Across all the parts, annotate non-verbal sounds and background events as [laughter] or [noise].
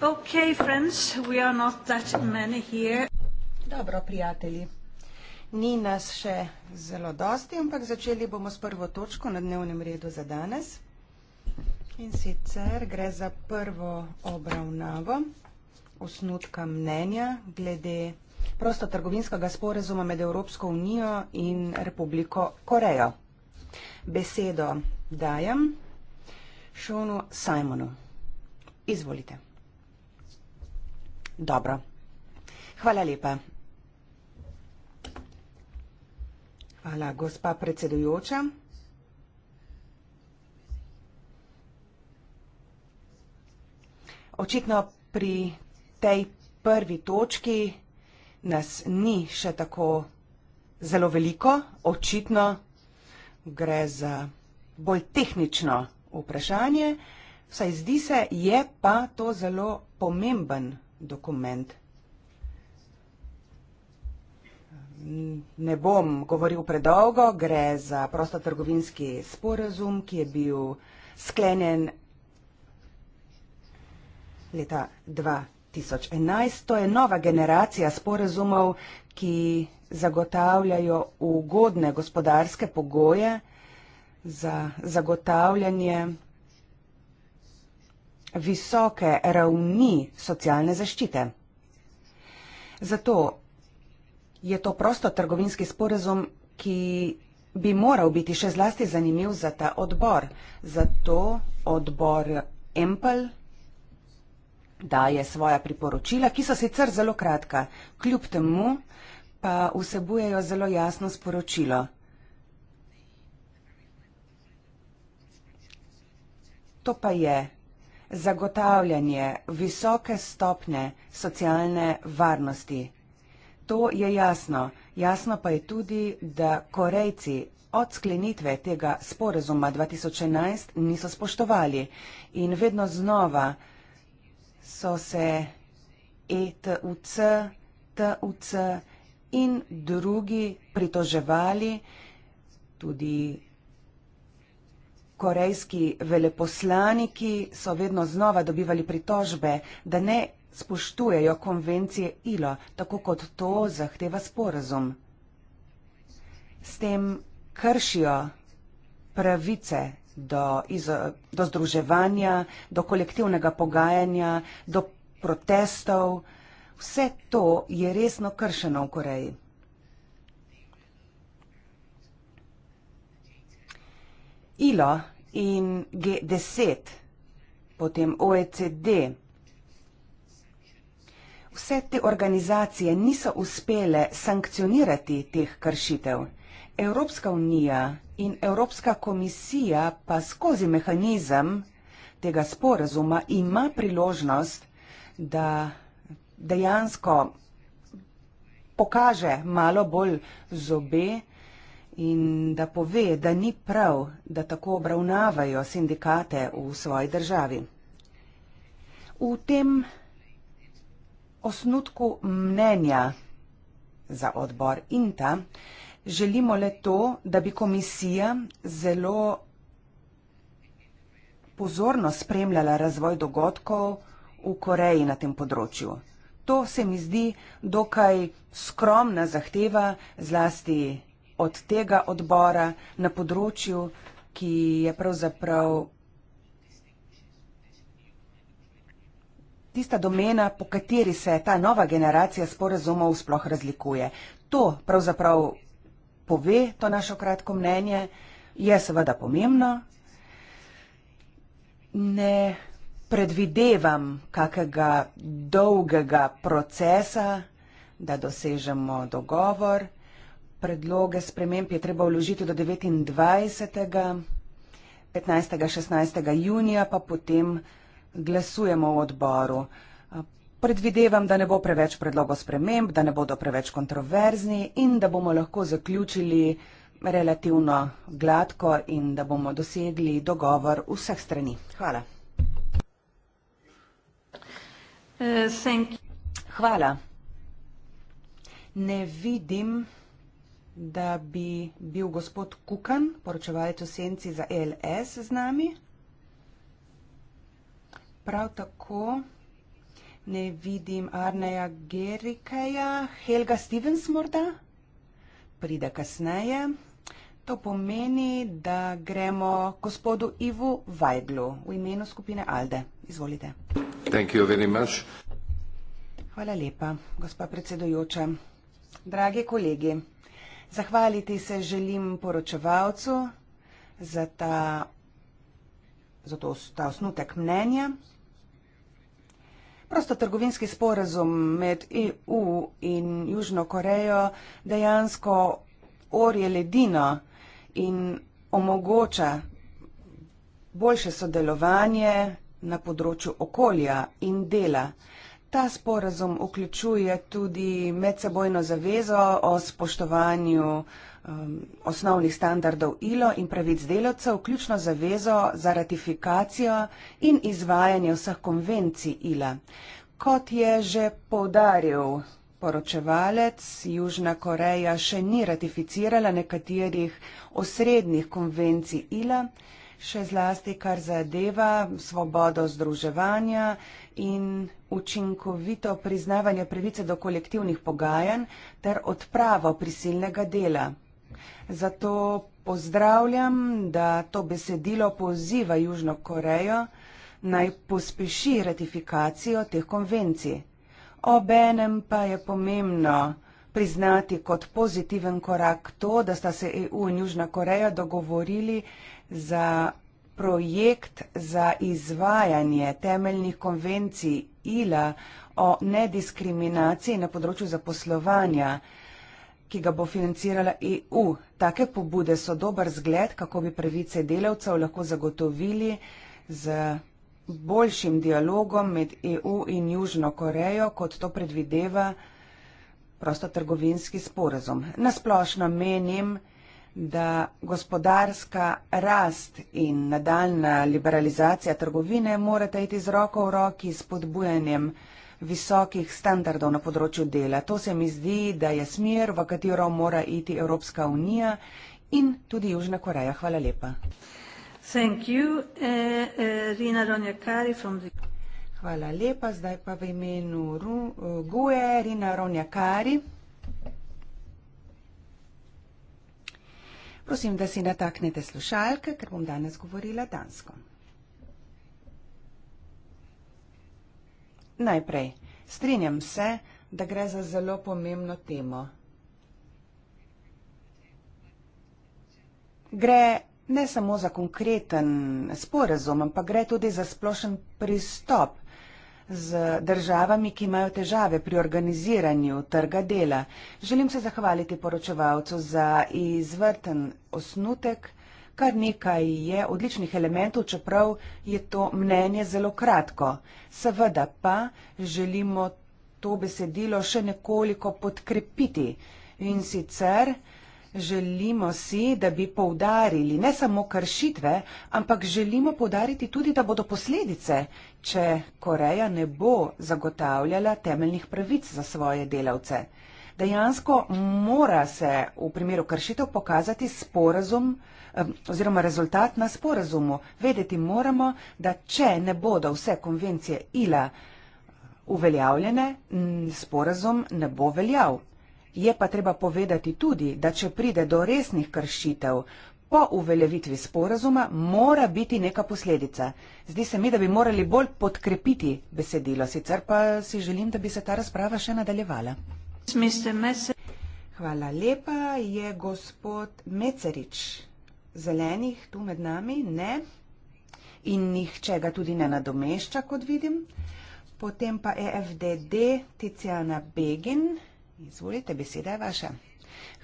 Okay, friends, we are not that many here. Dobro, prijatelji. Ni nas še zelo dosti, ampak začeli bomo s prvo točko na dnevnem redu za danes. In sicer gre za prvo obravnavo osnutka mnenja glede prostotrgovinskega sporezuma med Evropsko unijo in Republiko Korejo. Besedo dajem Šonu Simonu. Izvolite. Dobro. Hvala lepa. Hvala, gospa predsedujoča. Očitno pri tej prvi točki nas ni še tako zelo veliko. Očitno gre za bolj tehnično vprašanje. Vsaj zdi se, je pa to zelo pomemben vprašanje dokument. Ne bom govoril predolgo, gre za prostotrgovinski sporazum, ki je bil sklenjen leta 2011. To je nova generacija sporazumov, ki zagotavljajo ugodne gospodarske pogoje za zagotavljanje visoke ravni socialne zaščite. Zato je to prosto trgovinski sporezum, ki bi moral biti še zlasti zanimiv za ta odbor. Zato odbor Empel daje svoja priporočila, ki so sicer zelo kratka, kljub temu pa vsebujejo zelo jasno sporočilo. To pa je, zagotavljanje visoke stopne socialne varnosti. To je jasno. Jasno pa je tudi, da Korejci od sklenitve tega sporazuma 2011 niso spoštovali in vedno znova so se ETUC, TUC in drugi pritoževali, tudi korejski veleposlaniki so vedno znova dobivali pritožbe, da ne spoštujejo konvencije ILO, tako kot to zahteva sporazum. S tem kršijo pravice do, iz, do združevanja, do kolektivnega pogajanja, do protestov. Vse to je resno kršeno v Koreji. ILO in G10, potem OECD. Vse te organizacije niso uspele sankcionirati teh kršitev. Evropska unija in Evropska komisija pa skozi mehanizem tega sporazuma ima priložnost, da dejansko pokaže malo bolj zobe, in da pove, da ni prav, da tako obravnavajo sindikate v svoji državi. V tem osnutku mnenja za odbor INTA želimo le to, da bi komisija zelo pozorno spremljala razvoj dogodkov v Koreji na tem področju. To se mi zdi dokaj skromna zahteva zlasti od tega odbora na področju, ki je pravzaprav tista domena, po kateri se ta nova generacija sporazumov sploh razlikuje. To pravzaprav pove to našo kratko mnenje, je seveda pomembno. Ne predvidevam kakega dolgega procesa, da dosežemo dogovor predloge sprememb je treba vložiti do 29. 15. 16. junija, pa potem glasujemo v odboru. Predvidevam, da ne bo preveč predlogov sprememb, da ne bodo preveč kontroverzni in da bomo lahko zaključili relativno gladko in da bomo dosegli dogovor vseh strani. Hvala. Eh, Hvala. Ne vidim da bi bil gospod Kukan, poročevalec v senci za ELS z nami. Prav tako ne vidim Arneja Gerikeja, Helga Stevens morda pride kasneje. To pomeni, da gremo gospodu Ivu Vajglu v imenu skupine Alde. Izvolite. Thank you very much. Hvala lepa, gospa predsedujoča. Dragi kolegi. Zahvaliti se želim poročevalcu za ta, za to, ta osnutek mnenja. Prostotrgovinski sporazum med EU in Južno Korejo dejansko orje ledino in omogoča boljše sodelovanje na področju okolja in dela. Ta sporazum vključuje tudi medsebojno zavezo o spoštovanju um, osnovnih standardov ILO in pravic delavcev, vključno zavezo za ratifikacijo in izvajanje vseh konvencij ILO. Kot je že povdaril poročevalec, Južna Koreja še ni ratificirala nekaterih osrednjih konvencij ILO. Še zlasti, kar zadeva svobodo združevanja in učinkovito priznavanje pravice do kolektivnih pogajanj ter odpravo prisilnega dela. Zato pozdravljam, da to besedilo poziva Južno Korejo naj pospeši ratifikacijo teh konvencij. Obenem pa je pomembno priznati kot pozitiven korak to, da sta se EU in Južna Koreja dogovorili za projekt za izvajanje temeljnih konvencij ILA o nediskriminaciji na področju zaposlovanja, ki ga bo financirala EU. Take pobude so dober zgled, kako bi pravice delavcev lahko zagotovili z boljšim dialogom med EU in Južno Korejo, kot to predvideva prostotrgovinski sporazum. Nasplošno menim, da gospodarska rast in nadaljna liberalizacija trgovine morata iti z roko v roki s podbujanjem visokih standardov na področju dela. To se mi zdi, da je smer, v katero mora iti Evropska unija in tudi Južna Koreja. Hvala lepa. Eh, eh, Hvala lepa. Zdaj pa v imenu Ru, uh, Gue, Rina Ronjakari. Prosim, da si nataknete slušalke, ker bom danes govorila dansko. Najprej, strinjam se, da gre za zelo pomembno temo. Gre ne samo za konkreten sporazum, ampak gre tudi za splošen pristop z državami, ki imajo težave pri organiziranju trga dela. Želim se zahvaliti poročevalcu za izvrten osnutek, kar nekaj je odličnih elementov, čeprav je to mnenje zelo kratko. Seveda pa želimo to besedilo še nekoliko podkrepiti in sicer Želimo si, da bi poudarili ne samo kršitve, ampak želimo poudariti tudi, da bodo posledice, če Koreja ne bo zagotavljala temeljnih pravic za svoje delavce. Dejansko mora se v primeru kršitev pokazati sporazum oziroma rezultat na sporazumu. Vedeti moramo, da če ne bodo vse konvencije ILA uveljavljene, sporazum ne bo veljav. Je pa treba povedati tudi, da če pride do resnih kršitev po uveljavitvi sporazuma, mora biti neka posledica. Zdi se mi, da bi morali bolj podkrepiti besedilo, sicer pa si želim, da bi se ta razprava še nadaljevala. Hvala lepa, je gospod Mecerič zelenih tu med nami, ne? In nihče ga tudi ne nadomešča, kot vidim. Potem pa EFDD Tiziana Begin. Izvolite, beseda je vaša.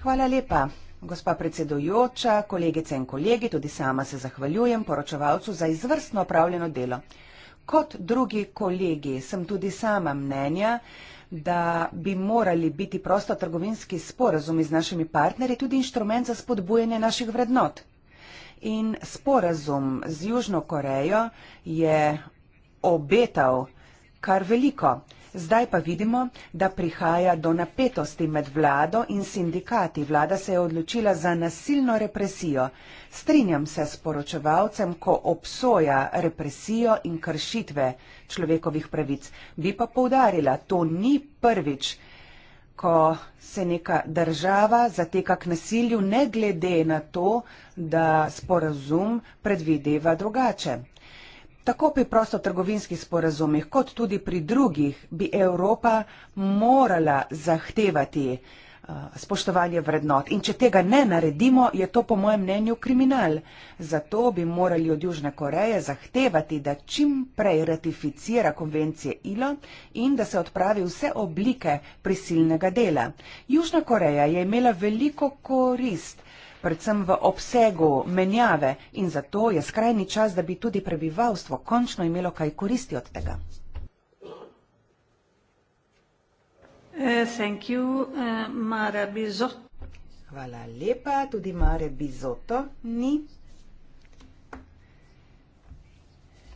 Hvala lepa. Gospa predsedojoča, kolegice in kolegi, tudi sama se zahvaljujem poročevalcu za izvrstno opravljeno delo. Kot drugi kolegi sem tudi sama mnenja, da bi morali biti prostotrgovinski sporazumi z našimi partnerji tudi inštrument za spodbujanje naših vrednot. In sporazum z Južno Korejo je obetal kar veliko. Zdaj pa vidimo, da prihaja do napetosti med vlado in sindikati. Vlada se je odločila za nasilno represijo. Strinjam se s poročevalcem, ko obsoja represijo in kršitve človekovih pravic. Bi pa poudarila, to ni prvič, ko se neka država zateka k nasilju, ne glede na to, da sporazum predvideva drugače. Tako pri prostotrgovinskih sporazumih, kot tudi pri drugih, bi Evropa morala zahtevati eh, spoštovanje vrednot. In če tega ne naredimo, je to po mojem mnenju kriminal. Zato bi morali od Južne Koreje zahtevati, da čim prej ratificira konvencije ILO in da se odpravi vse oblike prisilnega dela. Južna Koreja je imela veliko korist predvsem v obsegu menjave in zato je skrajni čas, da bi tudi prebivalstvo končno imelo kaj koristi od tega. Eh, eh, hvala lepa, tudi Mare Bizoto ni.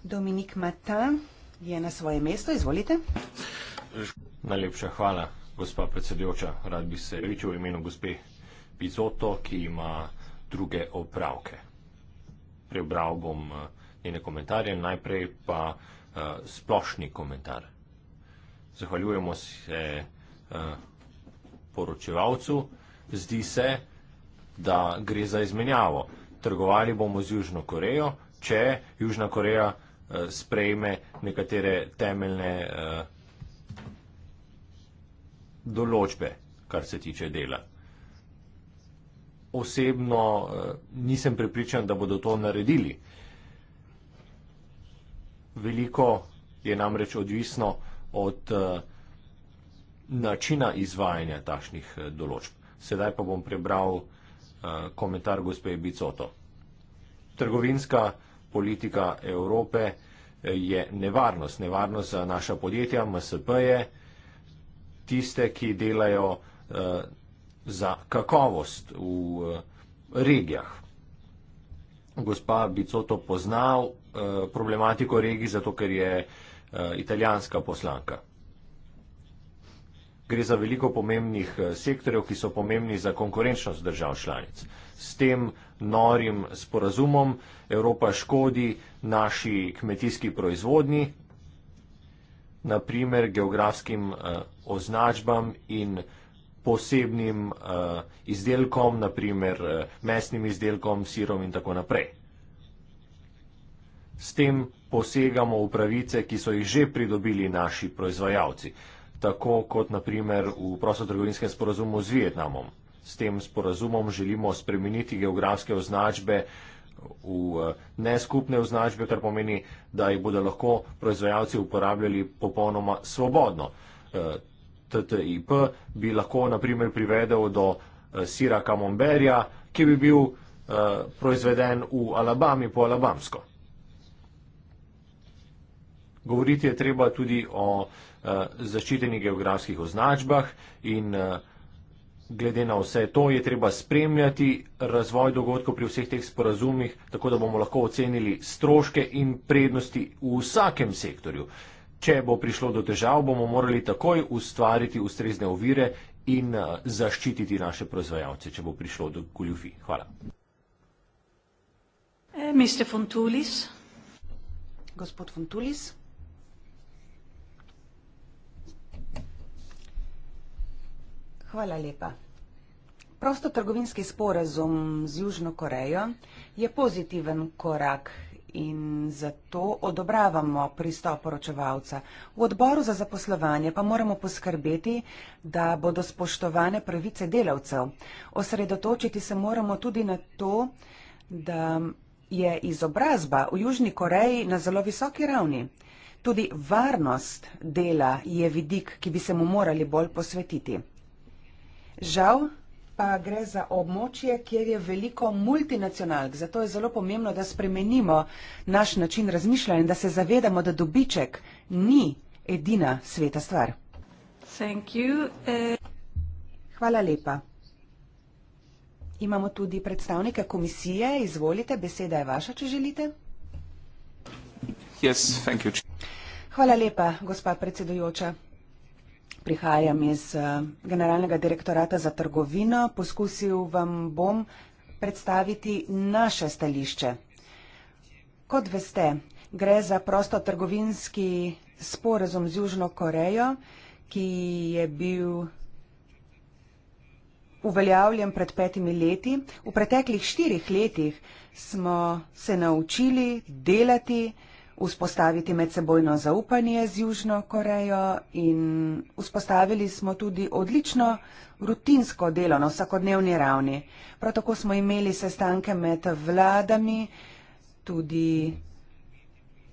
Dominik Mata je na svoje mesto, izvolite. Najlepša hvala, gospa predsedujoča. Rad bi se pričal v imenu gospe epizodo, ki ima druge opravke. Prebral bom eh, njene komentarje, najprej pa uh, splošni komentar. Zahvaljujemo se uh, poročevalcu. Zdi se, da gre za izmenjavo. Trgovali bomo z Južno Korejo, če Južna Koreja uh, sprejme nekatere temeljne uh, določbe, kar se tiče dela osebno eh, nisem prepričan, da bodo to naredili. Veliko je namreč odvisno od eh, načina izvajanja takšnih eh, določb. Sedaj pa bom prebral komentar gospe Bicoto. Trgovinska politika Evrope je nevarnost, nevarnost za naša podjetja, MSP-je, tiste, ki delajo za kakovost v eh, regijah. Gospa Bicoto poznal eh, problematiko regij, zato ker je eh, italijanska poslanka. Gre za veliko pomembnih sektorjev, ki so pomembni za konkurenčnost držav članic. S tem norim sporazumom Evropa škodi naši kmetijski proizvodni, naprimer geografskim označbam in proizvodnim posebnim uh, izdelkom, naprimer uh, eh, mesnim izdelkom, sirom in tako naprej. S tem posegamo v pravice, ki so jih že pridobili naši proizvajalci, tako kot naprimer v prostotrgovinskem sporazumu z Vietnamom. S tem sporazumom želimo spremeniti geografske označbe v eh, neskupne označbe, kar pomeni, da jih bodo lahko proizvajalci uporabljali popolnoma svobodno. TTIP bi lahko naprimer privedel do eh, sira kamomberja, ki bi bil eh, proizveden v Alabami po Alabamsko. Govoriti je treba tudi o eh, zaščitenih geografskih označbah in glede na vse to je treba spremljati razvoj dogodkov pri vseh teh sporazumih, tako da bomo lahko ocenili stroške in prednosti v vsakem sektorju. Če bo prišlo do težav, bomo morali takoj ustvariti ustrezne ovire in eh, zaščititi naše proizvajalce, če bo prišlo do goljufi. Hvala. E, Mr. Fontulis. Gospod Fontulis. Hvala lepa. Prostotrgovinski sporazum z Južno Korejo je pozitiven korak in zato odobravamo pristop poročevalca. V odboru za zaposlovanje pa moramo poskrbeti, da bodo spoštovane pravice delavcev. Osredotočiti se moramo tudi na to, da je izobrazba v Južni Koreji na zelo visoki ravni. Tudi varnost dela je vidik, ki bi se mu morali bolj posvetiti. Žal, pa gre za območje, kjer je veliko multinacionalk. Zato je zelo pomembno, da spremenimo naš način razmišljanja in da se zavedamo, da dobiček ni edina sveta stvar. Eh, Hvala lepa. Imamo tudi predstavnike komisije. Izvolite, beseda je vaša, če želite. Yes, Hvala lepa, gospa predsedujoča. Prihajam iz eh, Generalnega direktorata za trgovino. Poskusil vam bom predstaviti naše stališče. Kot veste, gre za prostotrgovinski sporazum z Južno Korejo, ki je bil uveljavljen pred petimi leti. V preteklih štirih letih smo se naučili delati in delati vzpostaviti medsebojno zaupanje z Južno Korejo in vzpostavili smo tudi odlično rutinsko delo na vsakodnevni ravni. Prav tako smo imeli sestanke med vladami, tudi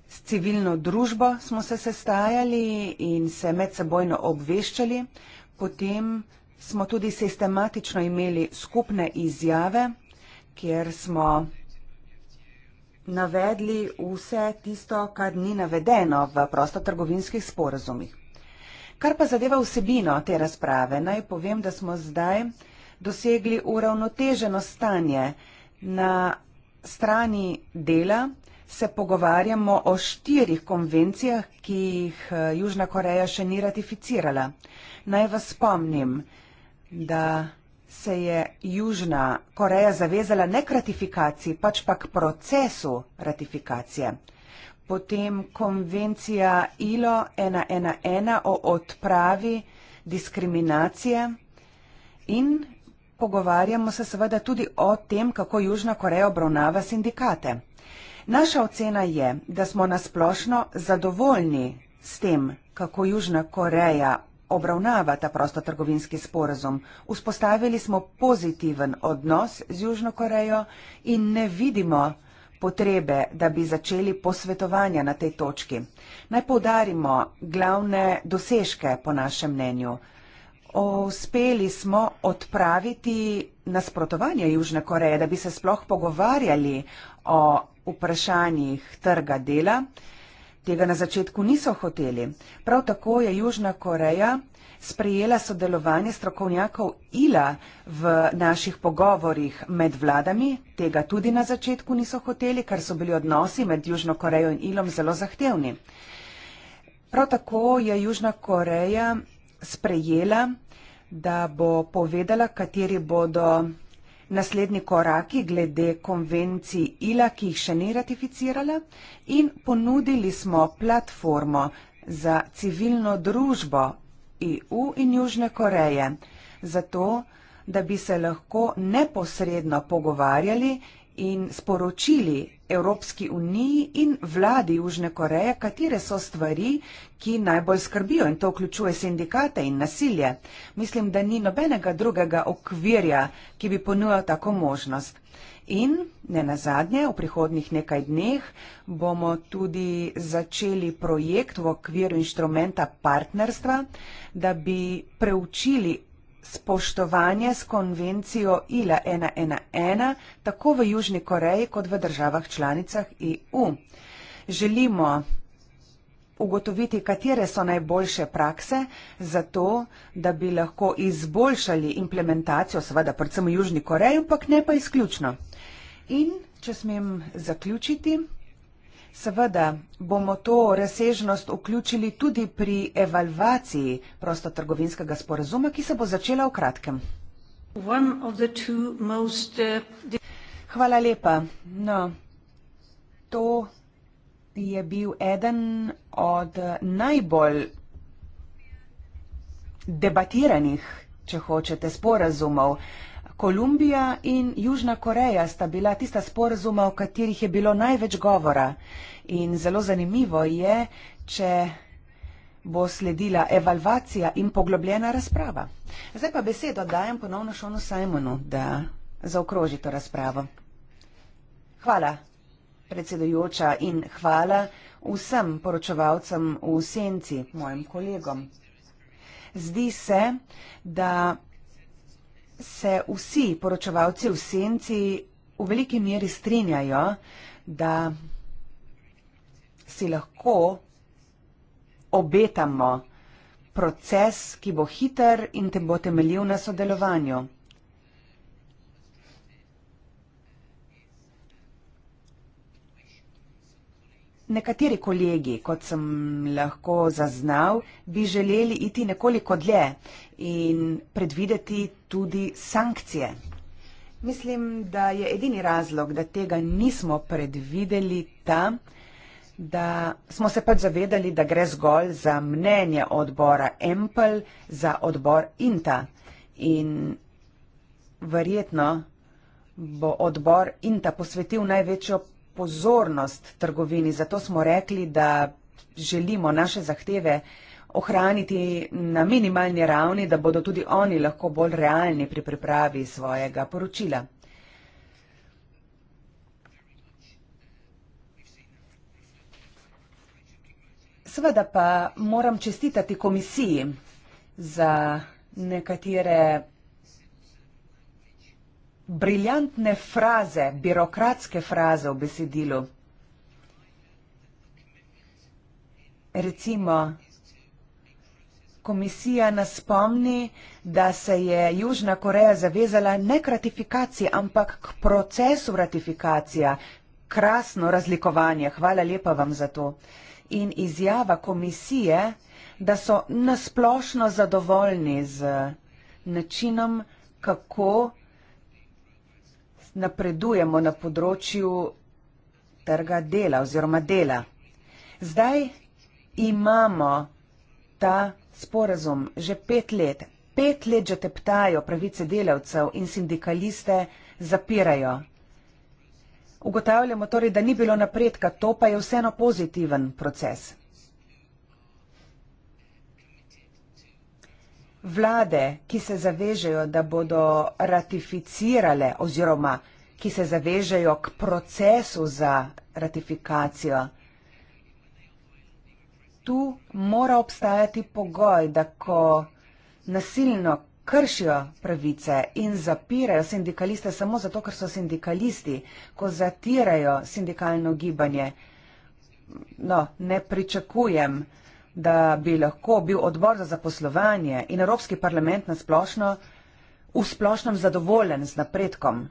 s civilno družbo smo se sestajali in se medsebojno obveščali. Potem smo tudi sistematično imeli skupne izjave, kjer smo navedli vse tisto, kar ni navedeno v prostotrgovinskih sporazumih. Kar pa zadeva vsebino te razprave, naj povem, da smo zdaj dosegli uravnoteženo stanje na strani dela, se pogovarjamo o štirih konvencijah, ki jih eh, Južna Koreja še ni ratificirala. Naj vas spomnim, da se je Južna Koreja zavezala ne k ratifikaciji, pač pa k procesu ratifikacije. Potem konvencija ILO 111 o odpravi diskriminacije in pogovarjamo se seveda tudi o tem, kako Južna Koreja obravnava sindikate. Naša ocena je, da smo nasplošno zadovoljni s tem, kako Južna Koreja obravnava ta prostotrgovinski sporazum. Vzpostavili smo pozitiven odnos z Južno Korejo in ne vidimo potrebe, da bi začeli posvetovanja na tej točki. Naj povdarimo glavne dosežke po našem mnenju. Uspeli smo odpraviti nasprotovanje Južne Koreje, da bi se sploh pogovarjali o vprašanjih trga dela, Tega na začetku niso hoteli. Prav tako je Južna Koreja sprejela sodelovanje strokovnjakov ILA v naših pogovorih med vladami. Tega tudi na začetku niso hoteli, ker so bili odnosi med Južno Korejo in ILOM zelo zahtevni. Prav tako je Južna Koreja sprejela, da bo povedala, kateri bodo naslednji koraki glede konvencij ILA, ki jih še ni ratificirala, in ponudili smo platformo za civilno družbo EU in Južne Koreje, zato da bi se lahko neposredno pogovarjali in sporočili Evropski uniji in vladi Južne Koreje, katere so stvari, ki najbolj skrbijo in to vključuje sindikate in nasilje. Mislim, da ni nobenega drugega okvirja, ki bi ponujal tako možnost. In ne nazadnje, v prihodnih nekaj dneh bomo tudi začeli projekt v okviru inštrumenta partnerstva, da bi preučili spoštovanje s konvencijo ILA 111, tako v Južni Koreji kot v državah članicah EU. Želimo ugotoviti, katere so najboljše prakse za to, da bi lahko izboljšali implementacijo, seveda predvsem v Južni Koreji, ampak ne pa izključno. In če smem zaključiti, Seveda bomo to razsežnost vključili tudi pri evalvaciji prostotrgovinskega sporazuma, ki se bo začela v kratkem. Most, uh, Hvala lepa. No, to je bil eden od najbolj debatiranih, če hočete, sporazumov. Kolumbija in Južna Koreja sta bila tista sporazuma, o katerih je bilo največ govora. In zelo zanimivo je, če bo sledila evalvacija in poglobljena razprava. Zdaj pa besedo dajem ponovno Šonu Simonu, da zaokroži to razpravo. Hvala, predsedujoča, in hvala vsem poročevalcem v senci, mojim kolegom. Zdi se, da se vsi poročevalci v senci v veliki meri strinjajo, da si lahko obetamo proces, ki bo hiter in te bo temeljil na sodelovanju. Nekateri kolegi, kot sem lahko zaznal, bi želeli iti nekoliko dlje in predvideti tudi sankcije. Mislim, da je edini razlog, da tega nismo predvideli ta, da smo se pač zavedali, da gre zgolj za mnenje odbora Empel, za odbor Inta. In verjetno bo odbor Inta posvetil največjo pozornost pozornost trgovini. Zato smo rekli, da želimo naše zahteve ohraniti na minimalni ravni, da bodo tudi oni lahko bolj realni pri pripravi svojega poročila. Sveda pa moram čestitati komisiji za nekatere briljantne fraze, birokratske fraze v besedilu. Recimo, komisija nas spomni, da se je Južna Koreja zavezala ne k ratifikaciji, ampak k procesu ratifikacija. Krasno razlikovanje, hvala lepa vam za to. In izjava komisije, da so nasplošno zadovoljni z načinom, kako napredujemo na področju trga dela oziroma dela. Zdaj imamo ta sporazum že pet let. Pet let že teptajo pravice delavcev in sindikaliste zapirajo. Ugotavljamo torej, da ni bilo napredka, to pa je vseeno pozitiven proces. Vlade, ki se zavežejo, da bodo ratificirale oziroma ki se zavežejo k procesu za ratifikacijo, tu mora obstajati pogoj, da ko nasilno kršijo pravice in zapirajo sindikaliste samo zato, ker so sindikalisti, ko zatirajo sindikalno gibanje, no, ne pričakujem, da bodo ratificirale da bi lahko bil odbor za zaposlovanje in Evropski parlament na splošno v splošnem zadovoljen z napredkom.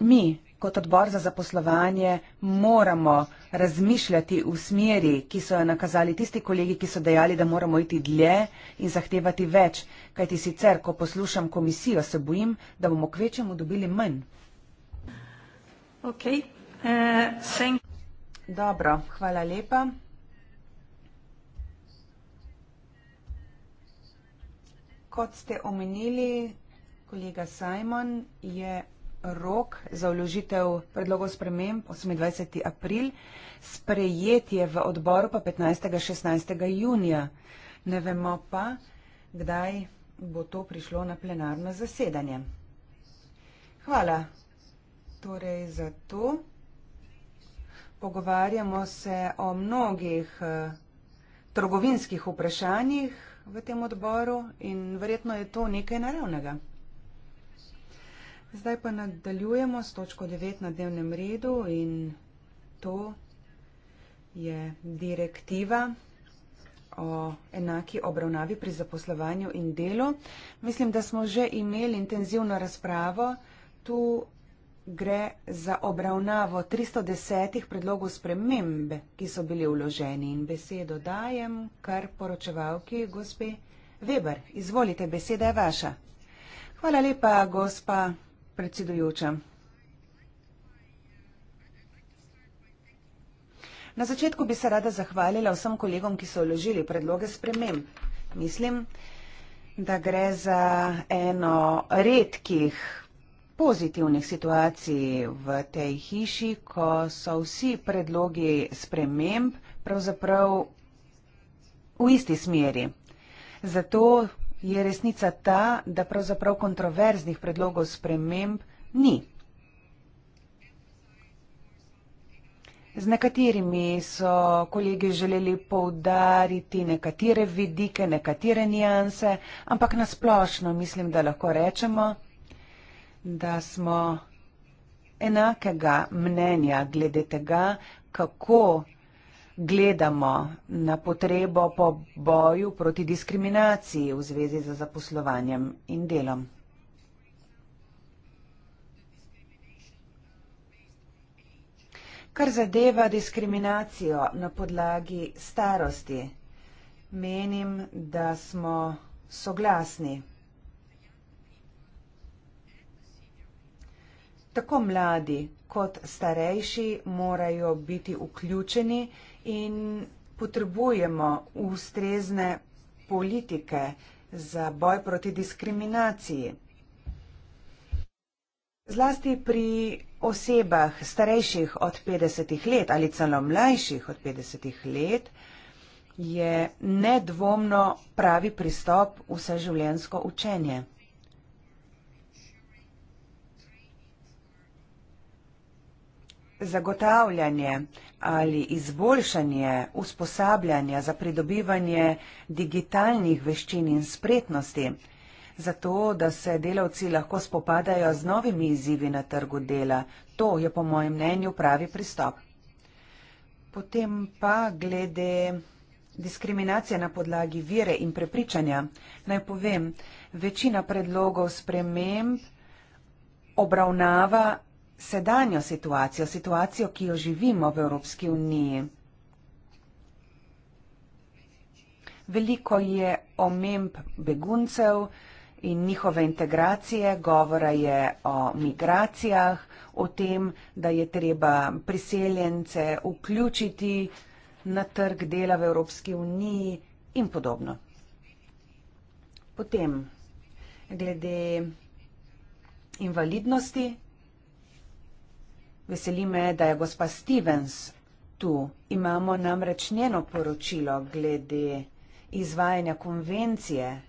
Mi kot odbor za zaposlovanje moramo razmišljati v smeri, ki so jo nakazali tisti kolegi, ki so dejali, da moramo iti dlje in zahtevati več, kajti sicer, ko poslušam komisijo, se bojim, da bomo kvečemu dobili manj. Okay. Uh, Dobro, hvala lepa. Kot ste omenili, kolega Simon je rok za vložitev predlogov sprememb 28. april, sprejetje v odboru pa 15. 16. junija. Ne vemo pa, kdaj bo to prišlo na plenarno zasedanje. Hvala torej za to. Pogovarjamo se o mnogih eh, trgovinskih vprašanjih v tem odboru in verjetno je to nekaj naravnega. Zdaj pa nadaljujemo s točko 9 na dnevnem redu in to je direktiva o enaki obravnavi pri zaposlovanju in delu. Mislim, da smo že imeli intenzivno razpravo tu gre za obravnavo 310 predlogov spremembe, ki so bili vloženi in besedo dajem kar poročevalki gospe Weber. Izvolite, beseda je vaša. Hvala lepa, gospa predsedujoča. Na začetku bi se rada zahvalila vsem kolegom, ki so vložili predloge sprememb. Mislim, da gre za eno redkih pozitivnih situacij v tej hiši, ko so vsi predlogi sprememb pravzaprav v isti smeri. Zato je resnica ta, da pravzaprav kontroverznih predlogov sprememb ni. Z nekaterimi so kolegi želeli poudariti nekatere vidike, nekatere nijanse, ampak nasplošno mislim, da lahko rečemo, da smo enakega mnenja glede tega, kako gledamo na potrebo po boju proti diskriminaciji v zvezi z zaposlovanjem in delom. Kar zadeva diskriminacijo na podlagi starosti, menim, da smo soglasni. Tako mladi kot starejši morajo biti vključeni in potrebujemo ustrezne politike za boj proti diskriminaciji. Zlasti pri osebah starejših od 50 let ali celo mlajših od 50 let je nedvomno pravi pristop vseživljenjsko učenje. zagotavljanje ali izboljšanje usposabljanja za pridobivanje digitalnih veščin in spretnosti, zato da se delavci lahko spopadajo z novimi izzivi na trgu dela. To je po mojem mnenju pravi pristop. Potem pa glede. Diskriminacija na podlagi vere in prepričanja. Naj povem, večina predlogov sprememb obravnava sedanjo situacijo, situacijo, ki jo živimo v Evropski uniji. Veliko je omemb beguncev in njihove integracije, govora je o migracijah, o tem, da je treba priseljence vključiti na trg dela v Evropski uniji in podobno. Potem, glede invalidnosti, Veseli me, da je gospa Stevens tu. Imamo namreč njeno poročilo glede izvajanja konvencije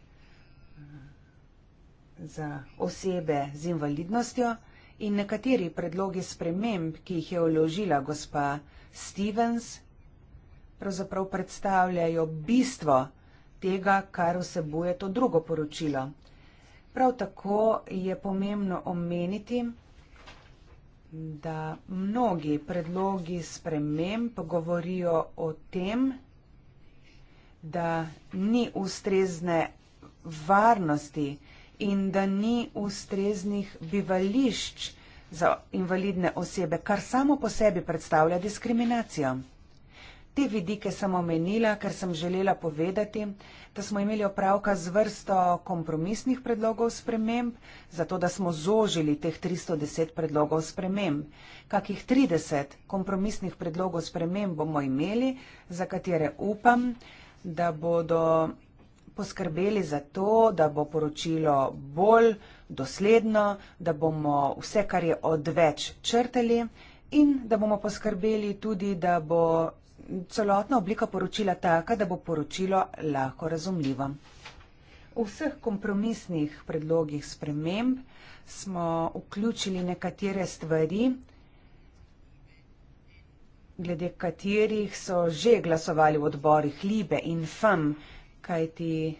za osebe z invalidnostjo in nekateri predlogi sprememb, ki jih je uložila gospa Stevens, pravzaprav predstavljajo bistvo tega, kar vsebuje to drugo poročilo. Prav tako je pomembno omeniti, da mnogi predlogi sprememb govorijo o tem, da ni ustrezne varnosti in da ni ustreznih bivališč za invalidne osebe, kar samo po sebi predstavlja diskriminacijo. Te vidike sem omenila, ker sem želela povedati, da smo imeli opravka z vrsto kompromisnih predlogov sprememb, zato da smo zožili teh 310 predlogov sprememb. Kakih 30 kompromisnih predlogov sprememb bomo imeli, za katere upam, da bodo poskrbeli za to, da bo poročilo bolj dosledno, da bomo vse, kar je odveč, črtali. In da bomo poskrbeli tudi, da bo celotna oblika poročila taka, da bo poročilo lahko razumljivo. V vseh kompromisnih predlogih sprememb smo vključili nekatere stvari, glede katerih so že glasovali v odborih Libe in FEM, kajti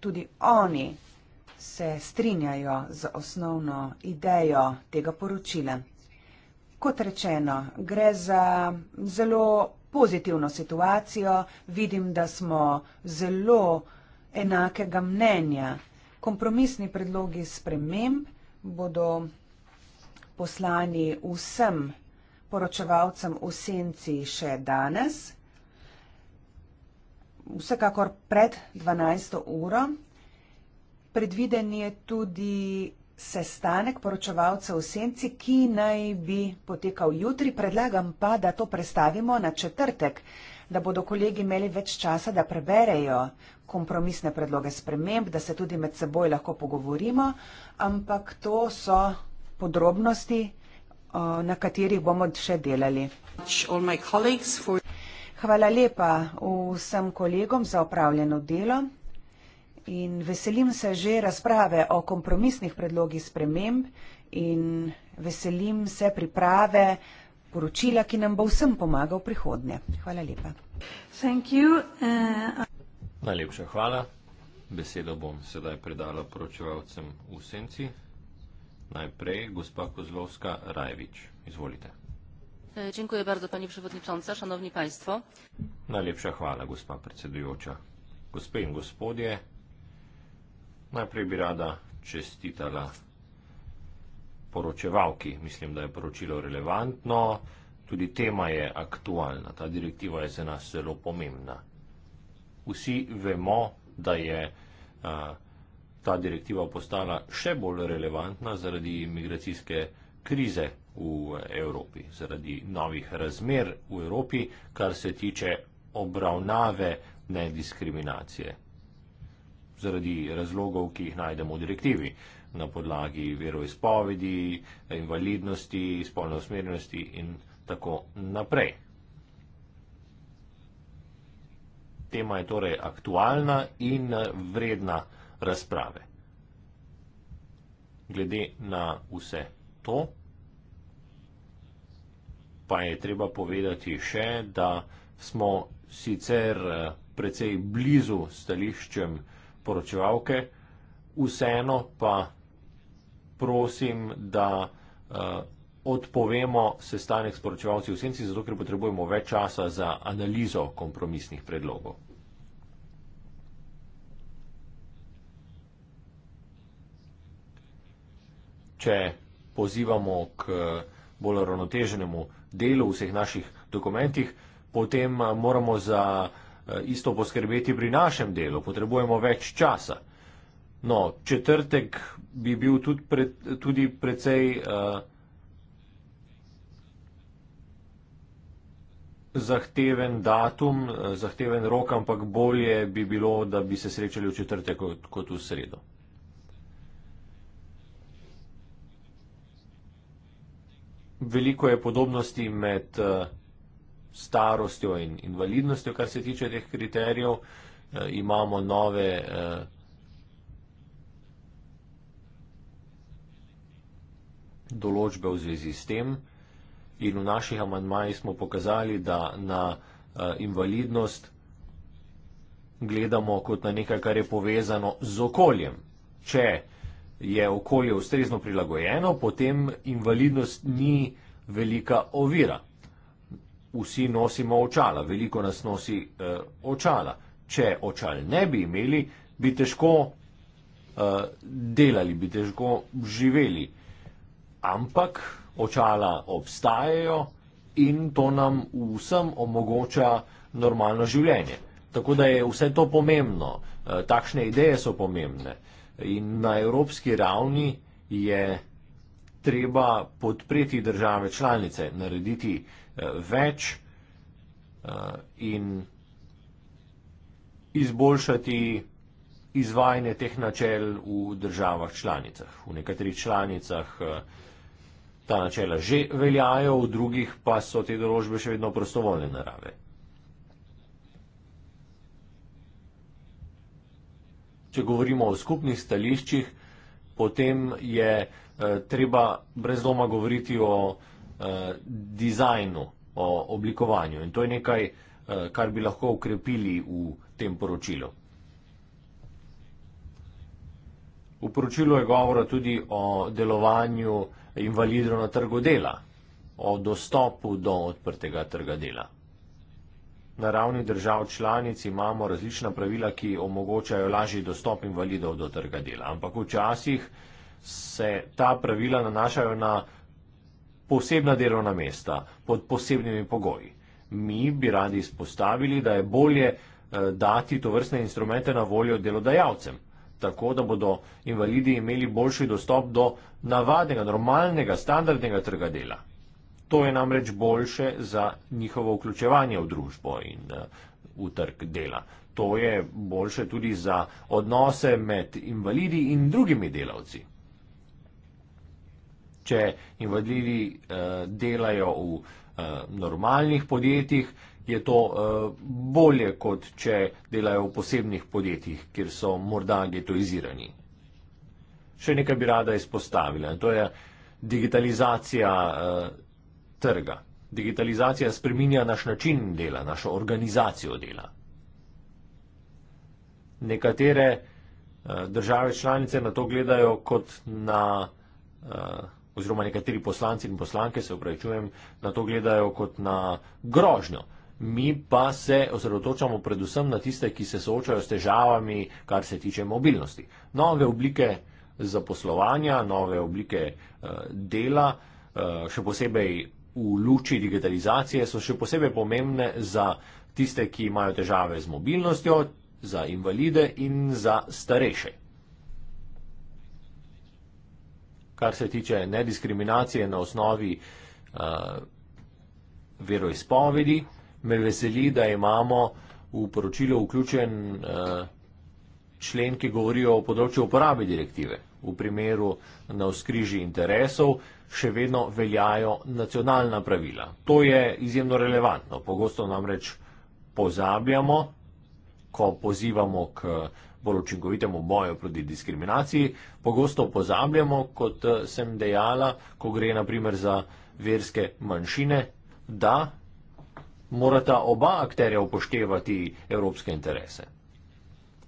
tudi oni se strinjajo z osnovno idejo tega poročila kot rečeno, gre za zelo pozitivno situacijo. Vidim, da smo zelo enakega mnenja. Kompromisni predlogi sprememb bodo poslani vsem poročevalcem v senci še danes, vsekakor pred 12. uro. Predviden je tudi sestanek poročevalcev v senci, ki naj bi potekal jutri. Predlagam pa, da to prestavimo na četrtek, da bodo kolegi imeli več časa, da preberejo kompromisne predloge sprememb, da se tudi med seboj lahko pogovorimo, ampak to so podrobnosti, na katerih bomo še delali. Hvala lepa vsem kolegom za opravljeno delo in veselim se že razprave o kompromisnih predlogih sprememb in veselim se priprave poročila, ki nam bo vsem pomagal prihodnje. Hvala lepa. Uh, Najlepša hvala. Besedo bom sedaj predala poročevalcem v senci. Najprej gospa Kozlovska Rajevič. Izvolite. E, dziękuję bardzo, pani przewodnicząca, szanowni państwo. Najlepsza chwała, gospa predsedująca. Gospodzie i gospodzie, Najprej bi rada čestitala poročevalki. Mislim, da je poročilo relevantno. Tudi tema je aktualna. Ta direktiva je za nas zelo pomembna. Vsi vemo, da je a, ta direktiva postala še bolj relevantna zaradi migracijske krize v Evropi, zaradi novih razmer v Evropi, kar se tiče obravnave nediskriminacije zaradi razlogov, ki jih najdemo v direktivi na podlagi veroizpovedi, invalidnosti, spolne usmerjenosti in tako naprej. Tema je torej aktualna in vredna razprave. Glede na vse to, pa je treba povedati še, da smo sicer eh, precej blizu stališčem, poročevalke, vseeno pa prosim, da uh, odpovemo sestanek s poročevalci v senci, zato ker potrebujemo več časa za analizo kompromisnih predlogov. Če pozivamo k bolj ravnoteženemu delu vseh naših dokumentih, potem eh, moramo za Eh, isto poskrbeti pri našem delu, potrebujemo več časa. No, četrtek bi bil tudi, pre, tudi precej uh, zahteven datum, eh, zahteven rok, ampak bolje bi bilo, da bi se srečali v četrtek kot, kot v sredo. Veliko je podobnosti med uh, starostjo in invalidnostjo, kar se tiče teh kriterijev, eh, imamo nove. Eh, določbe v zvezi s tem in v naših amandmajih smo pokazali, da na eh, invalidnost gledamo kot na nekaj, kar je povezano z okoljem. Če je okolje ustrezno prilagojeno, potem invalidnost ni velika ovira vsi nosimo očala, veliko nas nosi uh, očala. Če očal ne bi imeli, bi težko uh, delali, bi težko živeli. Ampak očala obstajajo in to nam vsem omogoča normalno življenje. Tako da je vse to pomembno, uh, takšne ideje so pomembne. In na evropski ravni je treba podpreti države članice, narediti uh, več eh, in izboljšati izvajanje teh načel v državah članicah. V nekaterih članicah eh, ta načela že veljajo, v drugih pa so te določbe še vedno prostovoljne narave. Če govorimo o skupnih stališčih, potem je eh, treba brez doma govoriti o Eh, dizajnu, o oblikovanju. In to je nekaj, eh, kar bi lahko ukrepili v tem poročilu. V poročilu je govora tudi o delovanju invalidov na trgu dela, o dostopu do odprtega trga dela. Na ravni držav članic imamo različna pravila, ki omogočajo lažji dostop invalidov do trga dela, ampak včasih se ta pravila nanašajo na posebna delovna mesta pod posebnimi pogoji. Mi bi radi izpostavili, da je bolje eh, dati to vrstne instrumente na voljo delodajalcem, tako da bodo invalidi imeli boljši dostop do navadnega, normalnega, standardnega trga dela. To je namreč boljše za njihovo vključevanje v družbo in eh, v trg dela. To je boljše tudi za odnose med invalidi in drugimi delavci če invalidi eh, delajo v eh, normalnih podjetjih, je to eh, bolje, kot če delajo v posebnih podjetjih, kjer so morda getoizirani. Še nekaj bi rada izpostavila, in to je digitalizacija eh, trga. Digitalizacija spreminja naš način dela, našo organizacijo dela. Nekatere eh, države članice na to gledajo kot na uh, oziroma nekateri poslanci in poslanke, se upravičujem, na to gledajo kot na grožnjo. Mi pa se osredotočamo predvsem na tiste, ki se soočajo s težavami, kar se tiče mobilnosti. Nove oblike zaposlovanja, nove oblike uh, dela, uh, še posebej v luči digitalizacije, so še posebej pomembne za tiste, ki imajo težave z mobilnostjo, za invalide in za starejše. kar se tiče nediskriminacije na osnovi uh, veroizpovedi, me veseli, da imamo v poročilo vključen uh, člen, ki govori o področju uporabe direktive. V primeru na vzkriži interesov še vedno veljajo nacionalna pravila. To je izjemno relevantno. Pogosto namreč pozabljamo, ko pozivamo k. Uh, bolj učinkovitemu boju proti diskriminaciji, pogosto pozabljamo, kot eh, sem dejala, ko gre naprimer za verske manjšine, da morata oba akterja upoštevati evropske interese.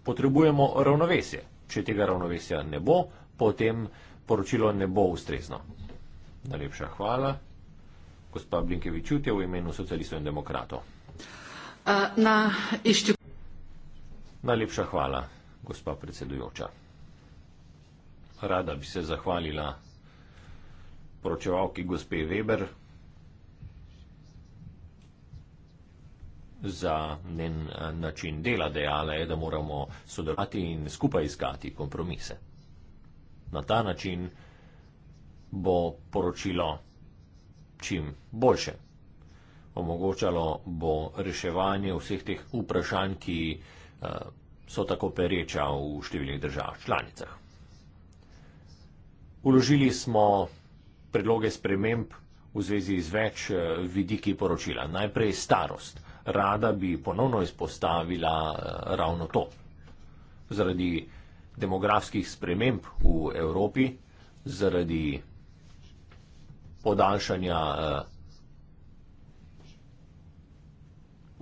Potrebujemo ravnovesje. Če tega ravnovesja ne bo, potem poročilo ne bo ustrezno. Najlepša hvala. Gospa Blinkevič Jutje v imenu socialistov in demokratov. Eh, na, išču... Najlepša hvala gospa predsedujoča. Rada bi se zahvalila poročevalki gospe Weber za njen eh, način dela. Dejala je, da moramo sodelovati in skupaj iskati kompromise. Na ta način bo poročilo čim boljše. Omogočalo bo reševanje vseh teh vprašanj, ki eh, so tako pereča v številnih državah članicah. Uložili smo predloge sprememb v zvezi z več eh, vidiki poročila. Najprej starost. Rada bi ponovno izpostavila eh, ravno to. Zaradi demografskih sprememb v Evropi, zaradi podaljšanja eh,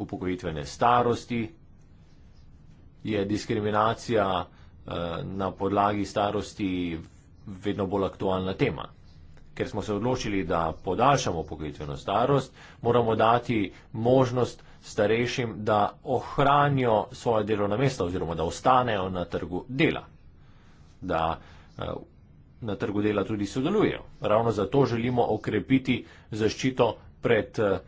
upokojitvene starosti, je diskriminacija eh, na podlagi starosti vedno bolj aktualna tema. Ker smo se odločili, da podaljšamo poklicno starost, moramo dati možnost starejšim, da ohranijo svoje delovno mesto oziroma da ostanejo na trgu dela, da eh, na trgu dela tudi sodelujejo. Ravno zato želimo okrepiti zaščito pred eh,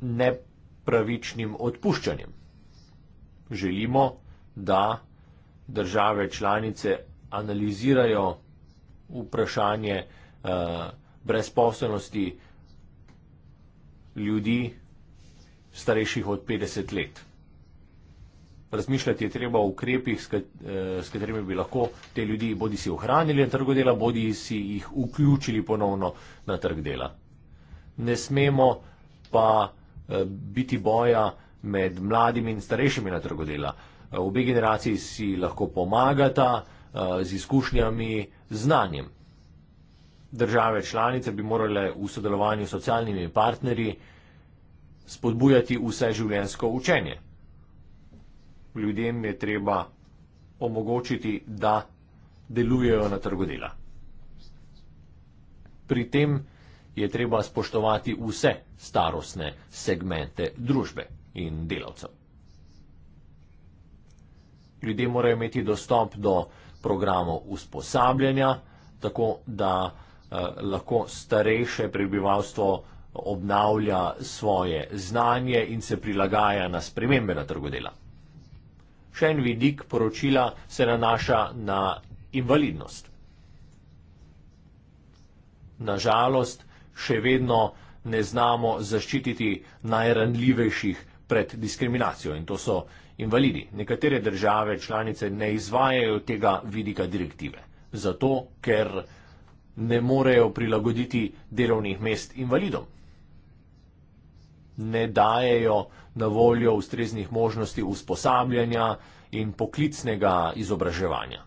nepremičnostjo pravičnim odpuščanjem. Želimo, da države članice analizirajo vprašanje eh, brezposobnosti ljudi starejših od 50 let. Razmišljati je treba o ukrepih, s eh, katerimi bi lahko te ljudi bodi si ohranili na trgu dela, bodi si jih vključili ponovno na trg dela. Ne smemo pa Eh, biti boja med mladimi in starejšimi na trgu dela. Eh, obe generaciji si lahko pomagata eh, z izkušnjami, znanjem. Države članice bi morale v sodelovanju s socialnimi partnerji spodbujati vse življensko učenje. Ljudem je treba omogočiti, da delujejo na trgu dela. Pri tem je treba spoštovati vse starostne segmente družbe in delavcev. Ljudje morajo imeti dostop do programov usposabljanja, tako da eh, lahko starejše prebivalstvo obnavlja svoje znanje in se prilagaja na spremembe na trgu dela. Še en vidik poročila se nanaša na invalidnost. Nažalost, še vedno ne znamo zaščititi najranljivejših pred diskriminacijo in to so invalidi. Nekatere države članice ne izvajajo tega vidika direktive, zato ker ne morejo prilagoditi delovnih mest invalidom. Ne dajejo na voljo ustreznih možnosti usposabljanja in poklicnega izobraževanja.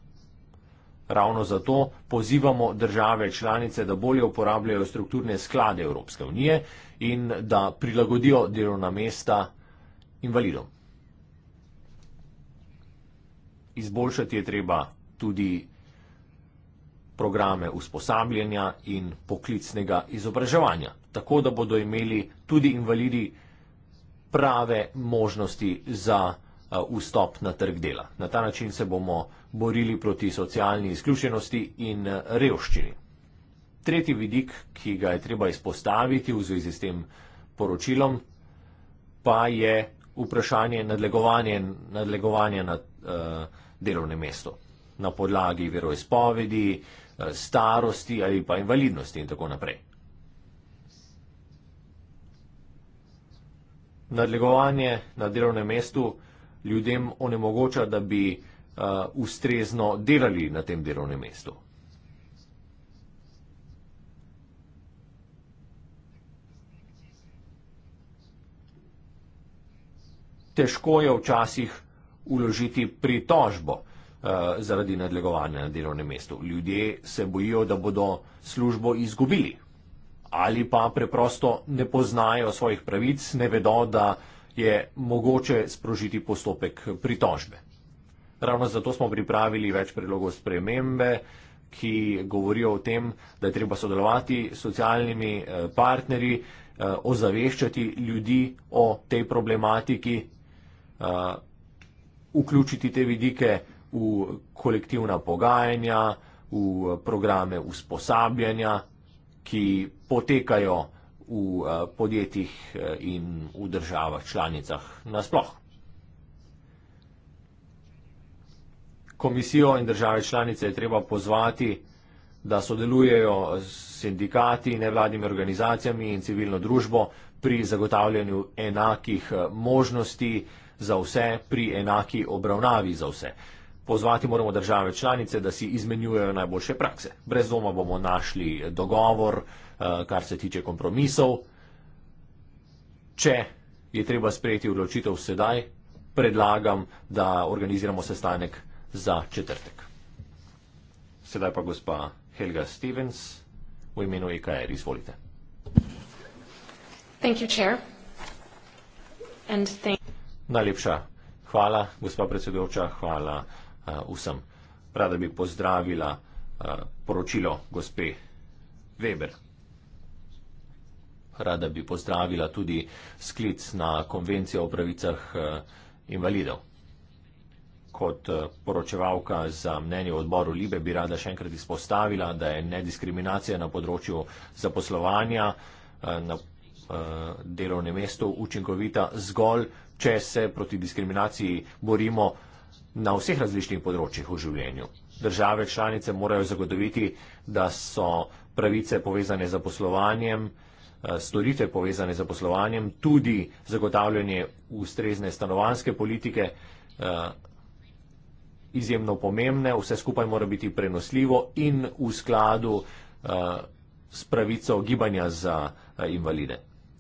Ravno zato pozivamo države članice, da bolje uporabljajo strukturne sklade Evropske unije in da prilagodijo delovna mesta invalidom. Izboljšati je treba tudi programe usposabljanja in poklicnega izobraževanja, tako da bodo imeli tudi invalidi prave možnosti za. Eh, vstop na trg dela. Na ta način se bomo borili proti socialni izključenosti in eh, revščini. Tretji vidik, ki ga je treba izpostaviti v zvezi s tem poročilom, pa je vprašanje nadlegovanja, nadlegovanja na uh, delovnem mestu na podlagi veroizpovedi, eh, starosti ali pa invalidnosti in tako naprej. Nadlegovanje na delovnem mestu ljudem onemogoča, da bi uh, ustrezno delali na tem delovnem mestu. Težko je včasih uložiti pritožbo uh, zaradi nadlegovanja na delovnem mestu. Ljudje se bojijo, da bodo službo izgubili ali pa preprosto ne poznajo svojih pravic, ne vedo, da uh, je mogoče sprožiti postopek pritožbe. Ravno zato smo pripravili več predlogov spremembe, ki govorijo o tem, da je treba sodelovati s socialnimi eh, partnerji, eh, ozaveščati ljudi o tej problematiki, eh, vključiti te vidike v kolektivna pogajanja, v programe usposabljanja, ki potekajo v eh, podjetjih eh, in v državah članicah nasploh. Komisijo in države članice je treba pozvati, da sodelujejo s sindikati, nevladnimi organizacijami in civilno družbo pri zagotavljanju enakih eh, možnosti za vse, pri enaki obravnavi za vse. Pozvati moramo države članice, da si izmenjujejo najboljše prakse. Brez doma bomo našli dogovor, eh, kar se tiče kompromisov. Če je treba sprejeti odločitev sedaj, predlagam, da organiziramo sestanek za četrtek. Sedaj pa gospa Helga Stevens v imenu EKR. Izvolite. Najlepša hvala, gospa predsedujoča, hvala Eh, vsem. Rada bi pozdravila eh, poročilo gospe Weber. Rada bi pozdravila tudi sklic na konvencijo o pravicah eh, invalidov. Kot poročevalka za mnenje v odboru Libe bi rada še enkrat izpostavila, da je nediskriminacija na področju zaposlovanja na delovnem mestu učinkovita zgolj, če se proti diskriminaciji borimo na vseh različnih področjih v življenju. Države članice morajo zagotoviti, da so pravice povezane z poslovanjem, eh, storitve povezane z poslovanjem, tudi zagotavljanje ustrezne stanovanske politike eh, izjemno pomembne, vse skupaj mora biti prenosljivo in v skladu eh, s pravico gibanja za invalide.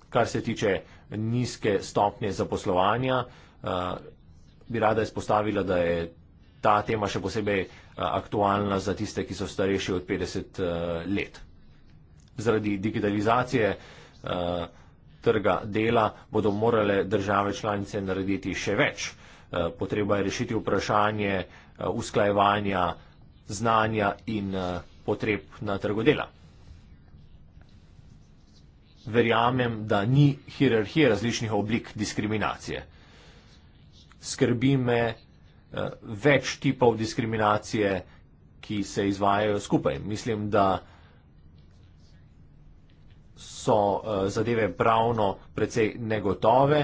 Kar se tiče nizke stopnje zaposlovanja, bi rada izpostavila, da je ta tema še posebej eh, aktualna za tiste, ki so starejši od 50 eh, let. Zaradi digitalizacije eh, trga dela bodo morale države članice narediti še več. Potreba je rešiti vprašanje usklajevanja znanja in potreb na trgu dela. Verjamem, da ni hierarhije različnih oblik diskriminacije skrbi me eh, več tipov diskriminacije, ki se izvajajo skupaj. Mislim, da so eh, zadeve pravno precej negotove,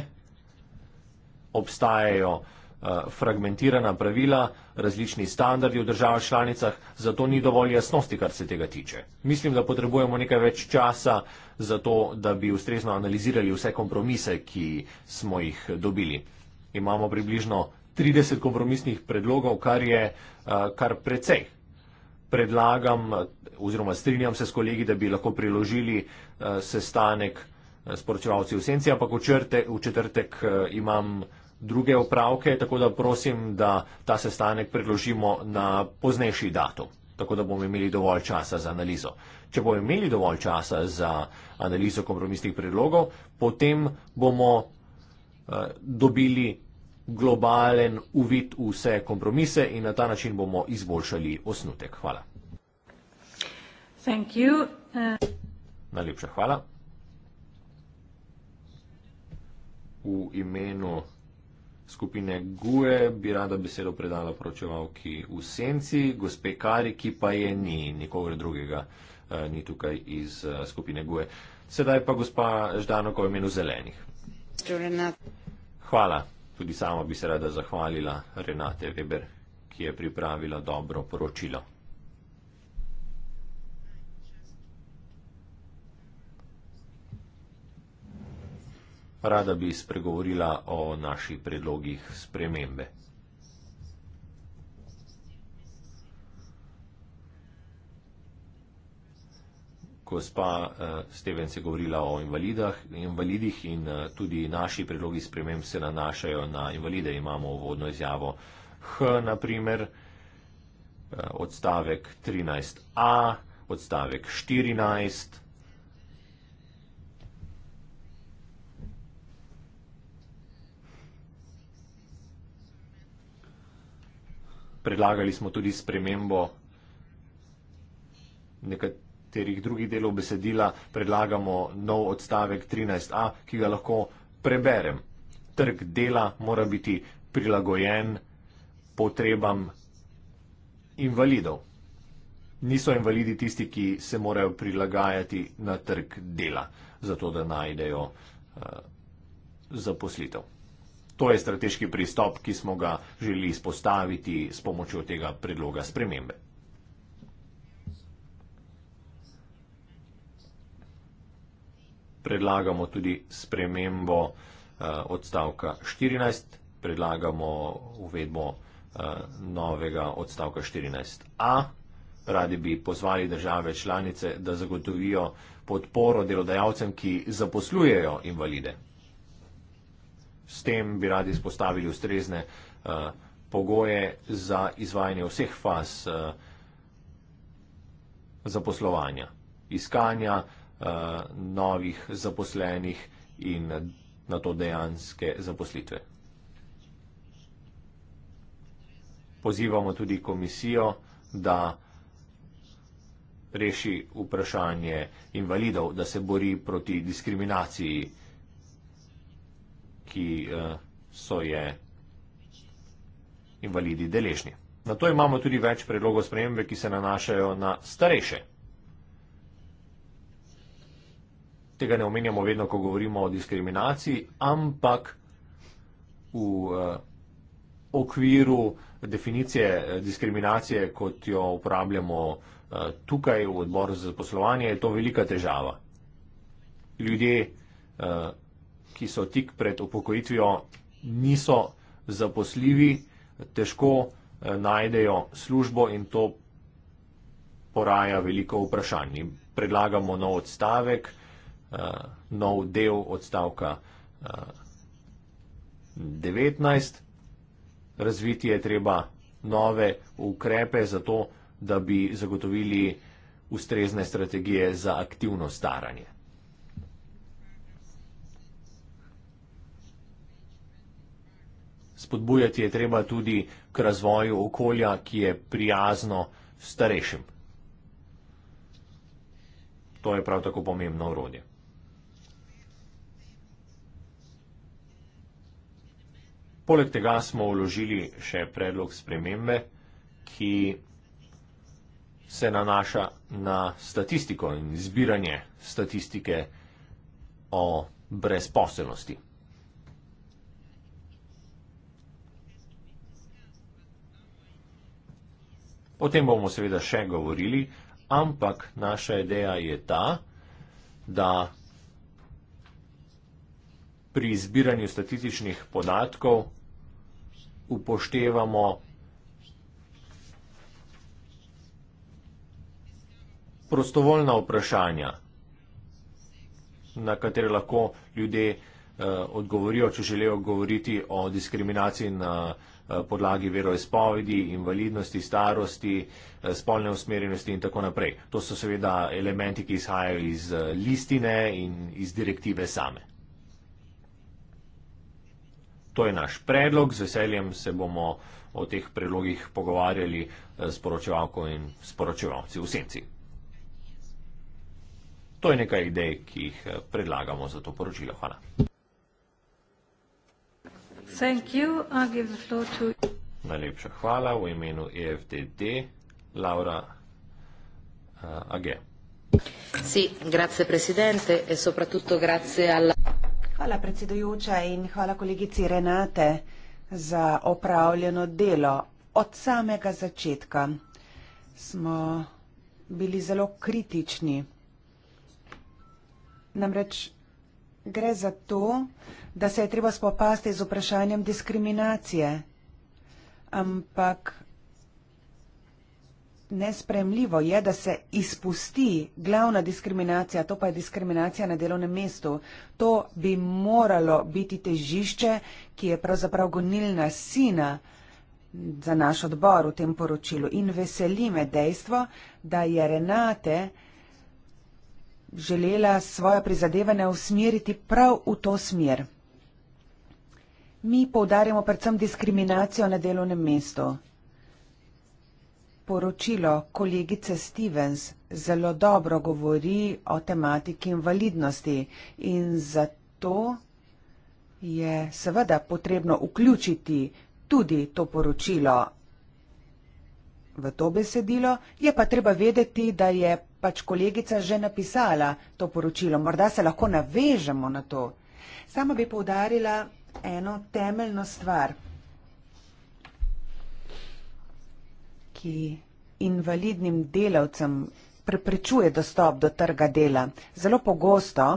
obstajajo eh, fragmentirana pravila, različni standardi v državah članicah, zato ni dovolj jasnosti, kar se tega tiče. Mislim, da potrebujemo nekaj več časa za to, da bi ustrezno analizirali vse kompromise, ki smo jih dobili imamo približno 30 kompromisnih predlogov, kar je eh, kar precej. Predlagam oziroma strinjam se s kolegi, da bi lahko priložili eh, sestanek eh, s poročevalci v Senci, ampak v, črte, v četrtek imam druge opravke, tako da prosim, da ta sestanek predložimo na poznejši datum, tako da bomo imeli dovolj časa za analizo. Če bomo imeli dovolj časa za analizo kompromisnih predlogov, potem bomo dobili globalen uvid v vse kompromise in na ta način bomo izboljšali osnutek. Hvala. Uh... Najlepša hvala. V imenu skupine GUE bi rada besedo predala poročevalki v senci, gospe Kari, ki pa je ni, nikogar drugega uh, ni tukaj iz uh, skupine GUE. Sedaj pa gospa Ždanokov v imenu zelenih. Hvala. Tudi sama bi se rada zahvalila Renate Weber, ki je pripravila dobro poročilo. Rada bi spregovorila o naših predlogih spremembe. gospa uh, eh, Stevens je govorila o invalidah, invalidih in uh, tudi naši predlogi spremem se nanašajo na invalide. Imamo uvodno izjavo H, naprimer, uh, eh, odstavek 13a, odstavek 14. Predlagali smo tudi spremembo nekaj nekaterih drugih delov besedila predlagamo nov odstavek 13a, ki ga lahko preberem. Trg dela mora biti prilagojen potrebam invalidov. Niso invalidi tisti, ki se morajo prilagajati na trg dela, zato da najdejo uh, zaposlitev. To je strateški pristop, ki smo ga želeli izpostaviti s pomočjo tega predloga spremembe. predlagamo tudi spremembo eh, odstavka 14, predlagamo uvedbo eh, novega odstavka 14a. Radi bi pozvali države članice, da zagotovijo podporo delodajalcem, ki zaposlujejo invalide. S tem bi radi spostavili ustrezne uh, pogoje za izvajanje vseh faz uh, zaposlovanja, iskanja, uh, Eh, novih zaposlenih in na to dejanske zaposlitve. Pozivamo tudi komisijo, da reši vprašanje invalidov, da se bori proti diskriminaciji, ki eh, so je invalidi deležni. Na to imamo tudi več predlogov spremembe, ki se nanašajo na starejše. tega ne omenjamo vedno, ko govorimo o diskriminaciji, ampak v uh, okviru definicije eh, diskriminacije, kot jo uporabljamo uh, tukaj v odboru za poslovanje, je to velika težava. Ljudje, uh, ki so tik pred upokojitvijo, niso zaposljivi, težko uh, najdejo službo in to poraja veliko vprašanj. Predlagamo nov odstavek, uh, nov del odstavka uh, eh, 19. Razviti je treba nove ukrepe za to, da bi zagotovili ustrezne strategije za aktivno staranje. Spodbujati je treba tudi k razvoju okolja, ki je prijazno starejšim. To je prav tako pomembno urodje. Poleg tega smo vložili še predlog spremembe, ki se nanaša na statistiko in zbiranje statistike o brezposelnosti. O tem bomo seveda še govorili, ampak naša ideja je ta, da pri zbiranju statističnih podatkov upoštevamo prostovoljna vprašanja, na katere lahko ljudje eh, odgovorijo, če želijo govoriti o diskriminaciji na eh, podlagi veroizpovedi, invalidnosti, starosti, eh, spolne usmerjenosti in tako naprej. To so seveda elementi, ki izhajajo iz eh, listine in iz direktive same to je naš predlog, z veseljem se bomo o teh predlogih pogovarjali eh, s poročevalko in sporočevalci v senci. To je nekaj idej, ki jih eh, predlagamo za to poročilo. Hvala. To... Najlepša hvala v imenu EFDD, Laura uh, Age. Sì, grazie Presidente e soprattutto grazie alla... Hvala predsedujoča in hvala kolegici Renate za opravljeno delo. Od samega začetka smo bili zelo kritični. Namreč gre za to, da se je treba spopasti z vprašanjem diskriminacije. Ampak Nespremljivo je, da se izpusti glavna diskriminacija, to pa je diskriminacija na delovnem mestu. To bi moralo biti težišče, ki je pravzaprav gonilna sina za naš odbor v tem poročilu. In veseli me dejstvo, da je Renate želela svoje prizadevanje usmeriti prav v to smer. Mi poudarjamo predvsem diskriminacijo na delovnem mestu poročilo kolegice Stevens zelo dobro govori o tematiki invalidnosti in zato je seveda potrebno vključiti tudi to poročilo v to besedilo. Je pa treba vedeti, da je pač kolegica že napisala to poročilo. Morda se lahko navežemo na to. Sama bi poudarila eno temeljno stvar. ki invalidnim delavcem preprečuje dostop do trga dela. Zelo pogosto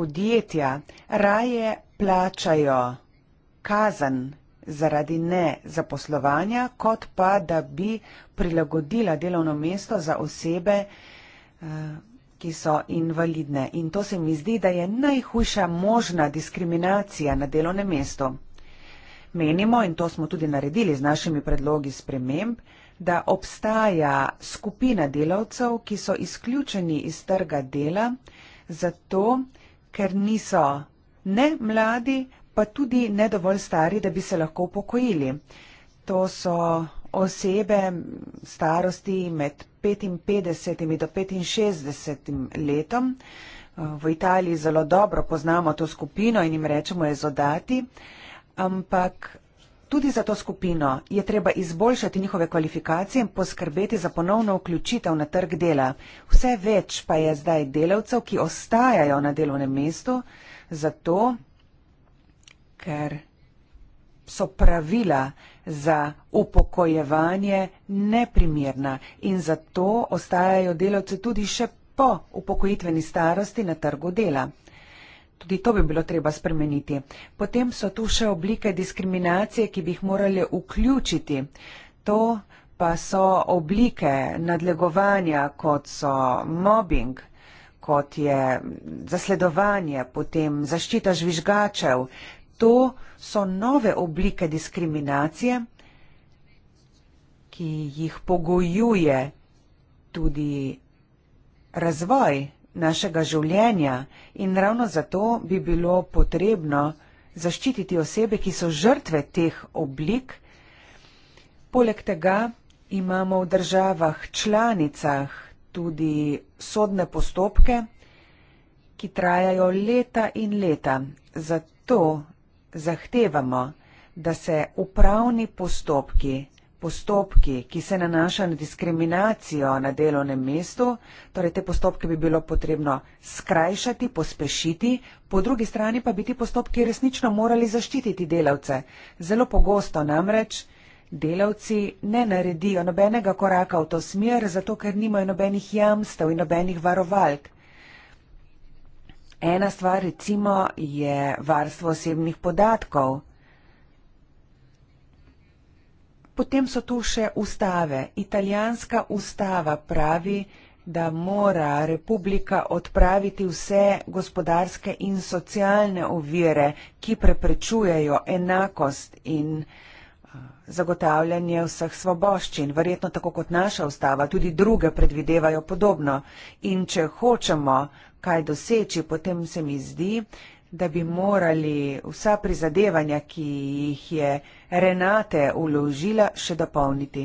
podjetja raje plačajo kazen zaradi ne zaposlovanja, kot pa da bi prilagodila delovno mesto za osebe, eh, ki so invalidne. In to se mi zdi, da je najhujša možna diskriminacija na delovnem mestu. Menimo, in to smo tudi naredili z našimi predlogi sprememb, da obstaja skupina delavcev, ki so izključeni iz trga dela, zato ker niso ne mladi, pa tudi ne dovolj stari, da bi se lahko upokojili. To so osebe starosti med 55 in 65 letom. V Italiji zelo dobro poznamo to skupino in jim rečemo je zodati, ampak Tudi za to skupino je treba izboljšati njihove kvalifikacije in poskrbeti za ponovno vključitev na trg dela. Vse več pa je zdaj delavcev, ki ostajajo na delovnem mestu, zato ker so pravila za upokojevanje neprimerna in zato ostajajo delavci tudi še po upokojitveni starosti na trgu dela. Tudi to bi bilo treba spremeniti. Potem so tu še oblike diskriminacije, ki bi jih morali vključiti. To pa so oblike nadlegovanja, kot so mobbing, kot je zasledovanje, potem zaščita žvižgačev. To so nove oblike diskriminacije, ki jih pogojuje tudi razvoj našega življenja in ravno zato bi bilo potrebno zaščititi osebe, ki so žrtve teh oblik. Poleg tega imamo v državah članicah tudi sodne postopke, ki trajajo leta in leta. Zato zahtevamo, da se upravni postopki postopki, ki se nanašajo na diskriminacijo na delovnem mestu, torej te postopke bi bilo potrebno skrajšati, pospešiti, po drugi strani pa bi ti postopki resnično morali zaščititi delavce. Zelo pogosto namreč delavci ne naredijo nobenega koraka v to smer, zato ker nimajo nobenih jamstev in nobenih varovalk. Ena stvar recimo je varstvo osebnih podatkov. Potem so tu še ustave. Italijanska ustava pravi, da mora republika odpraviti vse gospodarske in socialne ovire, ki preprečujejo enakost in zagotavljanje vseh svoboščin. Verjetno tako kot naša ustava, tudi druge predvidevajo podobno. In če hočemo kaj doseči, potem se mi zdi, da bi morali vsa prizadevanja, ki jih je Renate uložila, še dopolniti.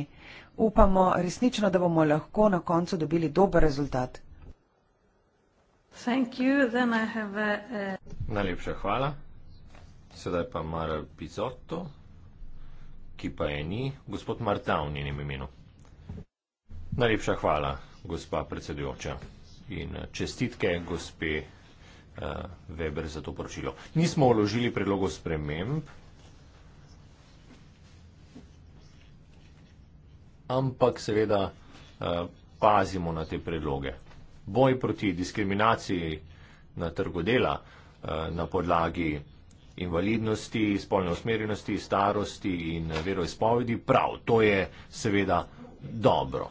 Upamo resnično, da bomo lahko na koncu dobili dober rezultat. Najlepša hvala. Sedaj pa Mara Pizzotto, ki pa je ni, gospod Marta v njenem imenu. Najlepša hvala, gospa predsedujoča. In eh, čestitke, gospe uh, Weber za to poročilo. Nismo vložili predlogov sprememb, ampak seveda uh, pazimo na te predloge. Boj proti diskriminaciji na trgu dela uh, na podlagi invalidnosti, spolne usmerjenosti, starosti in veroizpovedi, prav, to je seveda dobro.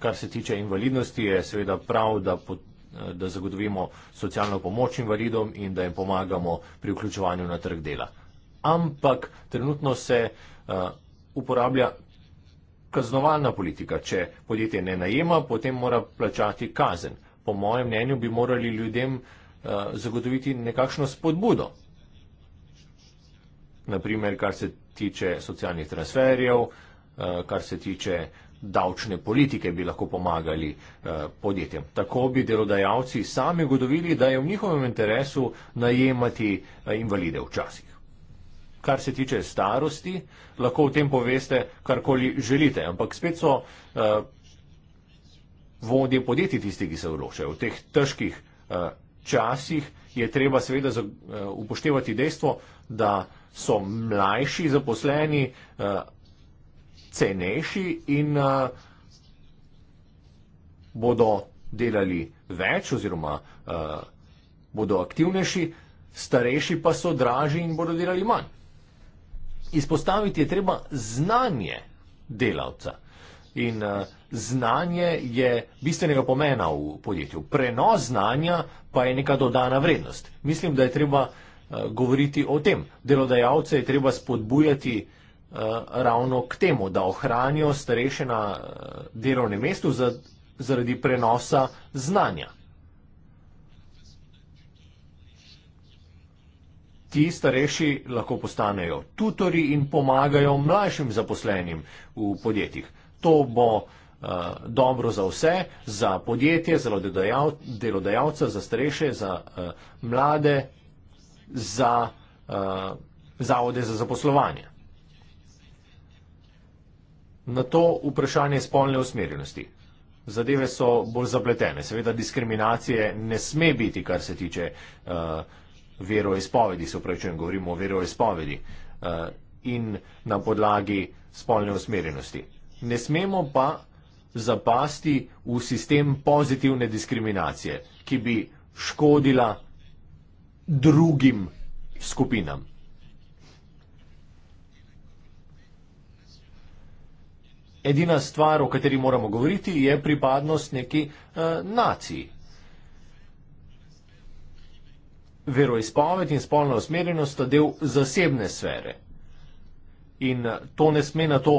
Kar se tiče invalidnosti, je seveda prav, da da zagotovimo socialno pomoč invalidom in da jim pomagamo pri vključevanju na trg dela. Ampak trenutno se eh, uporablja kaznovalna politika. Če podjetje ne najema, potem mora plačati kazen. Po mojem mnenju bi morali ljudem eh, zagotoviti nekakšno spodbudo. Naprimer, kar se tiče socialnih transferjev, eh, kar se tiče davčne politike bi lahko pomagali eh, podjetjem. Tako bi delodajalci sami ugotovili, da je v njihovem interesu najemati eh, invalide včasih. Kar se tiče starosti, lahko v tem poveste, karkoli želite, ampak spet so eh, vodje podjetij tisti, ki se odločajo. V teh težkih eh, časih je treba seveda eh, upoštevati dejstvo, da so mlajši zaposleni eh, cenejši in uh, bodo delali več oziroma uh, bodo aktivnejši, starejši pa so dražji in bodo delali manj. Izpostaviti je treba znanje delavca. In uh, znanje je bistvenega pomena v podjetju. Prenos znanja pa je neka dodana vrednost. Mislim, da je treba uh, govoriti o tem. Delodajalce je treba spodbujati uh, Eh, ravno k temu, da ohranijo starejše na eh, delovnem mestu za, zaradi prenosa znanja. Ti starejši lahko postanejo tutori in pomagajo mlajšim zaposlenim v podjetjih. To bo uh, dobro za vse, za podjetje, za delodajalca, za starejše, za uh, mlade, za uh, zavode za zaposlovanje na to vprašanje spolne usmerjenosti. Zadeve so bolj zapletene. Seveda diskriminacije ne sme biti, kar se tiče uh, veroizpovedi, se upravičujem, govorimo o veroizpovedi uh, in na podlagi spolne usmerjenosti. Ne smemo pa zapasti v sistem pozitivne diskriminacije, ki bi škodila drugim skupinam. Edina stvar, o kateri moramo govoriti, je pripadnost neki eh, naciji. Veroizpoved in spolna usmerjenost sta del zasebne sfere in eh, to ne sme na to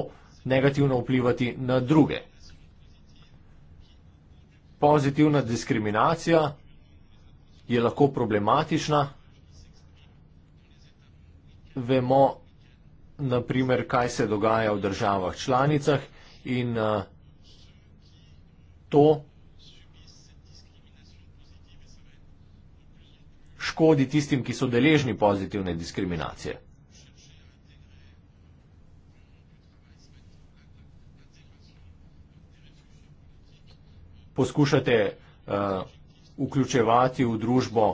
negativno vplivati na druge. Pozitivna diskriminacija je lahko problematična. Vemo, naprimer, kaj se dogaja v državah članicah in eh, to škodi tistim, ki so deležni pozitivne diskriminacije. Poskušate uh, vključevati v družbo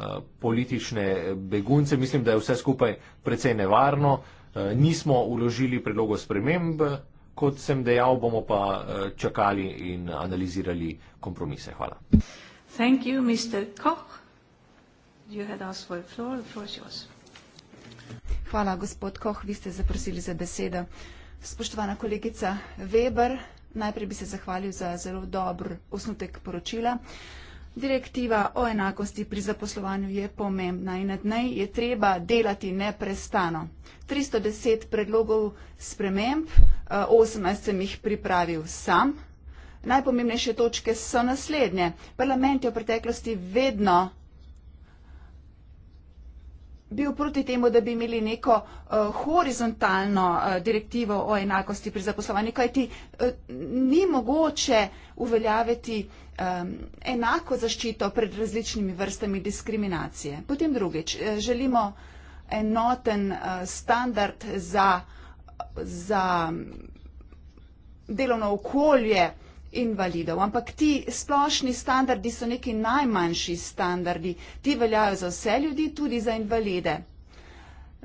Eh, politične begunce. Mislim, da je vse skupaj precej nevarno. Eh, nismo uložili predlogo sprememb, kot sem dejal, bomo pa eh, čakali in analizirali kompromise. Hvala. Thank you, Mr. Koch. You had asked for the floor. The floor is yours. Hvala, gospod Koch. Vi ste zaprosili za besedo. Spoštovana kolegica Weber, najprej bi se zahvalil za zelo dober osnutek poročila. Uh, Direktiva o enakosti pri zaposlovanju je pomembna in nad njej je treba delati neprestano. 310 predlogov sprememb, 18 eh, sem jih pripravil sam. Najpomembnejše točke so naslednje. Parlament je v preteklosti vedno bil proti temu, da bi imeli neko uh, horizontalno uh, direktivo o enakosti pri zaposlovanju, kajti uh, ni mogoče uveljaviti um, enako zaščito pred različnimi vrstami diskriminacije. Potem drugič, želimo enoten uh, standard za, za delovno okolje, invalidov. Ampak ti splošni standardi so neki najmanjši standardi. Ti veljajo za vse ljudi, tudi za invalide.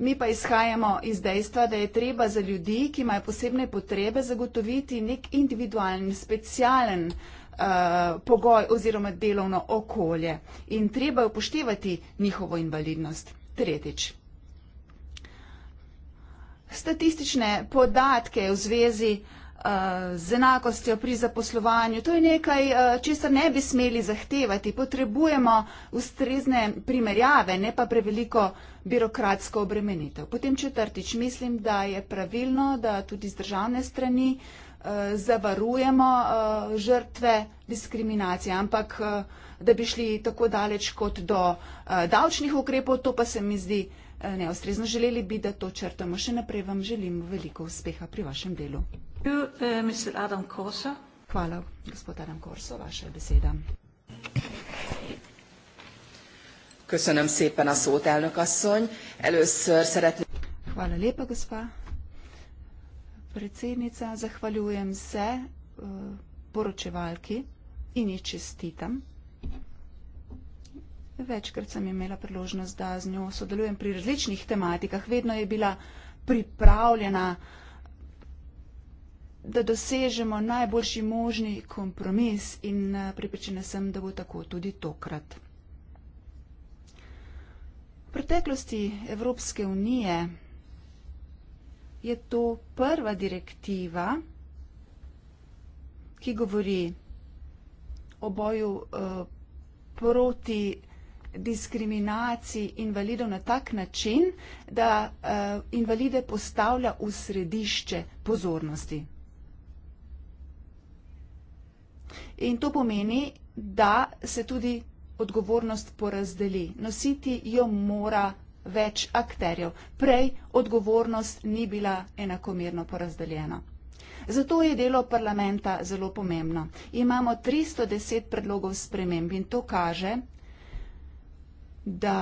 Mi pa izhajamo iz dejstva, da je treba za ljudi, ki imajo posebne potrebe, zagotoviti nek individualen, specialen uh, pogoj oziroma delovno okolje in treba upoštevati njihovo invalidnost. Tretjič. Statistične podatke v zvezi uh, z enakostjo pri zaposlovanju. To je nekaj, eh, česar ne bi smeli zahtevati. Potrebujemo ustrezne primerjave, ne pa preveliko birokratsko obremenitev. Potem četrtič mislim, da je pravilno, da tudi z državne strani eh, zavarujemo eh, žrtve diskriminacije, ampak da bi šli tako daleč kot do davčnih ukrepov, to pa se mi zdi neustrezno. Želeli bi, da to črtamo. Še naprej vam želim veliko uspeha pri vašem delu. Uh, Hvala, gospod Adam Korso, vaša beseda. Köszönöm szépen a szót, elnök asszony. Először szeretném... Hvala lepa, gospa. Predsednica, zahvaljujem se uh, poročevalki in ji čestitam. Večkrat sem imela priložnost, da z njo sodelujem pri različnih tematikah. Vedno je bila pripravljena uh, da dosežemo najboljši možni kompromis in eh, pripričana sem, da bo tako tudi tokrat. V preteklosti Evropske unije je to prva direktiva, ki govori o boju eh, proti diskriminaciji invalidov na tak način, da eh, invalide postavlja v središče pozornosti. In to pomeni, da se tudi odgovornost porazdeli. Nositi jo mora več akterjev. Prej odgovornost ni bila enakomerno porazdeljena. Zato je delo parlamenta zelo pomembno. Imamo 310 predlogov sprememb in to kaže, da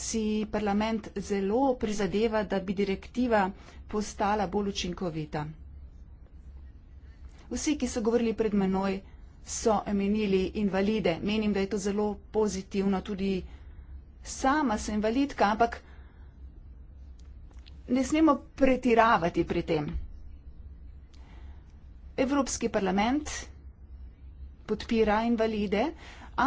si parlament zelo prizadeva, da bi direktiva postala bolj učinkovita vsi, ki so govorili pred menoj, so menili invalide. Menim, da je to zelo pozitivno. Tudi sama sem invalidka, ampak ne smemo pretiravati pri tem. Evropski parlament podpira invalide,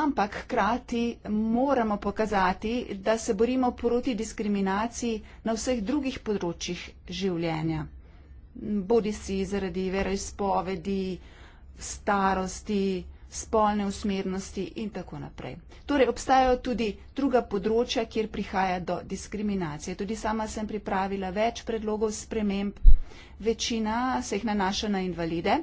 ampak krati moramo pokazati, da se borimo proti diskriminaciji na vseh drugih področjih življenja bodi si zaradi veroizpovedi, starosti, spolne usmernosti in tako naprej. Torej, obstajajo tudi druga področja, kjer prihaja do diskriminacije. Tudi sama sem pripravila več predlogov sprememb, večina se jih nanaša na invalide,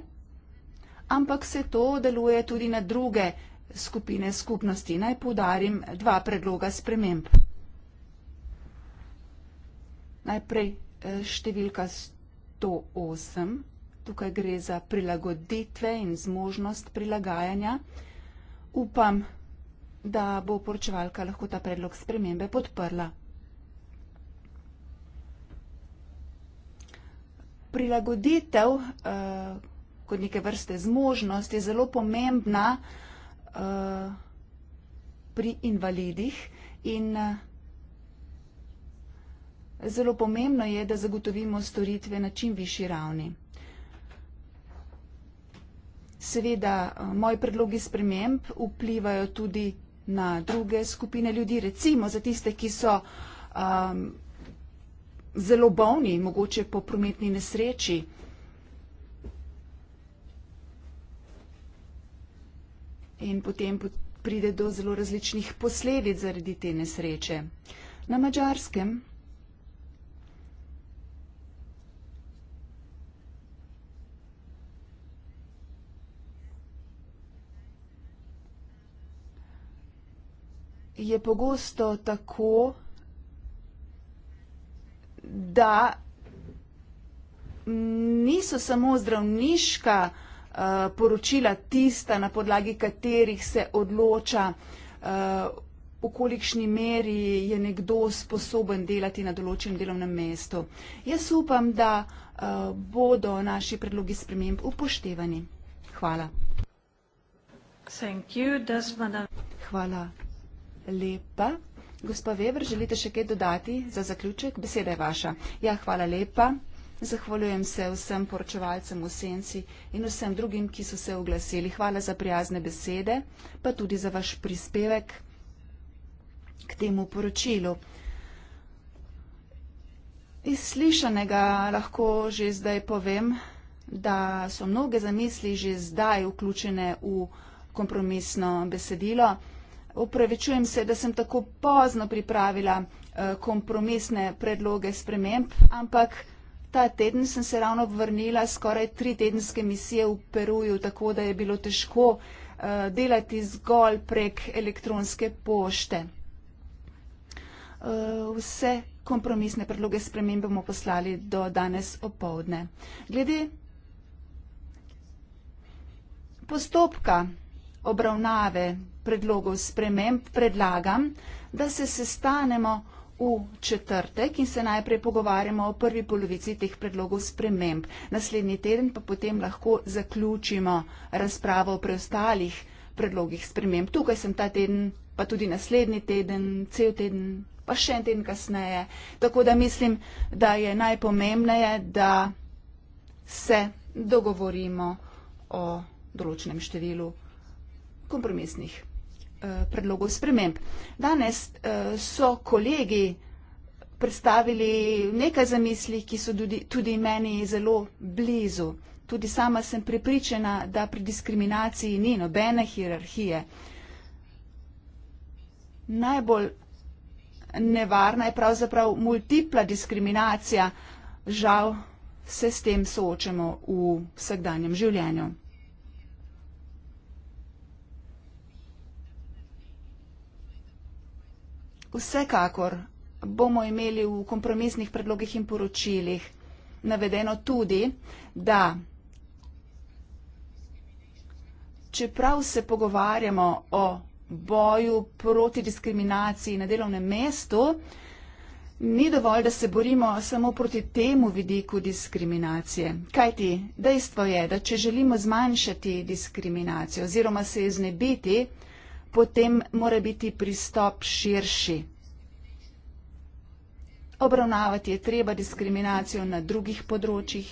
ampak se to deluje tudi na druge skupine skupnosti. Naj poudarim dva predloga sprememb. Najprej eh, številka 108, tukaj gre za prilagoditve in zmožnost prilagajanja. Upam, da bo poročevalka lahko ta predlog spremembe podprla. Prilagoditev eh, kot neke vrste zmožnost je zelo pomembna eh, pri invalidih in zmožnosti. Eh, Zelo pomembno je, da zagotovimo storitve na čim višji ravni. Seveda, eh, moji predlogi sprememb vplivajo tudi na druge skupine ljudi, recimo za tiste, ki so um, zelo bolni, mogoče po prometni nesreči. In potem pride do zelo različnih posledic zaradi te nesreče. Na mačarskem je pogosto tako, da niso samo zdravniška uh, poročila tista, na podlagi katerih se odloča, uh, v kolikšni meri je nekdo sposoben delati na določenem delovnem mestu. Jaz upam, da uh, bodo naši predlogi sprememb upoštevani. Hvala. Hvala lepa. Gospa Weber, želite še kaj dodati za zaključek? Beseda je vaša. Ja, hvala lepa. Zahvaljujem se vsem poročevalcem v Senci in vsem drugim, ki so se oglasili. Hvala za prijazne besede, pa tudi za vaš prispevek k temu poročilu. Iz slišanega lahko že zdaj povem, da so mnoge zamisli že zdaj vključene v kompromisno besedilo. Upravičujem se, da sem tako pozno pripravila eh, kompromisne predloge sprememb, ampak ta teden sem se ravno vrnila skoraj tri tedenske misije v Peruju, tako da je bilo težko eh, delati zgolj prek elektronske pošte. Eh, vse kompromisne predloge sprememb bomo poslali do danes opovdne. Glede postopka obravnave predloge, predlogov sprememb, predlagam, da se sestanemo v četrtek in se najprej pogovarjamo o prvi polovici teh predlogov sprememb. Naslednji teden pa potem lahko zaključimo razpravo o preostalih predlogih sprememb. Tukaj sem ta teden, pa tudi naslednji teden, cel teden, pa še en teden kasneje. Tako da mislim, da je najpomembneje, da se dogovorimo o določenem številu kompromisnih Eh, predlogov sprememb. Danes eh, so kolegi predstavili nekaj zamisli, ki so tudi, tudi meni zelo blizu. Tudi sama sem pripričana, da pri diskriminaciji ni nobene hierarhije. Najbolj nevarna je pravzaprav multipla diskriminacija. Žal se s tem soočamo v vsakdanjem življenju. Vsekakor bomo imeli v kompromisnih predlogih in poročilih navedeno tudi, da čeprav se pogovarjamo o boju proti diskriminaciji na delovnem mestu, ni dovolj, da se borimo samo proti temu vidiku diskriminacije. Kajti dejstvo je, da če želimo zmanjšati diskriminacijo oziroma se je znebiti, potem mora biti pristop širši. Obravnavati je treba diskriminacijo na drugih področjih.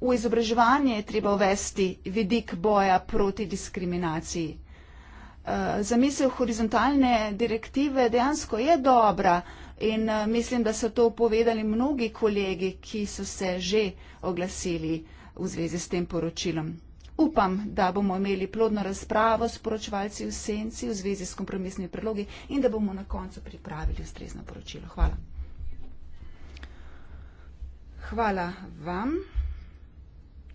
V izobraževanje je treba uvesti vidik boja proti diskriminaciji. Eh, zamisel horizontalne direktive dejansko je dobra in eh, mislim, da so to povedali mnogi kolegi, ki so se že oglasili v zvezi s tem poročilom. Upam, da bomo imeli plodno razpravo s poročevalci v senci v zvezi s kompromisnimi predlogi in da bomo na koncu pripravili ustrezno poročilo. Hvala. Hvala vam.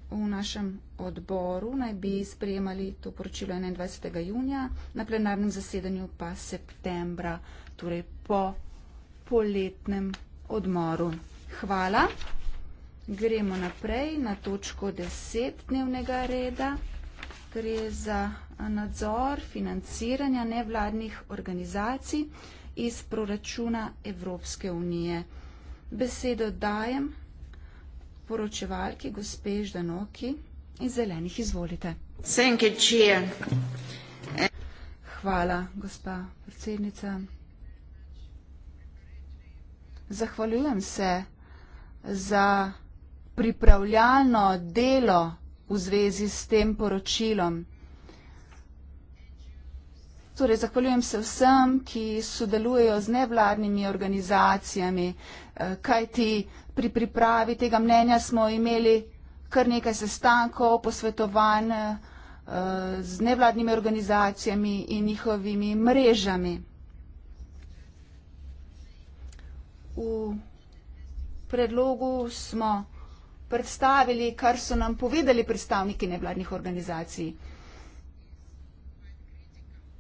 V našem odboru naj bi sprejemali to poročilo 21. junija, na plenarnem zasedanju pa septembra, torej po poletnem odmoru. Hvala. Gremo naprej na točko 10 dnevnega reda. Gre za nadzor financiranja nevladnih organizacij iz proračuna Evropske unije. Besedo dajem poročevalki gospe Ždanoki iz Zelenih. Izvolite. Hvala, gospa predsednica. Zahvaljujem se za pripravljalno delo v zvezi s tem poročilom. Torej, zahvaljujem se vsem, ki sodelujejo z nevladnimi organizacijami, eh, kajti pri pripravi tega mnenja smo imeli kar nekaj sestankov, posvetovanj eh, z nevladnimi organizacijami in njihovimi mrežami. V predlogu smo predstavili, kar so nam povedali predstavniki nevladnih organizacij.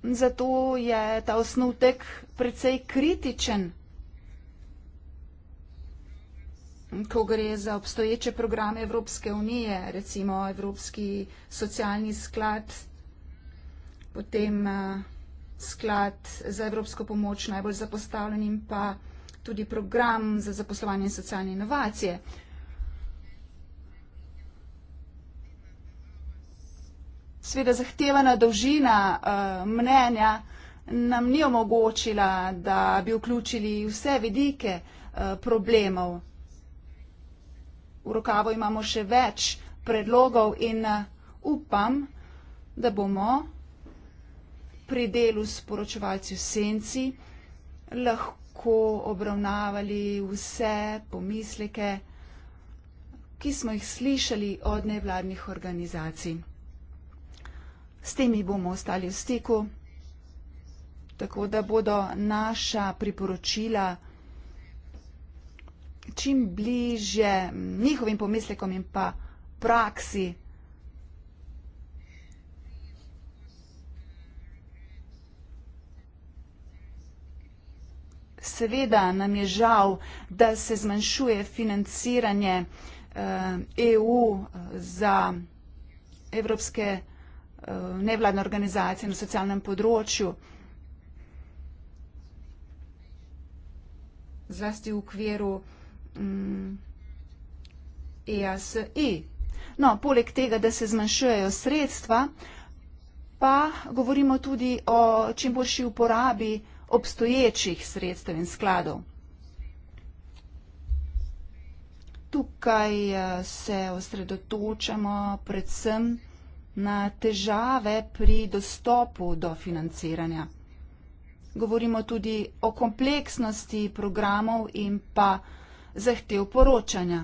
Zato je ta osnutek precej kritičen, ko gre za obstoječe programe Evropske unije, recimo Evropski socialni sklad, potem eh, sklad za evropsko pomoč najbolj zapostavljenim, pa tudi program za zaposlovanje in socialne inovacije. seveda zahtevana dolžina eh, mnenja nam ni omogočila, da bi vključili vse vidike eh, problemov. V rokavo imamo še več predlogov in eh, upam, da bomo pri delu s poročevalci v senci lahko obravnavali vse pomisleke, ki smo jih slišali od nevladnih organizacij. S temi bomo ostali v stiku, tako da bodo naša priporočila čim bliže njihovim pomislekom in pa praksi. Seveda nam je žal, da se zmanjšuje financiranje eh, EU eh, za evropske. Eh, nevladne organizacije na socialnem področju. Zlasti v okviru mm, EASI. E. No, poleg tega, da se zmanjšujejo sredstva, pa govorimo tudi o čim boljši uporabi obstoječih sredstev in skladov. Tukaj eh, se osredotočamo predvsem na težave pri dostopu do financiranja. Govorimo tudi o kompleksnosti programov in pa zahtev poročanja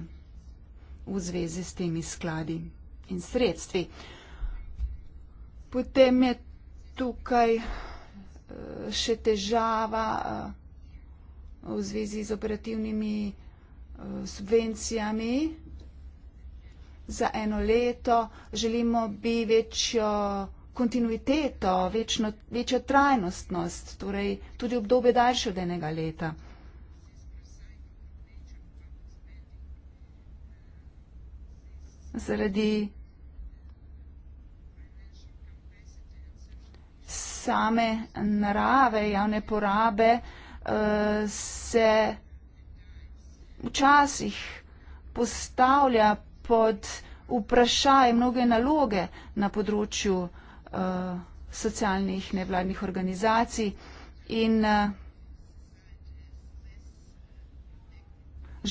v zvezi s temi skladi in sredstvi. Potem je tukaj eh, še težava eh, v zvezi z operativnimi eh, subvencijami, za eno leto, želimo bi večjo kontinuiteto, večno, večjo trajnostnost, torej tudi obdobje daljše od enega leta. Zaradi same narave javne porabe eh, se včasih postavlja pod vprašaj mnoge naloge na področju uh, socialnih nevladnih organizacij in uh,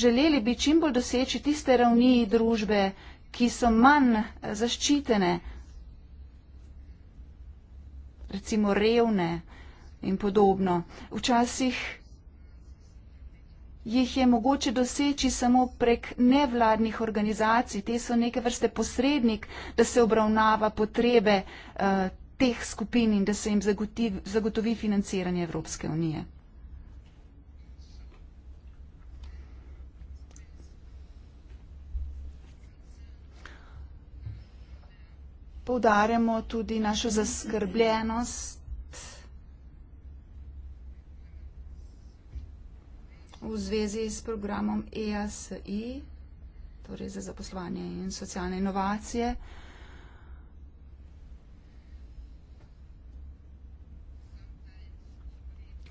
želeli bi čim bolj doseči tiste ravni družbe, ki so manj eh, zaščitene, recimo revne in podobno. Včasih jih je mogoče doseči samo prek nevladnih organizacij. Te so neke vrste posrednik, da se obravnava potrebe uh, teh skupin in da se jim zagotovi, zagotovi financiranje Evropske unije. Povdarjamo tudi našo zaskrbljenost v zvezi s programom EASI, torej za zaposlovanje in socialne inovacije.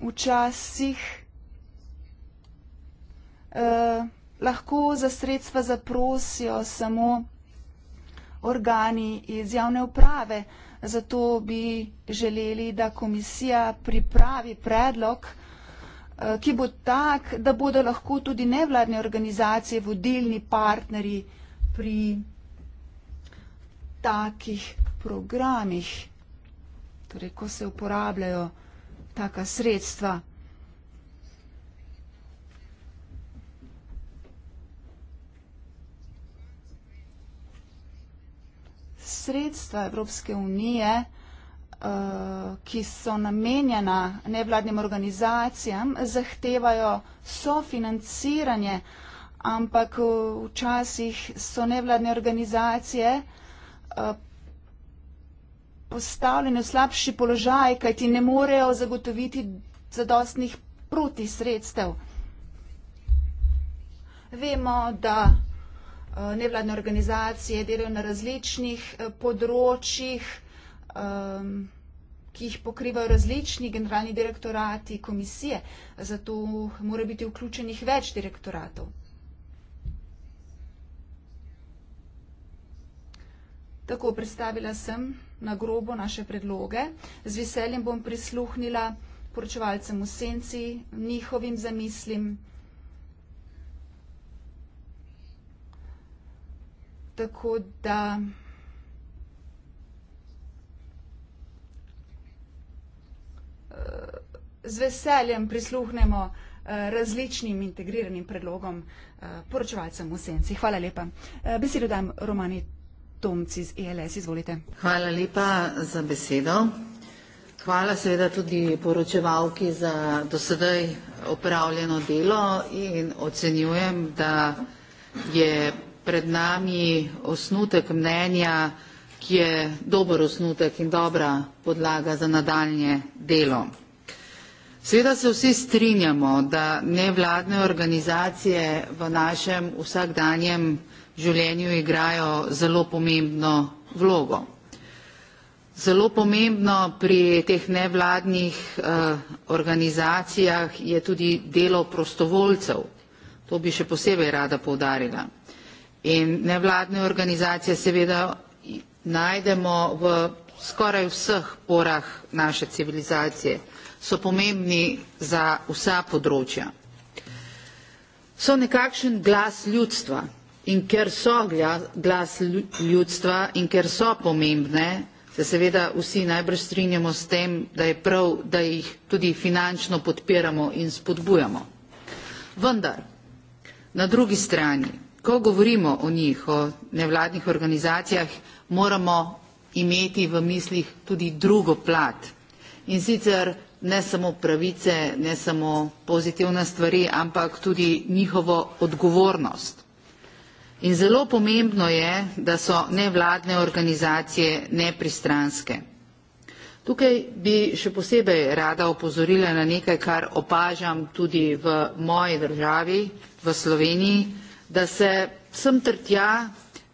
Včasih eh, lahko za sredstva zaprosijo samo organi iz javne uprave, zato bi želeli, da komisija pripravi predlog, eh, Eh, ki bo tak, da bodo lahko tudi nevladne organizacije vodilni partnerji pri takih programih, torej ko se uporabljajo taka sredstva. Sredstva Evropske unije Eh, ki so namenjena nevladnim organizacijam, zahtevajo sofinanciranje, ampak eh, včasih so nevladne organizacije eh, postavljene v slabši položaj, kajti ne morejo zagotoviti zadostnih protisredstev. Vemo, da nevladne organizacije delajo na različnih področjih, um, ki jih pokrivajo različni generalni direktorati komisije. Zato mora biti vključenih več direktoratov. Tako predstavila sem na grobo naše predloge. Z veseljem bom prisluhnila poročevalcem v senci, njihovim zamislim. Tako da. z veseljem prisluhnemo eh, različnim integriranim predlogom eh, poročevalcem v senci. Hvala lepa. Eh, besedo dam Romani Tomci iz ELS, izvolite. Hvala lepa za besedo. Hvala seveda tudi poročevalki za do sedaj opravljeno delo in ocenjujem, da je pred nami osnutek mnenja ki je dober osnutek in dobra podlaga za nadaljnje delo. Seveda se vsi strinjamo, da nevladne organizacije v našem vsakdanjem življenju igrajo zelo pomembno vlogo. Zelo pomembno pri teh nevladnih uh, organizacijah je tudi delo prostovoljcev. To bi še posebej rada poudarila. In nevladne organizacije seveda najdemo v skoraj vseh porah naše civilizacije, so pomembni za vsa področja. So nekakšen glas ljudstva in ker so glas ljudstva in ker so pomembne, se seveda vsi najbrž strinjamo s tem, da je prav, da jih tudi finančno podpiramo in spodbujamo. Vendar, na drugi strani, ko govorimo o njih, o nevladnih organizacijah, moramo imeti v mislih tudi drugo plat. In sicer ne samo pravice, ne samo pozitivne stvari, ampak tudi njihovo odgovornost. In zelo pomembno je, da so nevladne organizacije nepristranske. Tukaj bi še posebej rada opozorila na nekaj, kar opažam tudi v moji državi, v Sloveniji, da se sem ter tja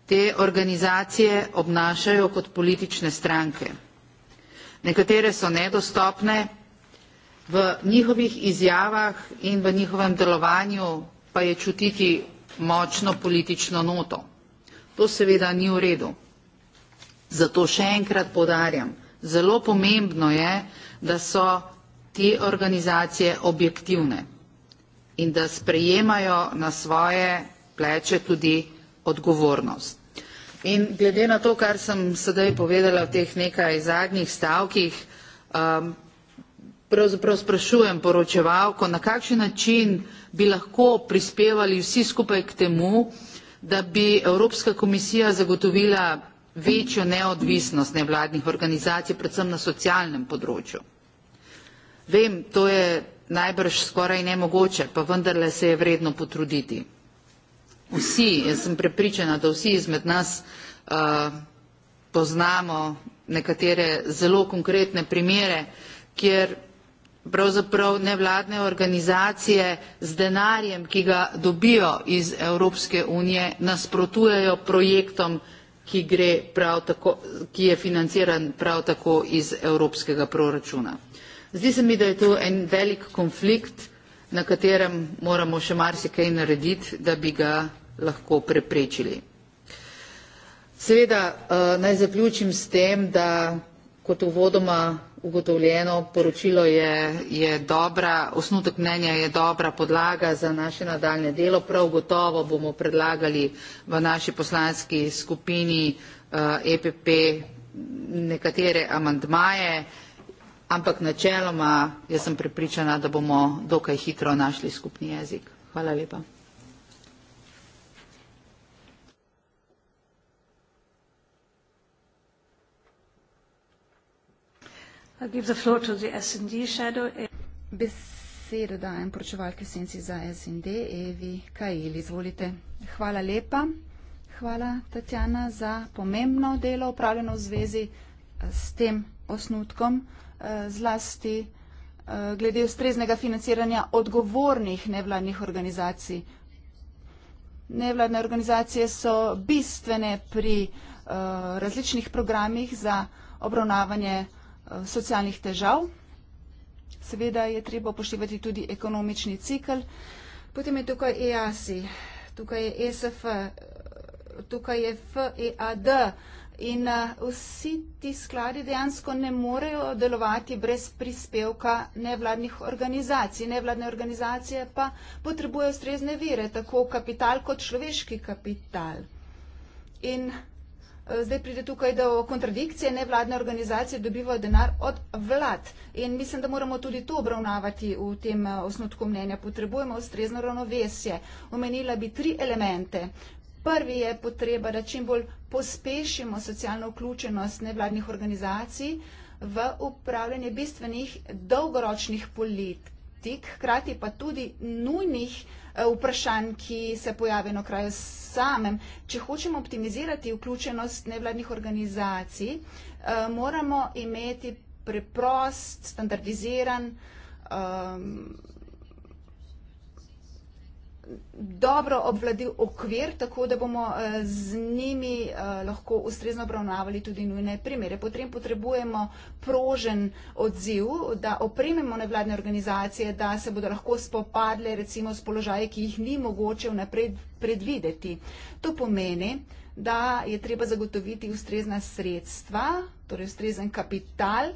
te organizacije obnašajo kot politične stranke. Nekatere so nedostopne, v njihovih izjavah in v njihovem delovanju pa je čutiti močno politično noto. To seveda ni v redu. Zato še enkrat podarjam, zelo pomembno je, da so te organizacije objektivne in da sprejemajo na svoje pleče tudi odgovornost. In glede na to, kar sem sedaj povedala v teh nekaj zadnjih stavkih, um, pravzaprav sprašujem poročevalko, na kakšen način bi lahko prispevali vsi skupaj k temu, da bi Evropska komisija zagotovila večjo neodvisnost nevladnih organizacij, predvsem na socialnem področju. Vem, to je najbrž skoraj nemogoče, pa vendarle se je vredno potruditi vsi, jaz sem prepričana, da vsi izmed nas uh, poznamo nekatere zelo konkretne primere, kjer pravzaprav nevladne organizacije z denarjem, ki ga dobijo iz Evropske unije, nasprotujejo projektom, ki, prav tako, ki je financiran prav tako iz evropskega proračuna. Zdi se mi, da je to en velik konflikt, na katerem moramo še marsikaj narediti, da bi ga lahko preprečili. Seveda eh, naj zaključim s tem, da kot uvodoma ugotovljeno poročilo je, je dobra, osnutek mnenja je dobra podlaga za naše nadaljne delo. Prav gotovo bomo predlagali v naši poslanski skupini EPP eh, e nekatere amandmaje ampak načeloma jaz sem prepričana, da bomo dokaj hitro našli skupni jezik. Hvala lepa. I give the floor to the S&D shadow. Besedo dajem poročevalki v senci za S&D, Evi Kajil, izvolite. Hvala lepa. Hvala, Tatjana, za pomembno delo upravljeno v zvezi eh, s tem osnutkom. Eh, zlasti eh, glede ustreznega financiranja odgovornih nevladnih organizacij. Nevladne organizacije so bistvene pri eh, različnih programih za obravnavanje socialnih težav. Seveda je treba upoštevati tudi ekonomični cikl. Potem je tukaj EASI, tukaj je ESF, tukaj je FEAD, In uh, vsi ti skladi dejansko ne morejo delovati brez prispevka nevladnih organizacij. Nevladne organizacije pa potrebujejo strezne vire, tako kapital kot človeški kapital. In eh, Zdaj pride tukaj do kontradikcije, nevladne organizacije dobivajo denar od vlad in mislim, da moramo tudi to obravnavati v tem eh, osnotku mnenja. Potrebujemo ustrezno ravnovesje. Omenila bi tri elemente. Prvi je potreba, da čim bolj pospešimo socialno vključenost nevladnih organizacij v upravljanje bistvenih dolgoročnih politik, hkrati pa tudi nujnih eh, vprašanj, ki se pojavijo na kraju samem. Če hočemo optimizirati vključenost nevladnih organizacij, eh, moramo imeti preprost, standardiziran, um, dobro obvladil okvir, tako da bomo eh, z njimi eh, lahko ustrezno obravnavali tudi nujne primere. Potrem potrebujemo prožen odziv, da opremimo nevladne organizacije, da se bodo lahko spopadle recimo s položaji, ki jih ni mogoče vnaprej predvideti. To pomeni, da je treba zagotoviti ustrezna sredstva, torej ustrezen kapital,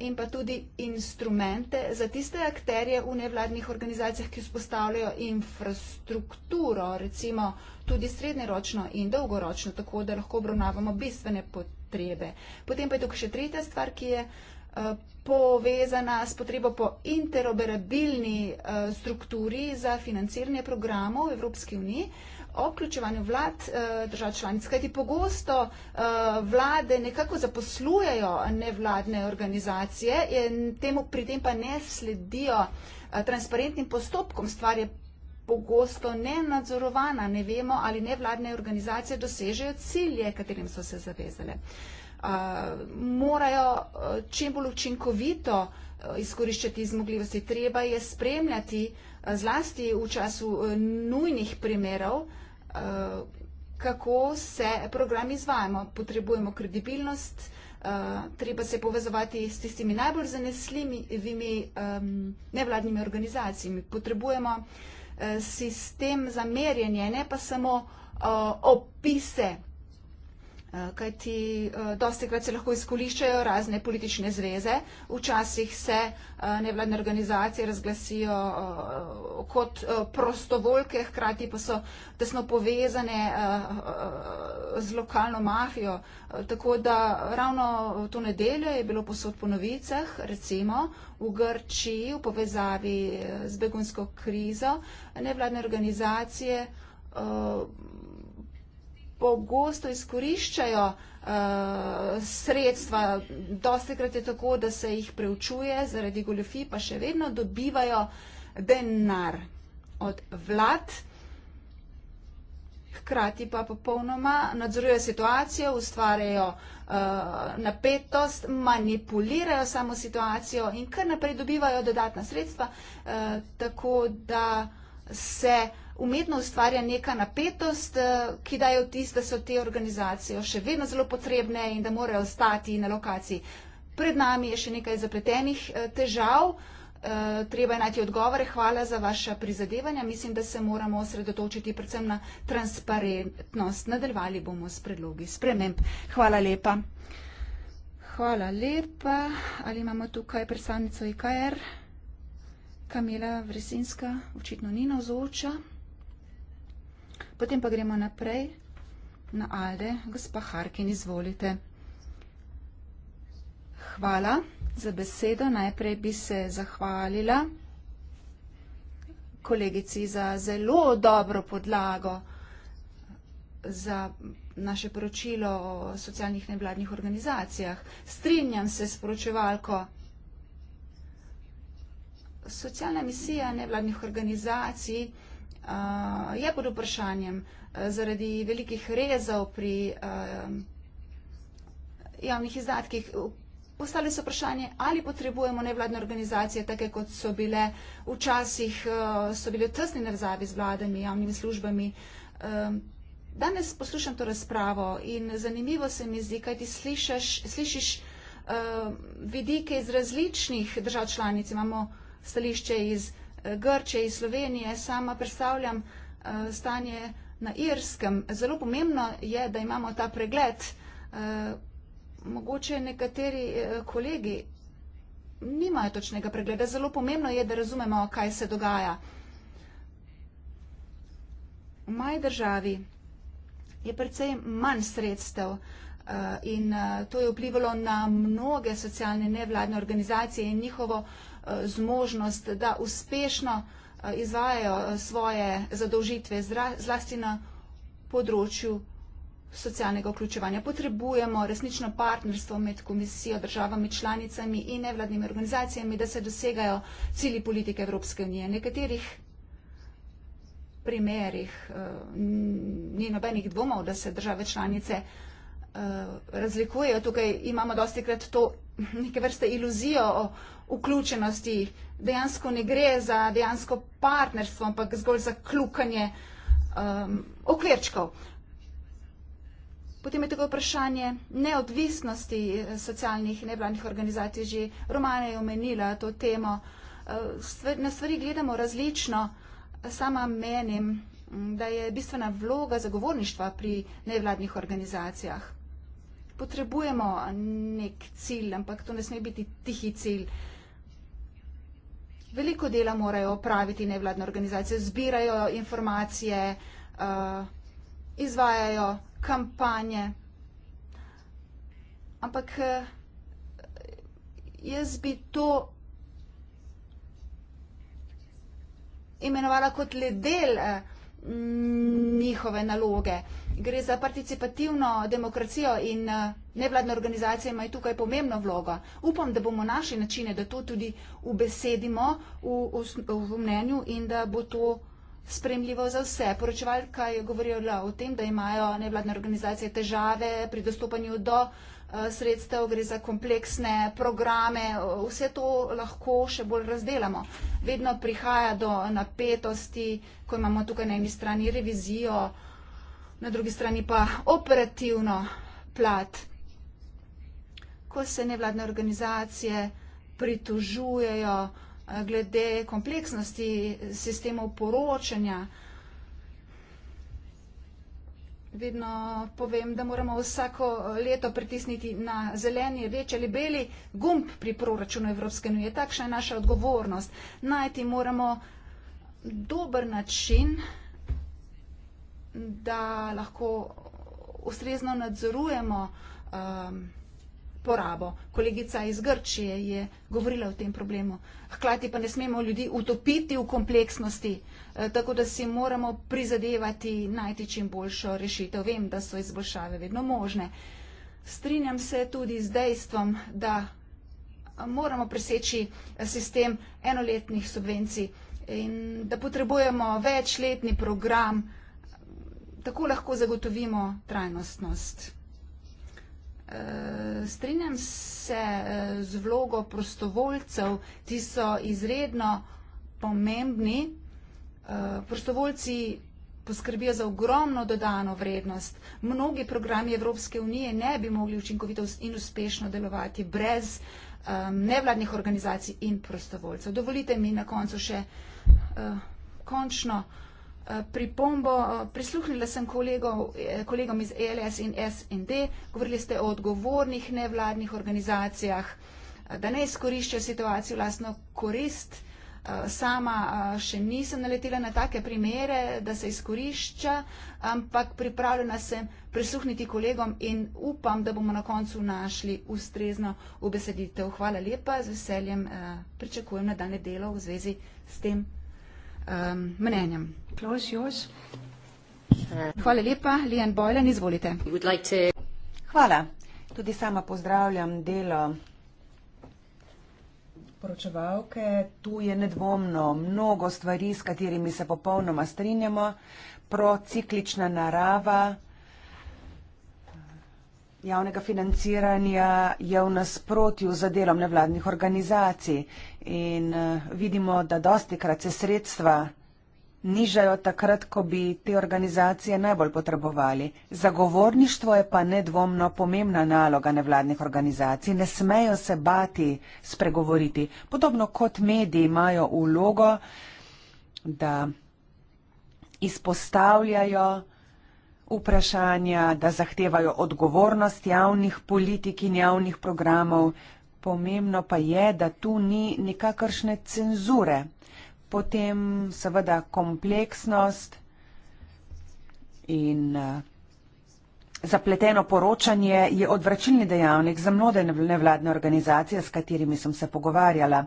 in pa tudi instrumente za tiste akterje v nevladnih organizacijah, ki vzpostavljajo infrastrukturo, recimo tudi srednjeročno in dolgoročno, tako da lahko obravnavamo bistvene potrebe. Potem pa je tukaj še tretja stvar, ki je eh, povezana s potrebo po interoperabilni eh, strukturi za financiranje programov v Evropski uniji o vključevanju vlad eh, držav članic. Kajti pogosto eh, vlade nekako zaposlujejo nevladne organizacije in temu pri tem pa ne sledijo eh, transparentnim postopkom. Stvar je pogosto nenadzorovana. Ne vemo, ali nevladne organizacije dosežejo cilje, katerim so se zavezale. Morajo čim bolj učinkovito izkoriščati zmogljivosti. Treba je spremljati zlasti v času nujnih primerov, Eh, kako se program izvajamo. Potrebujemo kredibilnost, eh, treba se povezovati s tistimi najbolj zanesljivimi nevladnimi organizacijami. Potrebujemo eh, sistem za merjenje, ne pa samo opise. Eh, kajti eh, dosti krat se lahko izkoliščajo razne politične zveze, včasih se eh, nevladne organizacije razglasijo kot prostovoljke, hkrati pa so tesno povezane z lokalno mafijo. Tako da ravno to nedeljo je bilo posod po novicah, recimo v Grčiji v povezavi z begunsko krizo nevladne organizacije pogosto izkoriščajo eh, sredstva. Dosti krat je tako, da se jih preučuje zaradi goljofij, pa še vedno dobivajo denar od vlad. Hkrati pa popolnoma nadzorujejo situacijo, ustvarjajo uh, napetost, manipulirajo samo situacijo in kar naprej dobivajo dodatna sredstva, uh, tako da se uh, umetno ustvarja neka napetost, eh, ki daje vtis, da so te organizacije še vedno zelo potrebne in da morajo ostati na lokaciji. Pred nami je še nekaj zapletenih eh, težav, eh, treba je najti odgovore. Hvala za vaše prizadevanja. Mislim, da se moramo osredotočiti predvsem na transparentnost. Nadaljevali bomo s predlogi sprememb. Hvala lepa. Hvala lepa. Ali imamo tukaj predstavnico IKR? E Kamila Vresinska očitno ni navzoča. Potem pa gremo naprej na Alde, gospa Harkin, izvolite. Hvala za besedo. Najprej bi se zahvalila kolegici za zelo dobro podlago za naše poročilo o socialnih nevladnih organizacijah. Strinjam se s poročevalko. Socialna misija nevladnih organizacij uh, je pod vprašanjem uh, zaradi velikih rezov pri uh, javnih izdatkih. Postali so vprašanje, ali potrebujemo nevladne organizacije, take kot so bile včasih, uh, so bile v tesni navzavi z vladami, javnimi službami. Um, danes poslušam to razpravo in zanimivo se mi zdi, kaj ti slišaš, slišiš uh, vidike iz različnih držav članic. Imamo stališče iz uh, Grče, iz Slovenije, sama predstavljam eh, stanje na Irskem. Zelo pomembno je, da imamo ta pregled. Eh, mogoče nekateri eh, kolegi nimajo točnega pregleda. Zelo pomembno je, da razumemo, kaj se dogaja. V maj državi je precej manj sredstev in to je vplivalo na mnoge socialne nevladne organizacije in njihovo uh, Eh, zmožnost, da uspešno eh, izvajajo eh, svoje zadolžitve zlasti na področju socialnega vključevanja. Potrebujemo resnično partnerstvo med komisijo, državami, članicami in nevladnimi organizacijami, da se dosegajo cili politike Evropske unije. Nekaterih primerih ni nobenih dvomov, da se države članice Eh, razlikujejo. Tukaj imamo dosti krat to [laughs] neke vrste iluzijo o vključenosti. Dejansko ne gre za dejansko partnerstvo, ampak zgolj za klukanje um, okvirčkov. Potem je tako vprašanje neodvisnosti eh, socialnih nevladnih organizacij. Že Romana je omenila to temo. Eh, na stvari gledamo različno. Sama menim, da je bistvena vloga zagovorništva pri nevladnih organizacijah potrebujemo nek cilj, ampak to ne sme biti tihi cilj. Veliko dela morajo opraviti nevladne organizacije, zbirajo informacije, uh, izvajajo kampanje. Ampak eh, jaz bi to imenovala kot le del. Uh, njihove naloge. Gre za participativno demokracijo in eh, nevladne organizacije imajo tukaj pomembno vlogo. Upam, da bomo našli načine, da to tudi ubesedimo v, v, v mnenju in da bo to spremljivo za vse. Poročevalka je govorila o tem, da imajo nevladne organizacije težave pri dostopanju do Eh, sredstev, gre za kompleksne programe, eh, vse to lahko še bolj razdelamo. Vedno prihaja do napetosti, ko imamo tukaj na eni strani revizijo, na drugi strani pa operativno plat. Ko se nevladne organizacije pritožujejo eh, glede kompleksnosti sistemov poročanja, vedno povem, da moramo vsako eh, leto pritisniti na zeleni, večji ali beli gumb pri proračunu Evropske unije. Takšna je naša odgovornost. Najti moramo dober način, da lahko ustrezno nadzorujemo um, porabo. Kolegica iz Grčije je govorila o tem problemu. Hkrati pa ne smemo ljudi utopiti v kompleksnosti. Uh, Eh, tako da si moramo prizadevati najti čim boljšo rešitev. Vem, da so izboljšave vedno možne. Strinjam se tudi z dejstvom, da moramo preseči eh, sistem enoletnih subvencij in da potrebujemo večletni program, tako lahko zagotovimo trajnostnost. Eh, strinjam se z vlogo prostovoljcev, ti so izredno pomembni, Eh, prostovoljci poskrbijo za ogromno dodano vrednost. Mnogi programi Evropske unije ne bi mogli učinkovito in uspešno delovati brez um, nevladnih organizacij in prostovoljcev. Dovolite mi na koncu še uh, končno uh, pripombo. Uh, prisluhnila sem kolegov, eh, kolegom iz ELS in SND. Govorili ste o odgovornih nevladnih organizacijah, uh, da ne izkoriščajo situacijo vlastno korist. Eh, sama eh, še nisem naletela na take primere, da se izkorišča, ampak pripravljena sem prisluhniti kolegom in upam, da bomo na koncu našli ustrezno obeseditev. Hvala lepa, z veseljem eh, pričakujem nadaljne delo v zvezi s tem ehm, mnenjem. Klaus Jož. Hvala lepa, Lijan Bojlen, izvolite. Hvala. Tudi sama pozdravljam delo poročevalke, tu je nedvomno mnogo stvari, s katerimi se popolnoma strinjamo. Prociklična narava javnega financiranja je v nasprotju z delom nevladnih organizacij in eh, vidimo, da dosti krat se sredstva nižajo takrat, ko bi te organizacije najbolj potrebovali. Zagovorništvo je pa nedvomno pomembna naloga nevladnih organizacij. Ne smejo se bati spregovoriti. Podobno kot mediji imajo ulogo, da izpostavljajo vprašanja, da zahtevajo odgovornost javnih politik in javnih programov. Pomembno pa je, da tu ni nikakršne cenzure potem seveda kompleksnost in eh, zapleteno poročanje je odvračilni dejavnik za mnode nevladne organizacije, s katerimi sem se pogovarjala.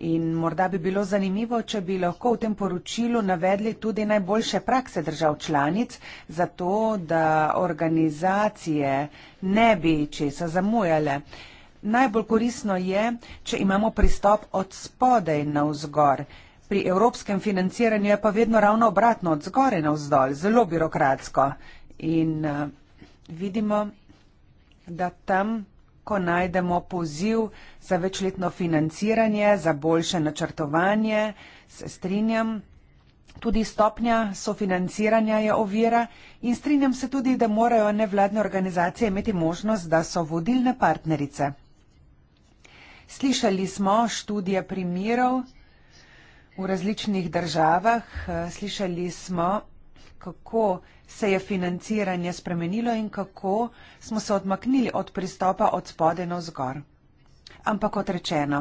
In morda bi bilo zanimivo, če bi lahko v tem poročilu navedli tudi najboljše prakse držav članic, zato da organizacije ne bi česa zamujale. Najbolj koristno je, če imamo pristop od spodaj na vzgor. Pri evropskem financiranju je pa vedno ravno obratno, od zgore na vzdolj, zelo birokratsko. In uh, vidimo, da tam, ko najdemo poziv za večletno financiranje, za boljše načrtovanje, se strinjam, tudi stopnja sofinanciranja je ovira in strinjam se tudi, da morajo nevladne organizacije imeti možnost, da so vodilne partnerice. Slišali smo študije primerov, v različnih državah. Eh, slišali smo, kako se je financiranje spremenilo in kako smo se odmaknili od pristopa od spode na vzgor. Ampak kot rečeno,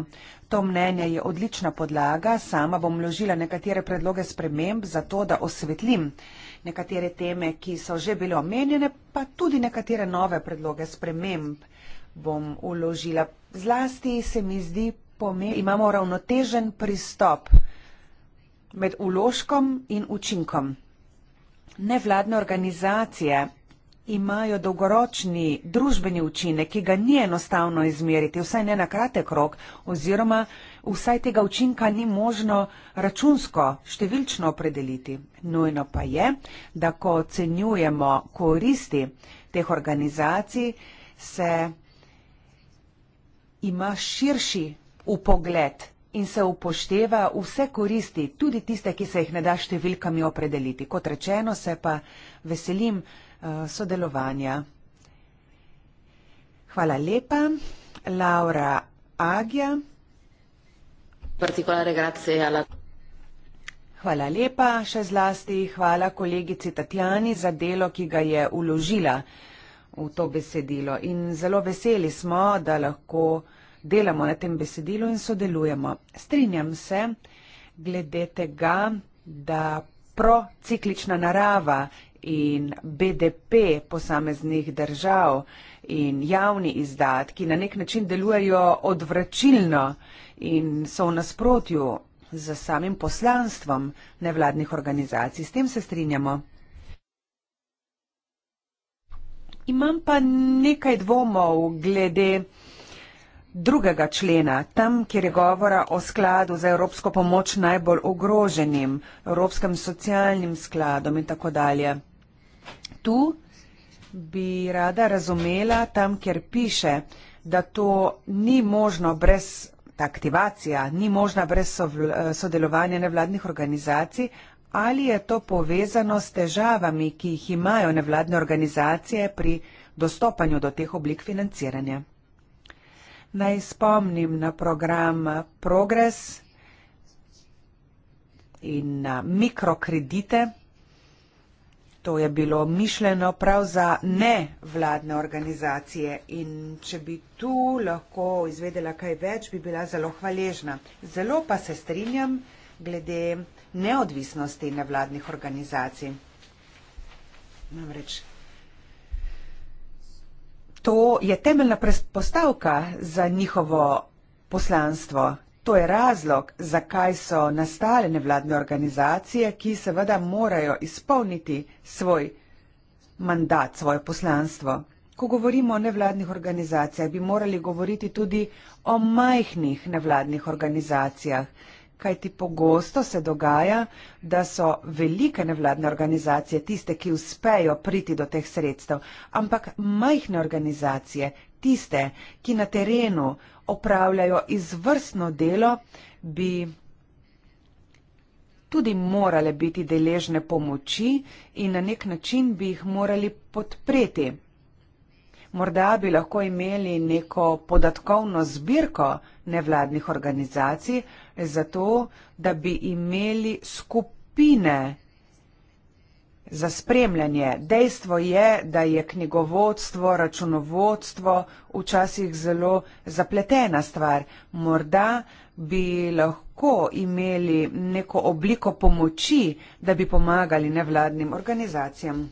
to mnenje je odlična podlaga, sama bom vložila nekatere predloge sprememb za to, da osvetlim nekatere teme, ki so že bile omenjene, pa tudi nekatere nove predloge sprememb bom vložila. Zlasti se mi zdi, da imamo ravnotežen pristop med uložkom in učinkom. Nevladne organizacije imajo dolgoročni družbeni učinek, ki ga ni enostavno izmeriti, vsaj ne na kratek rok, oziroma vsaj tega učinka ni možno računsko, številčno opredeliti. Nujno pa je, da ko ocenjujemo koristi teh organizacij, se ima širši upogled in se upošteva vse koristi, tudi tiste, ki se jih ne da številkami opredeliti. Kot rečeno, se pa veselim uh, sodelovanja. Hvala lepa. Laura Agja. Hvala lepa še zlasti. Hvala kolegici Tatjani za delo, ki ga je uložila v to besedilo. In zelo veseli smo, da lahko uh, delamo na tem besedilu in sodelujemo. Strinjam se glede tega, da prociklična narava in BDP posameznih držav in javni izdatki na nek način delujejo odvračilno in so v nasprotju z samim poslanstvom nevladnih organizacij. S tem se strinjamo. Imam pa nekaj dvomov glede drugega člena, tam, kjer je govora o skladu za evropsko pomoč najbolj ogroženim, evropskem socialnim skladom in tako dalje. Tu bi rada razumela, tam, kjer piše, da to ni možno brez ta aktivacija, ni možno brez sodelovanja nevladnih organizacij, ali je to povezano s težavami, ki jih imajo nevladne organizacije pri dostopanju do teh oblik financiranja naj spomnim na program Progress in na mikrokredite. To je bilo mišljeno prav za nevladne organizacije in če bi tu lahko izvedela kaj več, bi bila zelo hvaležna. Zelo pa se strinjam glede neodvisnosti nevladnih organizacij. Namreč To je temeljna predpostavka za njihovo poslanstvo. To je razlog, zakaj so nastale nevladne organizacije, ki seveda morajo izpolniti svoj mandat, svoje poslanstvo. Ko govorimo o nevladnih organizacijah, bi morali govoriti tudi o majhnih nevladnih organizacijah, kajti pogosto se dogaja, da so velike nevladne organizacije tiste, ki uspejo priti do teh sredstev, ampak majhne organizacije, tiste, ki na terenu opravljajo izvrstno delo, bi tudi morale biti deležne pomoči in na nek način bi jih morali podpreti. Morda bi lahko imeli neko podatkovno zbirko nevladnih organizacij, zato da bi imeli skupine za spremljanje. Dejstvo je, da je knjigovodstvo, računovodstvo včasih zelo zapletena stvar. Morda bi lahko imeli neko obliko pomoči, da bi pomagali nevladnim organizacijam.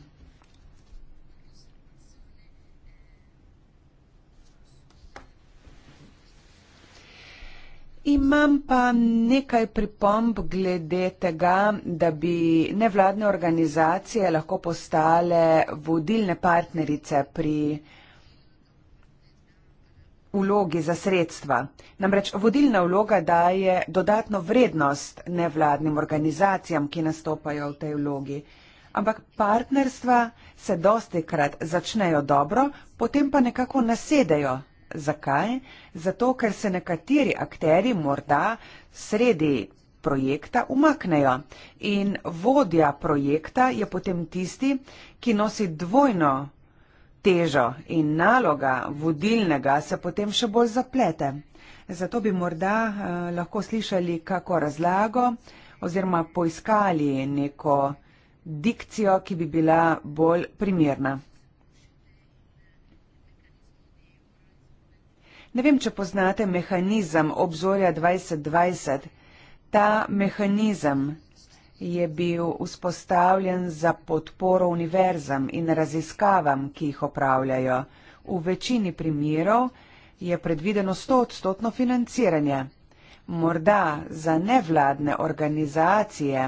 Imam pa nekaj pripomb glede tega, da bi nevladne organizacije lahko postale vodilne partnerice pri vlogi za sredstva. Namreč vodilna vloga daje dodatno vrednost nevladnim organizacijam, ki nastopajo v tej vlogi. Ampak partnerstva se dosti krat začnejo dobro, potem pa nekako nasedejo. Zakaj? Zato, ker se nekateri akteri morda sredi projekta umaknejo in vodja projekta je potem tisti, ki nosi dvojno težo in naloga vodilnega se potem še bolj zaplete. Zato bi morda eh, lahko slišali kako razlago oziroma poiskali neko dikcijo, ki bi bila bolj primerna. Ne vem, če poznate mehanizem obzorja 2020. Ta mehanizem je bil vzpostavljen za podporo univerzam in raziskavam, ki jih opravljajo. V večini primerov je predvideno 100 odstotno financiranje. Morda za nevladne organizacije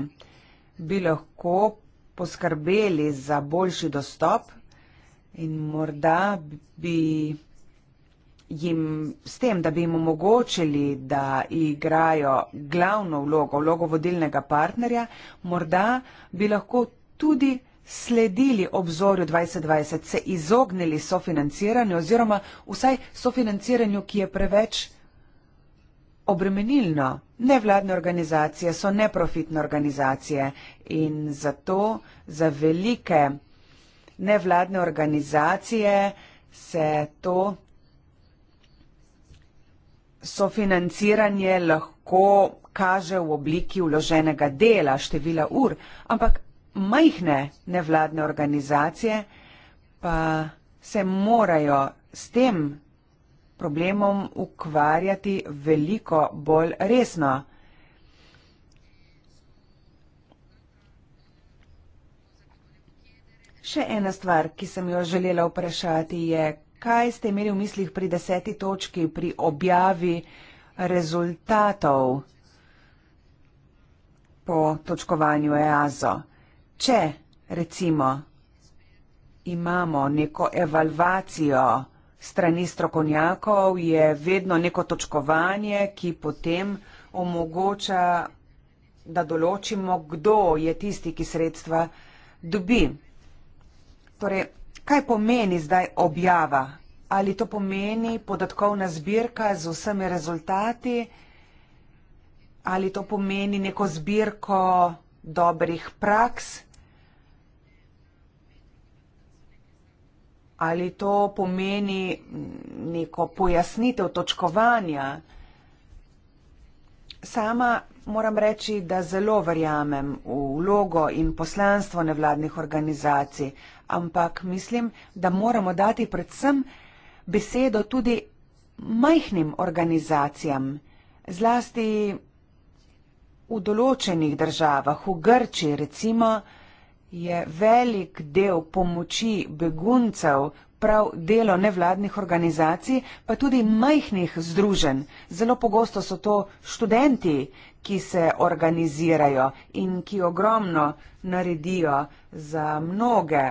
bi lahko poskrbeli za boljši dostop in morda bi jim s tem, da bi jim omogočili, da igrajo glavno vlogo, vlogo vodilnega partnerja, morda bi lahko tudi sledili obzorju 2020, se izognili sofinanciranju oziroma vsaj sofinanciranju, ki je preveč obremenilno. Nevladne organizacije so neprofitne organizacije in zato za velike nevladne organizacije se to sofinanciranje lahko kaže v obliki uloženega dela, števila ur, ampak majhne nevladne organizacije pa se morajo s tem problemom ukvarjati veliko bolj resno. Še ena stvar, ki sem jo želela vprašati, je, kaj ste imeli v mislih pri deseti točki, pri objavi rezultatov po točkovanju EASO. Če recimo imamo neko evalvacijo strani strokovnjakov, je vedno neko točkovanje, ki potem omogoča, da določimo, kdo je tisti, ki sredstva dobi. Torej, kaj pomeni zdaj objava? Ali to pomeni podatkovna zbirka z vsemi rezultati? Ali to pomeni neko zbirko dobrih praks? Ali to pomeni neko pojasnitev točkovanja? Sama moram reči, da zelo verjamem v vlogo in poslanstvo nevladnih organizacij, ampak mislim, da moramo dati predvsem besedo tudi majhnim organizacijam, zlasti v določenih državah, v Grči recimo, je velik del pomoči beguncev prav delo nevladnih organizacij, pa tudi majhnih združenj. Zelo pogosto so to študenti, ki se organizirajo in ki ogromno naredijo za mnoge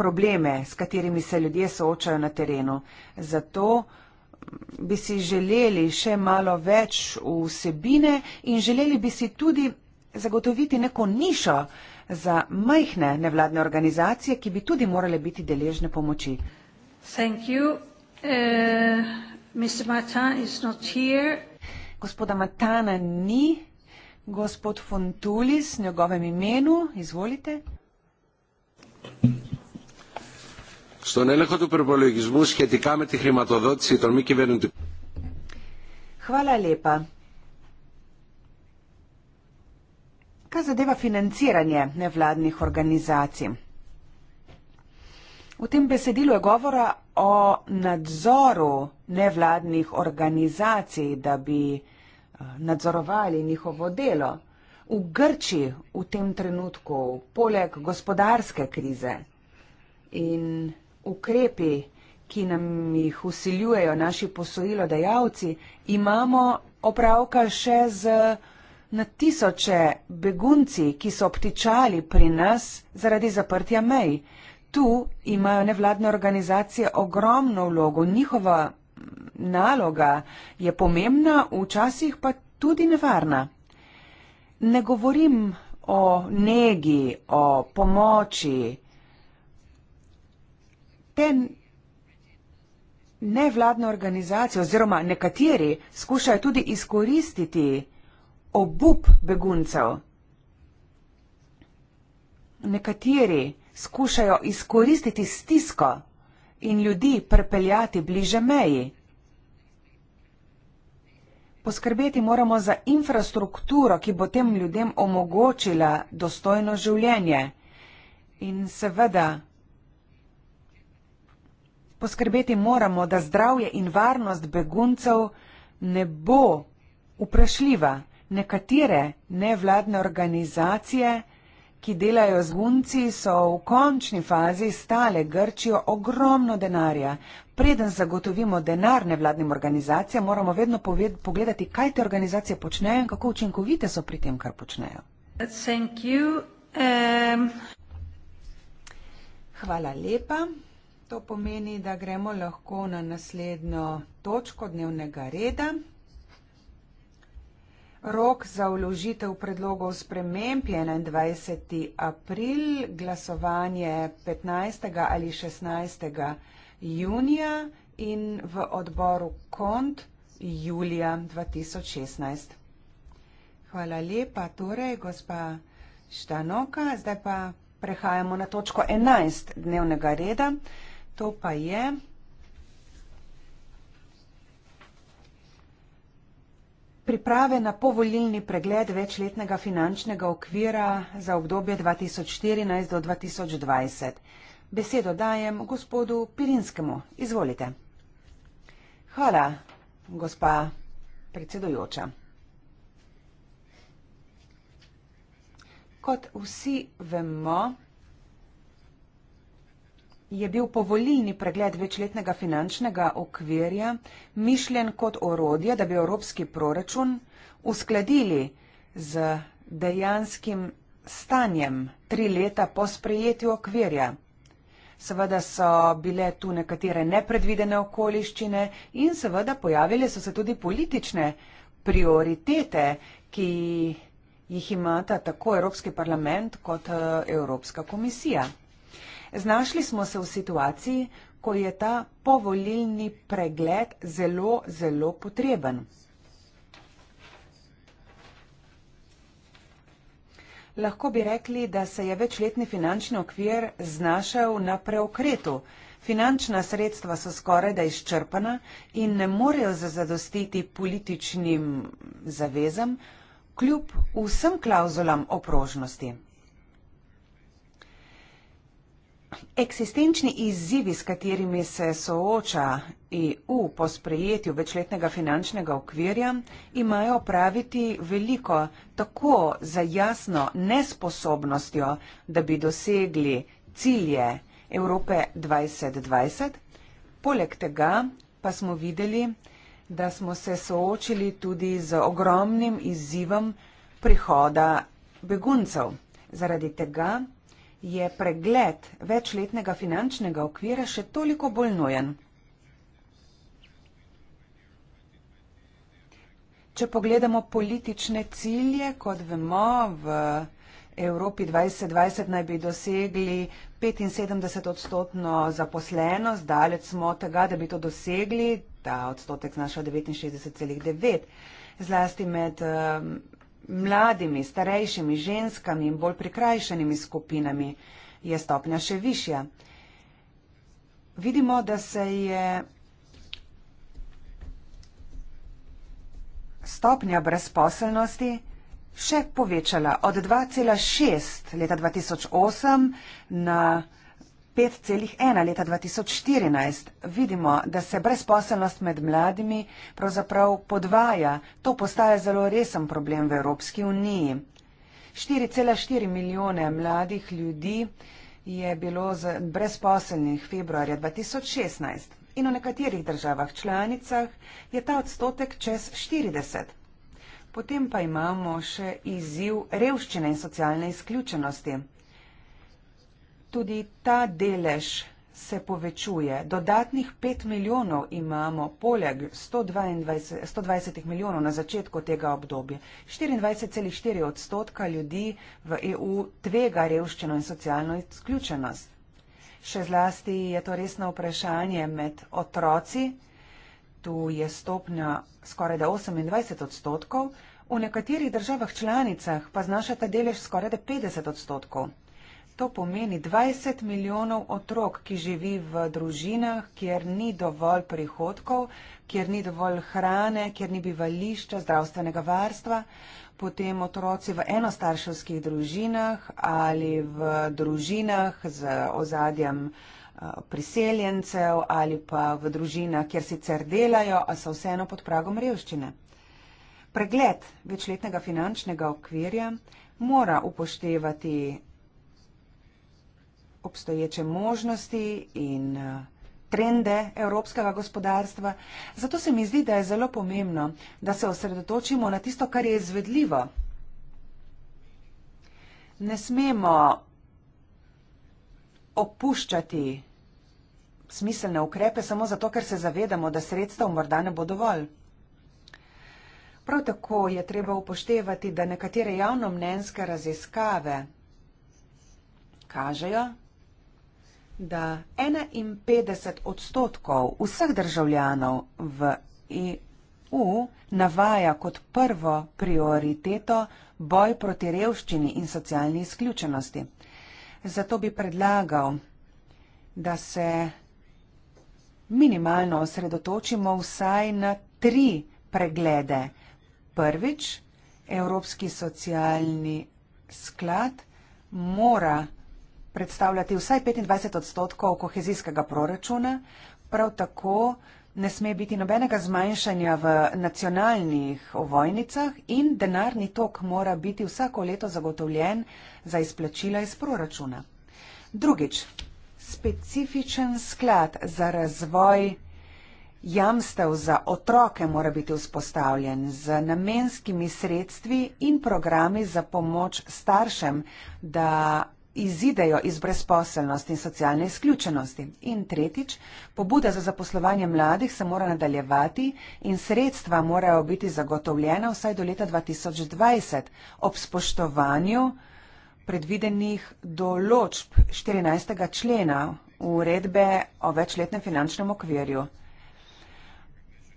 probleme, s katerimi se ljudje soočajo na terenu. Zato bi si želeli še malo več vsebine in želeli bi si tudi zagotoviti neko nišo za majhne nevladne organizacije, ki bi tudi morale biti deležne pomoči. Uh, Gospoda Matana ni. Gospod Fontulis, njegovem imenu, izvolite. Στον έλεγχο του προπολογισμού σχετικά με τη χρηματοδότηση των μη κυβερνητικών. Χβάλα λίπα. Κάζα δεύα φινανσίρανια νευλάδνιχ οργανιζάτσι. Ούτιμ πεσεδίλου εγώβορα ο νατζόρου νευλάδνιχ οργανιζάτσι δα μπι nadzorovali njihovo delo. V Grči v tem trenutku, poleg gospodarske krize in ukrepi, ki nam jih usiljujejo naši posojilodajalci, imamo opravka še z na tisoče begunci, ki so obtičali pri nas zaradi zaprtja mej. Tu imajo nevladne organizacije ogromno vlogo, njihova naloga je pomembna, včasih pa tudi nevarna. Ne govorim o negi, o pomoči, te nevladne organizacije oziroma nekateri skušajo tudi izkoristiti obup beguncev. Nekateri skušajo izkoristiti stisko in ljudi prepeljati bliže meji. Poskrbeti moramo za infrastrukturo, ki bo tem ljudem omogočila dostojno življenje. In seveda Poskrbeti moramo, da zdravje in varnost beguncev ne bo vprašljiva. Nekatere nevladne organizacije, ki delajo z gunci, so v končni fazi stale Grčijo ogromno denarja. Preden zagotovimo denar nevladnim organizacijam, moramo vedno poved, pogledati, kaj te organizacije počnejo in kako učinkovite so pri tem, kar počnejo. Um... Hvala lepa. To pomeni, da gremo lahko na naslednjo točko dnevnega reda. Rok za vložitev predlogov sprememb je 21. april, glasovanje 15. ali 16. junija in v odboru KONT julija 2016. Hvala lepa, torej, gospa Štanoka. Zdaj pa prehajamo na točko 11 dnevnega reda. To pa je priprave na povoljilni pregled večletnega finančnega okvira za obdobje 2014 do 2020. Besedo dajem gospodu Pirinskemu. Izvolite. Hvala, gospa predsedujoča. Kot vsi vemo, je bil povoljni pregled večletnega finančnega okvirja mišljen kot orodje, da bi evropski proračun uskladili z dejanskim stanjem tri leta po sprejetju okvirja. Seveda so bile tu nekatere nepredvidene okoliščine in seveda pojavile so se tudi politične prioritete, ki jih imata tako Evropski parlament kot eh, Evropska komisija. Znašli smo se v situaciji, ko je ta povoljilni pregled zelo, zelo potreben. Lahko bi rekli, da se je večletni finančni okvir znašel na preokretu. Finančna sredstva so skoraj da izčrpana in ne morejo zadostiti političnim zavezam, kljub vsem klauzulam oprožnosti. Eksistenčni izzivi, s katerimi se sooča EU po sprejetju večletnega finančnega okvirja, imajo praviti veliko tako za jasno nesposobnostjo, da bi dosegli cilje Evrope 2020. Poleg tega pa smo videli, da smo se soočili tudi z ogromnim izzivom prihoda beguncev. Zaradi tega je pregled večletnega finančnega okvira še toliko bolj nojen. Če pogledamo politične cilje, kot vemo, v Evropi 2020 naj bi dosegli 75 odstotno zaposlenost, daleč smo od tega, da bi to dosegli, ta odstotek znaša 69,9. Zlasti med um, mladimi, starejšimi, ženskami in bolj prikrajšanimi skupinami je stopnja še višja. Vidimo, da se je stopnja brezposelnosti še povečala od 2,6 leta 2008 na 5,1 leta 2014. Vidimo, da se brezposelnost med mladimi pravzaprav podvaja. To postaje zelo resen problem v Evropski uniji. 4,4 milijone mladih ljudi je bilo brezposelnih februarja 2016 in v nekaterih državah članicah je ta odstotek čez 40. Potem pa imamo še izziv revščine in socialne izključenosti tudi ta delež se povečuje. Dodatnih 5 milijonov imamo poleg 122, 120 milijonov na začetku tega obdobja. 24,4 odstotka ljudi v EU tvega revščino in socialno izključenost. Še zlasti je to resno vprašanje med otroci. Tu je stopnja skoraj da 28 odstotkov, v nekaterih državah članicah pa znaša ta delež skoraj da 50 odstotkov. To pomeni 20 milijonov otrok, ki živi v družinah, kjer ni dovolj prihodkov, kjer ni dovolj hrane, kjer ni bivališča, zdravstvenega varstva. Potem otroci v enostarševskih družinah ali v družinah z ozadjem eh, priseljencev ali pa v družinah, kjer sicer delajo, a so vseeno pod pragom revščine. Pregled večletnega finančnega okvirja mora upoštevati obstoječe možnosti in eh, trende evropskega gospodarstva. Zato se mi zdi, da je zelo pomembno, da se osredotočimo na tisto, kar je izvedljivo. Ne smemo opuščati smiselne ukrepe samo zato, ker se zavedamo, da sredstev morda ne bo dovolj. Prav tako je treba upoštevati, da nekatere javnomnenjske raziskave kažejo, da 51 odstotkov vseh državljanov v EU navaja kot prvo prioriteto boj proti revščini in socialni izključenosti. Zato bi predlagal, da se minimalno osredotočimo vsaj na tri preglede. Prvič, Evropski socialni sklad mora predstavljati vsaj 25 odstotkov kohezijskega proračuna, prav tako ne sme biti nobenega zmanjšanja v nacionalnih ovojnicah in denarni tok mora biti vsako leto zagotovljen za izplačila iz proračuna. Drugič, specifičen sklad za razvoj jamstev za otroke mora biti vzpostavljen z namenskimi sredstvi in programi za pomoč staršem, da izidejo iz brezposelnosti in socialne izključenosti. In tretjič, pobuda za zaposlovanje mladih se mora nadaljevati in sredstva morajo biti zagotovljena vsaj do leta 2020 ob spoštovanju predvidenih določb 14. člena uredbe o večletnem finančnem okvirju.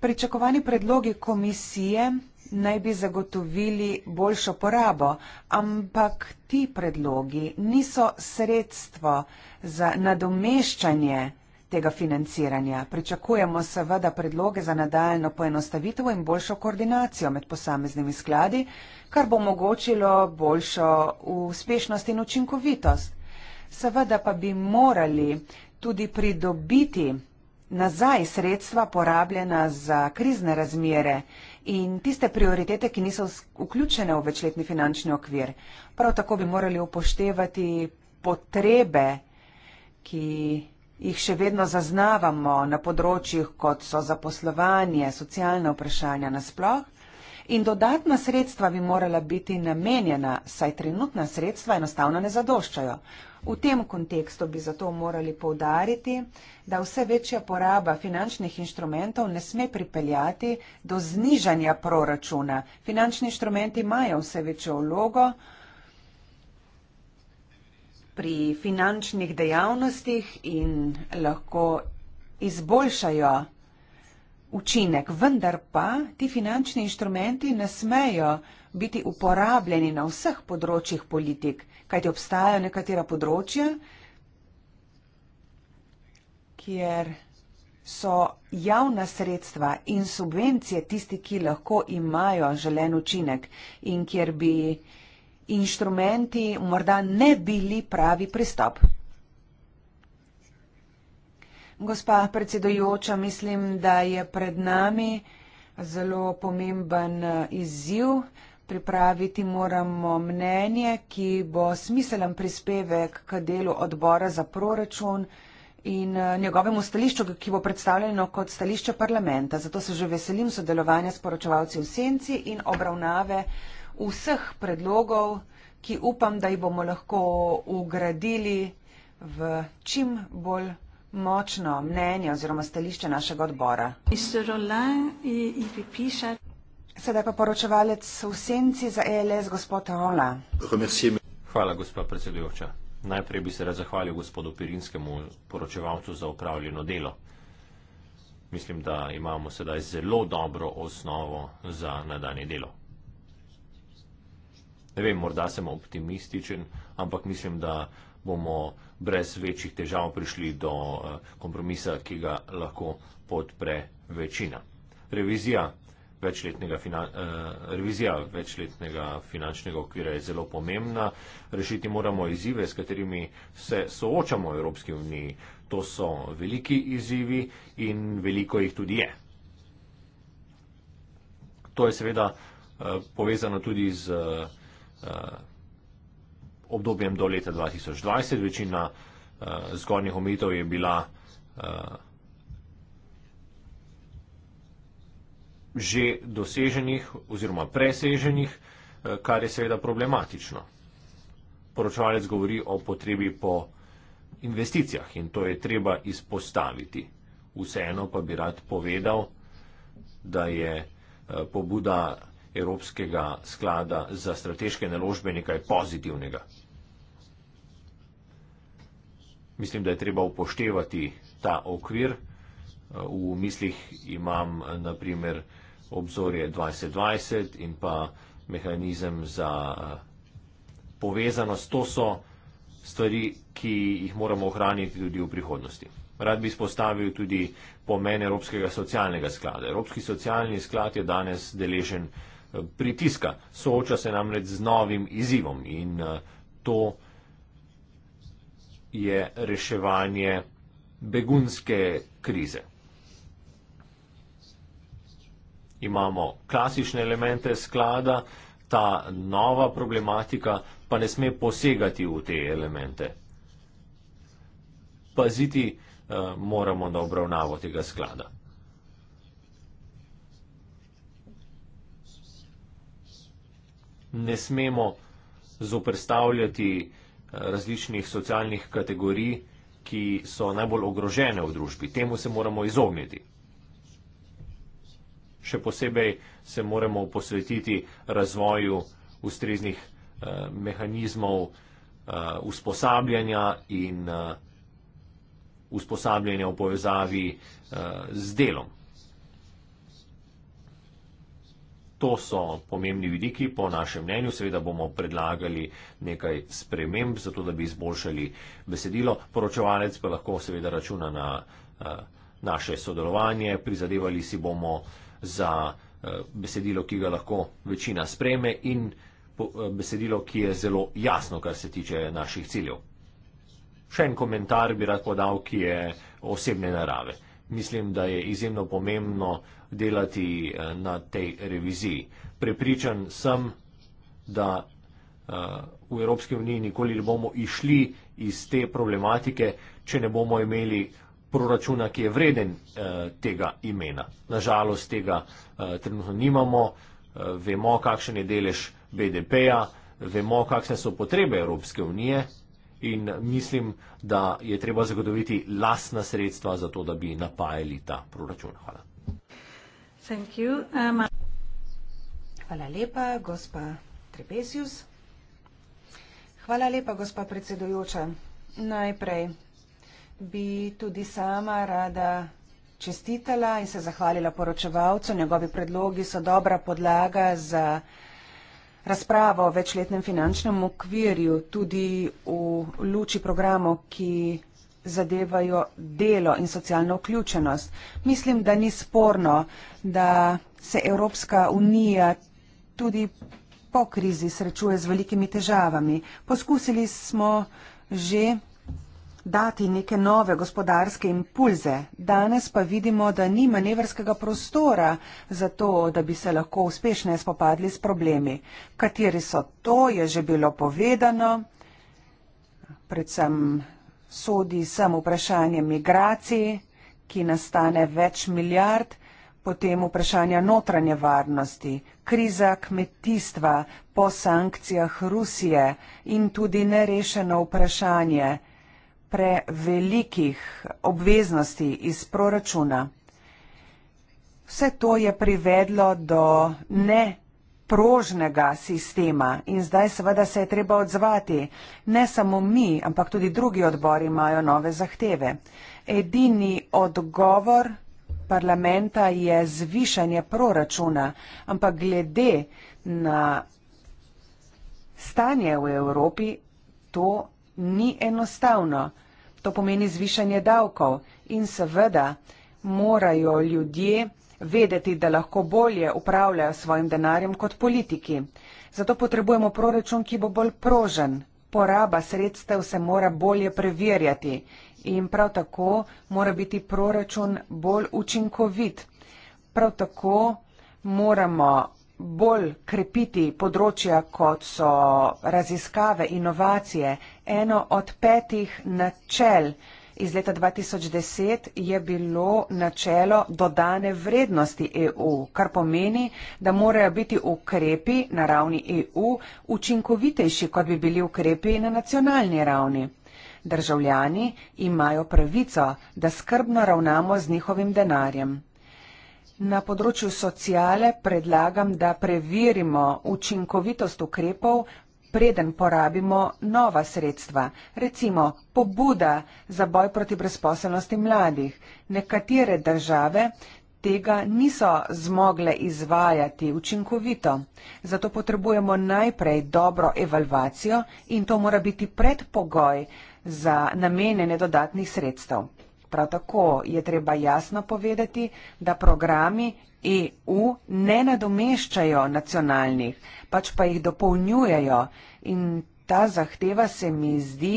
Pričakovani predlogi komisije naj bi zagotovili boljšo porabo, ampak ti predlogi niso sredstvo za nadomeščanje tega financiranja. Pričakujemo seveda predloge za nadaljno poenostavitev in boljšo koordinacijo med posameznimi skladi, kar bo omogočilo boljšo uspešnost in učinkovitost. Seveda pa bi morali tudi pridobiti nazaj sredstva porabljena za krizne razmere in tiste prioritete, ki niso vključene v večletni finančni okvir. Prav tako bi morali upoštevati potrebe, ki jih še vedno zaznavamo na področjih, kot so zaposlovanje, socialne vprašanja nasploh. In dodatna sredstva bi morala biti namenjena, saj trenutna sredstva enostavno ne zadoščajo. V tem kontekstu bi zato morali povdariti, da vse večja poraba finančnih inštrumentov ne sme pripeljati do znižanja proračuna. Finančni inštrumenti imajo vse večjo vlogo pri finančnih dejavnostih in lahko izboljšajo učinek, vendar pa ti finančni inštrumenti ne smejo biti uporabljeni na vseh področjih politik kajti obstajajo nekatera področja, kjer so javna sredstva in subvencije tisti, ki lahko imajo želen učinek in kjer bi inštrumenti morda ne bili pravi pristop. Gospa predsedojoča, mislim, da je pred nami zelo pomemben eh, izziv pripraviti moramo mnenje, ki bo smiselen prispevek k delu odbora za proračun in eh, njegovemu stališču, ki bo predstavljeno kot stališče parlamenta. Zato se že veselim sodelovanja s poročevalci v senci in obravnave vseh predlogov, ki upam, da jih bomo lahko ugradili v čim bolj močno mnenje oziroma stališče našega odbora. Sedaj pa poročevalec v senci za ELS, gospod Rola. Hvala, gospa predsedujoča. Najprej bi se rad zahvalil gospodu Pirinskemu poročevalcu za upravljeno delo. Mislim, da imamo sedaj zelo dobro osnovo za nadaljne delo. Ne vem, morda sem optimističen, ampak mislim, da bomo brez večjih težav prišli do eh, kompromisa, ki ga lahko podpre večina. Revizija večletnega finan, uh, revizija večletnega finančnega okvira je zelo pomembna. Rešiti moramo izzive, s katerimi se soočamo v Evropski uniji. To so veliki izzivi in veliko jih tudi je. To je seveda uh, povezano tudi z uh, obdobjem do leta 2020. Večina uh, zgornjih omejitev je bila. Uh, že doseženih oziroma preseženih, eh, kar je seveda problematično. Poročevalec govori o potrebi po investicijah in to je treba izpostaviti. Vseeno pa bi rad povedal, da je eh, pobuda Evropskega sklada za strateške naložbe nekaj pozitivnega. Mislim, da je treba upoštevati ta okvir. Eh, v mislih imam, naprimer, obzorje 2020 in pa mehanizem za eh, povezanost. To so stvari, ki jih moramo ohraniti tudi v prihodnosti. Rad bi spostavil tudi pomen Evropskega socialnega sklada. Evropski socialni sklad je danes deležen eh, pritiska. Sooča se namreč z novim izzivom in eh, to je reševanje begunske krize. imamo klasične elemente sklada, ta nova problematika pa ne sme posegati v te elemente. Paziti eh, moramo na obravnavo tega sklada. Ne smemo zoprstavljati eh, različnih socialnih kategorij, ki so najbolj ogrožene v družbi. Temu se moramo izogniti še posebej se moramo posvetiti razvoju ustreznih eh, mehanizmov eh, usposabljanja in eh, usposabljanja v povezavi z delom. To so pomembni vidiki, po našem mnenju, seveda bomo predlagali nekaj sprememb, zato da bi izboljšali besedilo. Poročevalec pa lahko seveda računa na naše sodelovanje, prizadevali si bomo za eh, besedilo, ki ga lahko večina spreme in eh, besedilo, ki je zelo jasno, kar se tiče naših ciljev. Še en komentar bi rad podal, ki je osebne narave. Mislim, da je izjemno pomembno delati eh, na tej reviziji. Prepričan sem, da v Evropski uniji nikoli ne bomo išli iz te problematike, če ne bomo imeli proračuna, ki je vreden eh, tega imena. Nažalost, tega eh, trenutno nimamo, eh, vemo, kakšen je delež BDP-ja, vemo, kakšne so potrebe Evropske unije in mislim, da je treba zagotoviti lasna sredstva za to, da bi napajali ta proračun. Hvala. Um, Hvala lepa, gospa Trepesius. Hvala lepa, gospa predsedujoča. Najprej bi tudi sama rada čestitala in se zahvalila poročevalcu. Njegovi predlogi so dobra podlaga za razpravo o večletnem finančnem okvirju, tudi v luči programov, ki zadevajo delo in socialno vključenost. Mislim, da ni sporno, da se Evropska unija tudi po krizi srečuje z velikimi težavami. Poskusili smo že dati neke nove gospodarske impulze. Danes pa vidimo, da ni manevrskega prostora za to, da bi se lahko uspešno spopadli s problemi. Kateri so to, je že bilo povedano. Predvsem sodi sem vprašanje migracij, ki nastane več milijard, potem vprašanje notranje varnosti, kriza kmetijstva po sankcijah Rusije in tudi nerešeno vprašanje, prevelikih obveznosti iz proračuna. Vse to je privedlo do neprožnega sistema in zdaj seveda se je treba odzvati. Ne samo mi, ampak tudi drugi odbori imajo nove zahteve. Edini odgovor parlamenta je zvišanje proračuna, ampak glede na stanje v Evropi to ni enostavno. To pomeni zvišanje davkov in seveda morajo ljudje vedeti, da lahko bolje upravljajo svojim denarjem kot politiki. Zato potrebujemo proračun, ki bo bolj prožen. Poraba sredstev se mora bolje preverjati in prav tako mora biti proračun bolj učinkovit. Prav tako moramo bolj krepiti področja, kot so raziskave, inovacije. Eno od petih načel iz leta 2010 je bilo načelo dodane vrednosti EU, kar pomeni, da morajo biti ukrepi na ravni EU učinkovitejši, kot bi bili ukrepi na nacionalni ravni. Državljani imajo pravico, da skrbno ravnamo z njihovim denarjem. Na področju sociale predlagam, da preverimo učinkovitost ukrepov, preden porabimo nova sredstva, recimo pobuda za boj proti brezposelnosti mladih. Nekatere države tega niso zmogle izvajati učinkovito. Zato potrebujemo najprej dobro evalvacijo in to mora biti predpogoj za namenjene dodatnih sredstev. Prav tako je treba jasno povedati, da programi EU ne nadomeščajo nacionalnih, pač pa jih dopolnjujejo in ta zahteva se mi zdi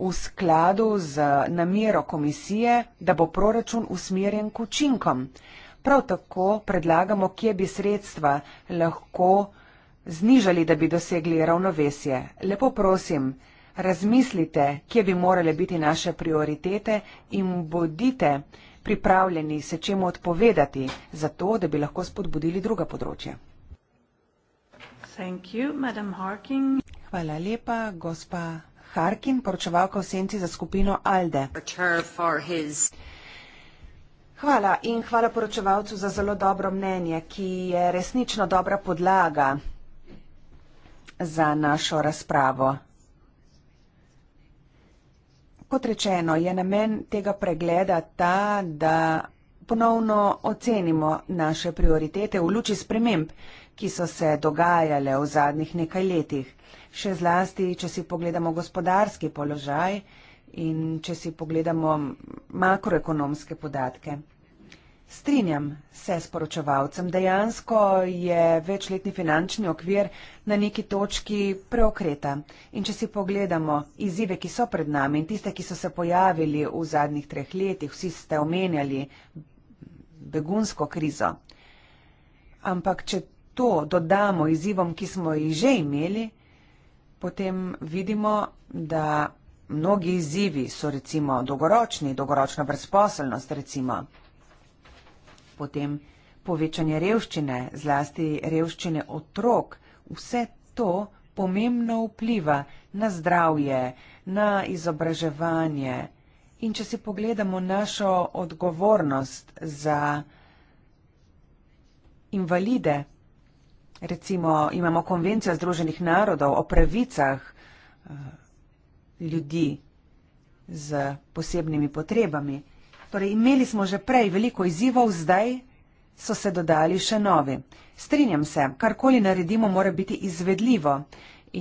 v skladu z namero komisije, da bo proračun usmerjen k učinkom. Prav tako predlagamo, kje bi sredstva lahko znižali, da bi dosegli ravnovesje. Lepo prosim, razmislite, kje bi morale biti naše prioritete in bodite pripravljeni se čemu odpovedati, zato da bi lahko spodbudili druga področja. You, Hvala lepa, gospa Harkin, poročevalka v senci za skupino Alde. Hvala in hvala poročevalcu za zelo dobro mnenje, ki je resnično dobra podlaga za našo razpravo. Kot rečeno, je namen tega pregleda ta, da ponovno ocenimo naše prioritete v luči sprememb, ki so se dogajale v zadnjih nekaj letih. Še zlasti, če si pogledamo gospodarski položaj in če si pogledamo makroekonomske podatke. Strinjam se s poročevalcem. Dejansko je večletni finančni okvir na neki točki preokreta. In če si pogledamo izzive, ki so pred nami in tiste, ki so se pojavili v zadnjih treh letih, vsi ste omenjali begunsko krizo. Ampak če to dodamo izzivom, ki smo jih že imeli, potem vidimo, da mnogi izzivi so recimo dolgoročni, dolgoročna brezposelnost recimo potem povečanje revščine, zlasti revščine otrok, vse to pomembno vpliva na zdravje, na izobraževanje. In če si pogledamo našo odgovornost za invalide, recimo imamo konvencijo Združenih narodov o pravicah eh, ljudi z posebnimi potrebami, Torej, imeli smo že prej veliko izzivov, zdaj so se dodali še novi. Strinjam se, karkoli naredimo, mora biti izvedljivo.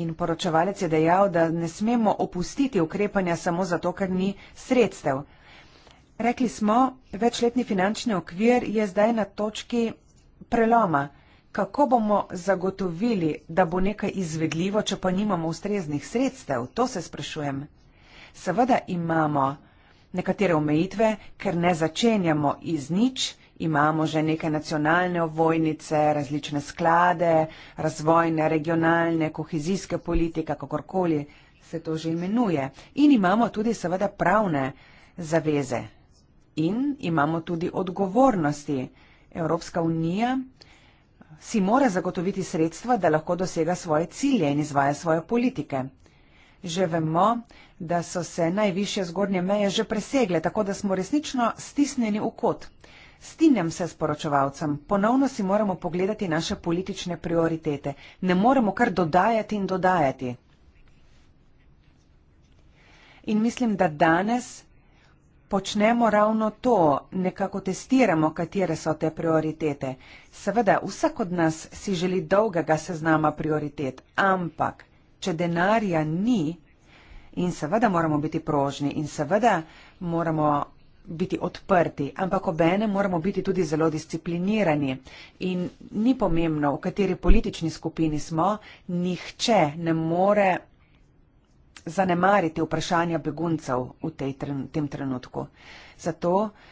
In poročevalec je dejal, da ne smemo opustiti ukrepanja samo zato, ker ni sredstev. Rekli smo, večletni finančni okvir je zdaj na točki preloma. Kako bomo zagotovili, da bo nekaj izvedljivo, če pa nimamo ustreznih sredstev? To se sprašujem. Seveda imamo nekatere omejitve, ker ne začenjamo iz nič, imamo že neke nacionalne ovojnice, različne sklade, razvojne, regionalne, kohezijske politike, kakorkoli se to že imenuje. In imamo tudi seveda pravne zaveze. In imamo tudi odgovornosti. Evropska unija si mora zagotoviti sredstva, da lahko dosega svoje cilje in izvaja svoje politike. Že vemo, da so se najvišje zgornje meje že presegle, tako da smo resnično stisnjeni v kot. Stinjam se s poročevalcem, ponovno si moramo pogledati naše politične prioritete. Ne moremo kar dodajati in dodajati. In mislim, da danes počnemo ravno to, nekako testiramo, katere so te prioritete. Seveda, vsak od nas si želi dolgega seznama prioritet, ampak če denarja ni, in seveda moramo biti prožni, in seveda moramo biti odprti, ampak obene moramo biti tudi zelo disciplinirani. In ni pomembno, v kateri politični skupini smo, nihče ne more zanemariti vprašanja beguncev v tej, tem trenutku. Zato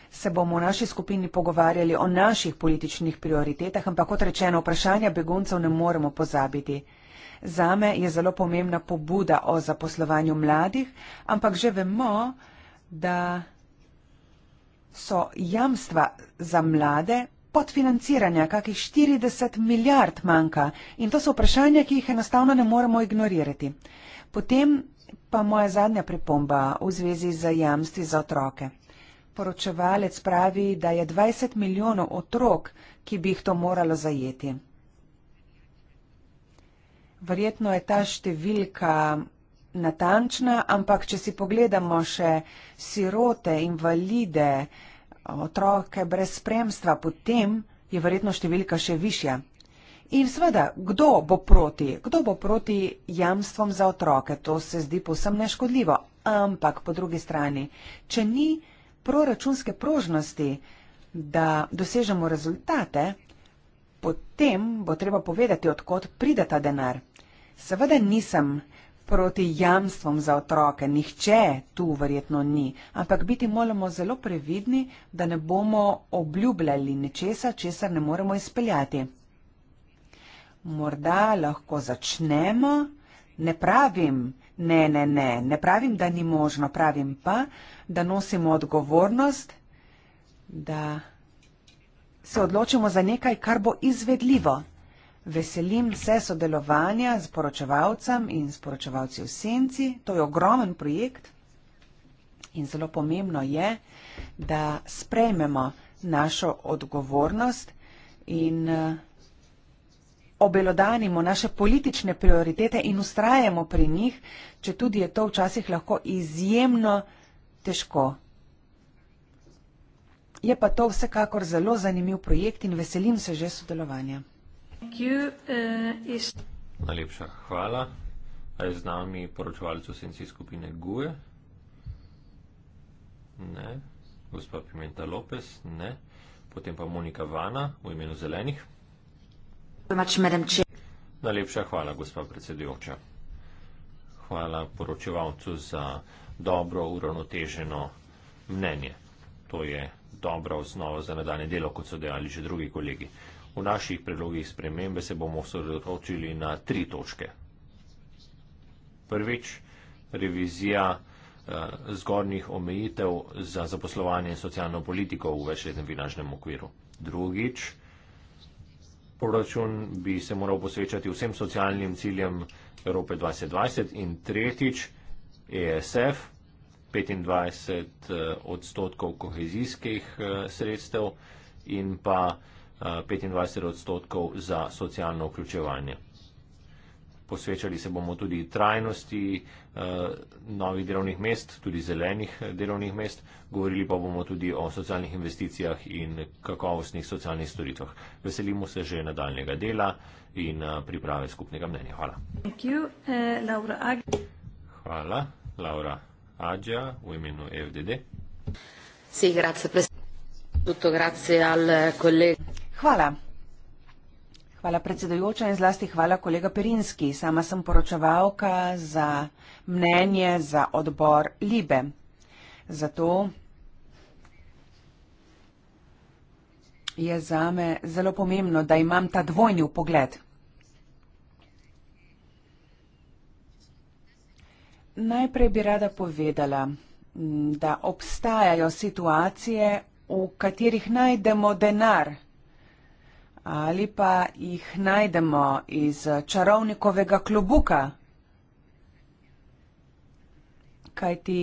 se bomo v naši skupini pogovarjali o naših političnih prioritetah, ampak kot rečeno, vprašanja beguncev ne moremo pozabiti. Zame je zelo pomembna pobuda o zaposlovanju mladih, ampak že vemo, da so jamstva za mlade podfinanciranja, kakih 40 milijard manjka. In to so vprašanja, ki jih enostavno ne moremo ignorirati. Potem pa moja zadnja pripomba v zvezi z jamstvi za otroke. Poročevalec pravi, da je 20 milijonov otrok, ki bi jih to moralo zajeti. Verjetno je ta številka natančna, ampak če si pogledamo še sirote, invalide, otroke brez spremstva, potem je verjetno številka še višja. In seveda, kdo bo proti? Kdo bo proti jamstvom za otroke? To se zdi povsem neškodljivo. Ampak po drugi strani, če ni proračunske prožnosti, da dosežemo rezultate, potem bo treba povedati, odkot pride ta denar. Seveda nisem proti jamstvom za otroke, nihče tu verjetno ni, ampak biti moramo zelo previdni, da ne bomo obljubljali nečesa, česar ne moremo izpeljati. Morda lahko začnemo, ne pravim, ne, ne, ne, ne pravim, da ni možno, pravim pa, da nosimo odgovornost, da se odločimo za nekaj, kar bo izvedljivo. Veselim se sodelovanja z poročevalcem in s poročevalci v senci. To je ogromen projekt in zelo pomembno je, da sprejmemo našo odgovornost in eh, obelodanimo naše politične prioritete in ustrajamo pri njih, če tudi je to včasih lahko izjemno težko. Je pa to vsekakor zelo zanimiv projekt in veselim se že sodelovanja. Thank you, uh, is... Najlepša hvala. A je z nami poročevalec osenci skupine GUE? Ne. Gospa Pimenta Lopez? Ne. Potem pa Monika Vana v imenu zelenih. Najlepša hvala, gospa predsedujoča. Hvala poročevalcu za dobro uravnoteženo mnenje. To je dobra osnova za nadaljne delo, kot so dejali že drugi kolegi. V naših predlogih spremembe se bomo osredotočili na tri točke. Prvič, revizija eh, zgornjih omejitev za zaposlovanje in socialno politiko v večletnem finančnem okviru. Drugič, proračun bi se moral posvečati vsem socialnim ciljem Evrope 2020 in tretjič, ESF, 25 eh, odstotkov kohezijskih eh, sredstev in pa 25 odstotkov za socialno vključevanje. Posvečali se bomo tudi trajnosti eh, novih delovnih mest, tudi zelenih eh, delovnih mest, govorili pa bomo tudi o socialnih investicijah in kakovostnih socialnih storitvah. Veselimo se že nadaljnega dela in eh, priprave skupnega mnenja. Hvala. Hvala, Laura Adja v imenu FDD. Tutto grazie al collega. Hvala. Hvala predsedojoča in zlasti hvala kolega Perinski. Sama sem poročevalka za mnenje za odbor Libe. Zato je zame zelo pomembno, da imam ta dvojni pogled. Najprej bi rada povedala, da obstajajo situacije, v katerih najdemo denar ali pa jih najdemo iz čarovnikovega klobuka. Kaj ti,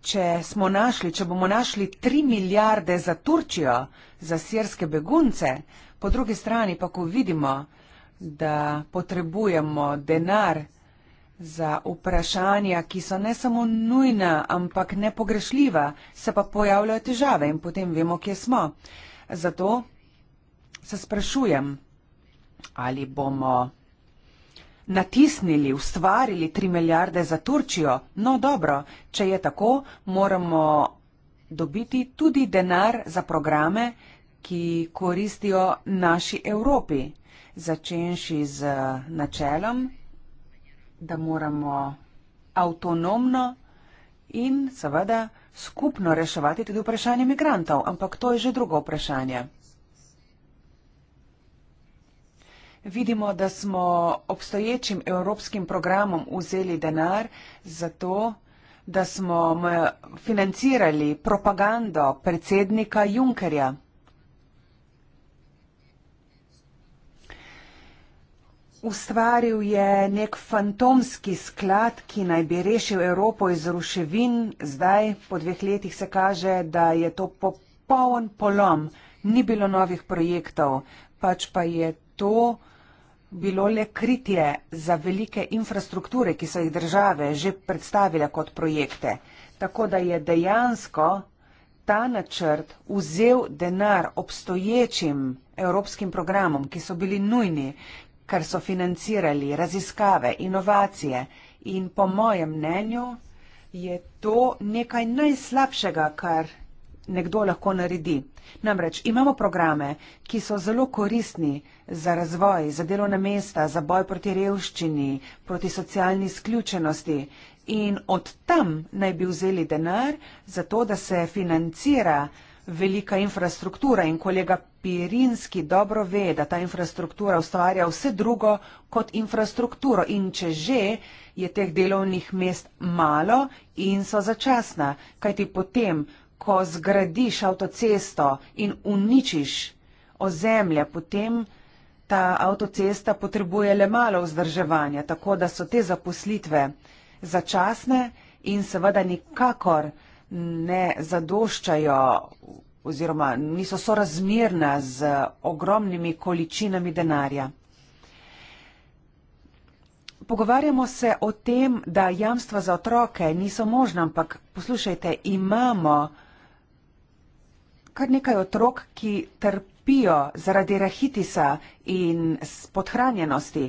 če smo našli, če bomo našli tri milijarde za Turčijo, za sirske begunce, po drugi strani pa ko vidimo, da potrebujemo denar za vprašanja, ki so ne samo nujna, ampak nepogrešljiva, se pa pojavljajo težave in potem vemo, kje smo. Zato se sprašujem, ali bomo natisnili, ustvarili 3 milijarde za Turčijo. No dobro, če je tako, moramo dobiti tudi denar za programe, ki koristijo naši Evropi, začenši z eh, načelom, da moramo avtonomno in seveda skupno reševati tudi vprašanje migrantov, ampak to je že drugo vprašanje. vidimo, da smo obstoječim evropskim programom vzeli denar za to, da smo financirali propagando predsednika Junkerja. Ustvaril je nek fantomski sklad, ki naj bi rešil Evropo iz ruševin. Zdaj, po dveh letih, se kaže, da je to popoln polom. Ni bilo novih projektov, pač pa je to bilo le kritje za velike infrastrukture, ki so jih države že predstavile kot projekte. Tako da je dejansko ta načrt vzel denar obstoječim evropskim programom, ki so bili nujni, ker so financirali raziskave, inovacije in po mojem mnenju je to nekaj najslabšega, kar nekdo lahko naredi. Namreč imamo programe, ki so zelo koristni za razvoj, za delovna mesta, za boj proti revščini, proti socialni izključenosti in od tam naj bi vzeli denar za to, da se financira velika infrastruktura in kolega Pirinski dobro ve, da ta infrastruktura ustvarja vse drugo kot infrastrukturo in če že je teh delovnih mest malo in so začasna, kajti potem ko zgradiš avtocesto in uničiš ozemlje, potem ta avtocesta potrebuje le malo vzdrževanja, tako da so te zaposlitve začasne in seveda nikakor ne zadoščajo oziroma niso sorazmerna z ogromnimi količinami denarja. Pogovarjamo se o tem, da jamstva za otroke niso možna, ampak poslušajte, imamo kar nekaj otrok, ki trpijo zaradi rahitisa in podhranjenosti.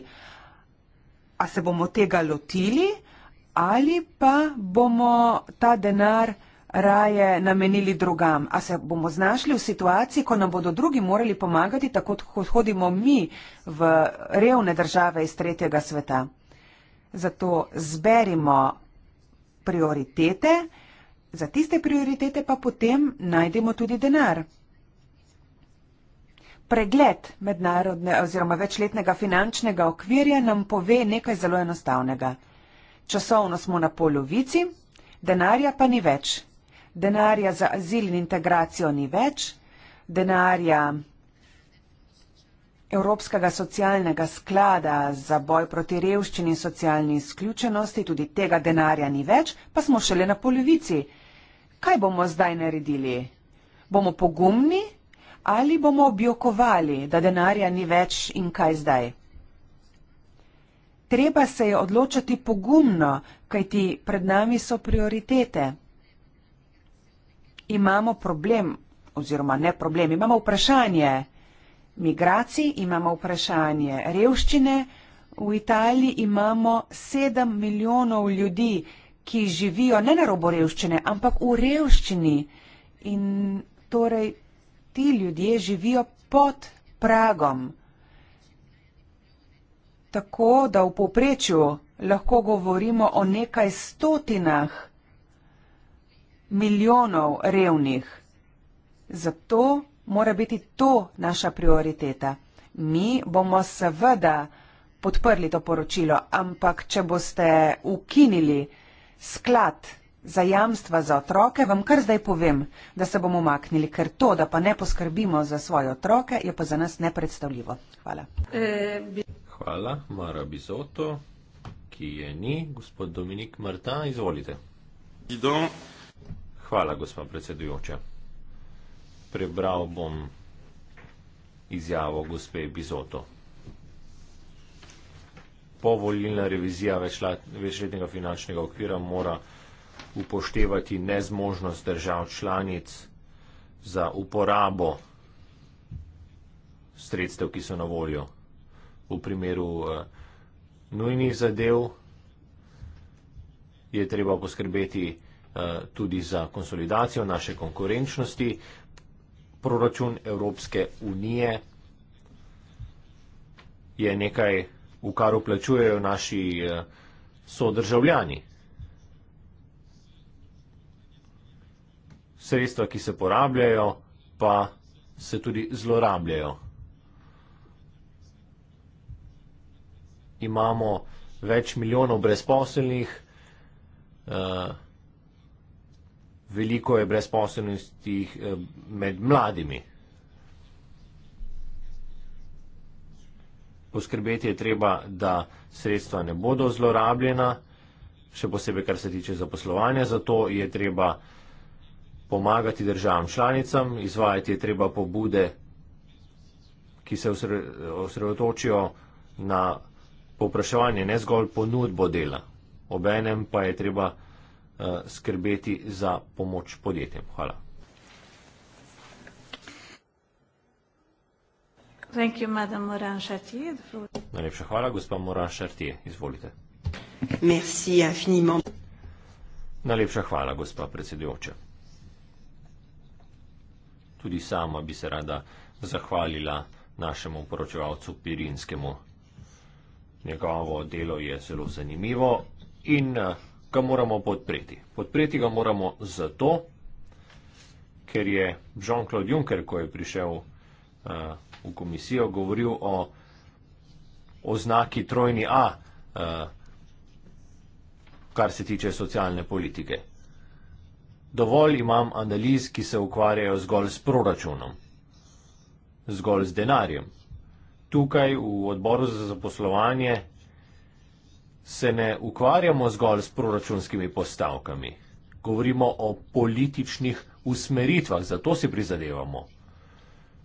A se bomo tega lotili ali pa bomo ta denar raje namenili drugam? A se bomo znašli v situaciji, ko nam bodo drugi morali pomagati, tako kot hodimo mi v revne države iz tretjega sveta? Zato zberimo prioritete za tiste prioritete pa potem najdemo tudi denar. Pregled mednarodne oziroma večletnega finančnega okvirja nam pove nekaj zelo enostavnega. Časovno smo na polovici, denarja pa ni več. Denarja za azil in integracijo ni več, denarja Evropskega socialnega sklada za boj proti revščini in socialni izključenosti, tudi tega denarja ni več, pa smo šele na polovici kaj bomo zdaj naredili? Bomo pogumni ali bomo objokovali, da denarja ni več in kaj zdaj? Treba se je odločati pogumno, kajti pred nami so prioritete. Imamo problem, oziroma ne problem, imamo vprašanje migracij, imamo vprašanje revščine. V Italiji imamo sedem milijonov ljudi, ki živijo ne na robu revščine, ampak v revščini. In torej ti ljudje živijo pod pragom. Tako da v poprečju lahko govorimo o nekaj stotinah milijonov revnih. Zato mora biti to naša prioriteta. Mi bomo seveda podprli to poročilo, ampak če boste ukinili sklad za jamstva za otroke, vam kar zdaj povem, da se bomo umaknili, ker to, da pa ne poskrbimo za svoje otroke, je pa za nas nepredstavljivo. Hvala. Hvala, Mara Bizoto, ki je ni. Gospod Dominik Marta, izvolite. Ido. Hvala, gospa predsedujoča. Prebral bom izjavo gospe Bizoto povoljna revizija večletnega finančnega okvira mora upoštevati nezmožnost držav članic za uporabo sredstev, ki so na voljo v primeru eh, nujnih zadev je treba poskrbeti eh, tudi za konsolidacijo naše konkurenčnosti. Proračun Evropske unije je nekaj v kar uplačujejo naši eh, sodržavljani. Sredstva, ki se porabljajo, pa se tudi zlorabljajo. Imamo več milijonov brezposelnih, eh, veliko je brezposelnosti eh, med mladimi. poskrbeti je treba, da sredstva ne bodo zlorabljena, še posebej, kar se tiče zaposlovanja, zato je treba pomagati državam članicam, izvajati je treba pobude, ki se osredotočijo na popraševanje, ne zgolj ponudbo dela. Obenem pa je treba eh, skrbeti za pomoč podjetjem. Hvala. Thank you, madam Morin Chartier. Najlepša hvala, gospa Morin Chartier. Izvolite. Merci infiniment. Najlepša hvala, gospa predsedujoča. Tudi sama bi se rada zahvalila našemu poročevalcu Pirinskemu. Njegovo delo je zelo zanimivo in eh, ga moramo podpreti. Podpreti ga moramo zato, ker je Jean-Claude Juncker, ko je prišel uh, v komisijo, govoril o oznaki trojni A, eh, kar se tiče socialne politike. Dovolj imam analiz, ki se ukvarjajo zgolj s proračunom, zgolj z denarjem. Tukaj v odboru za zaposlovanje se ne ukvarjamo zgolj s proračunskimi postavkami. Govorimo o političnih usmeritvah, zato si prizadevamo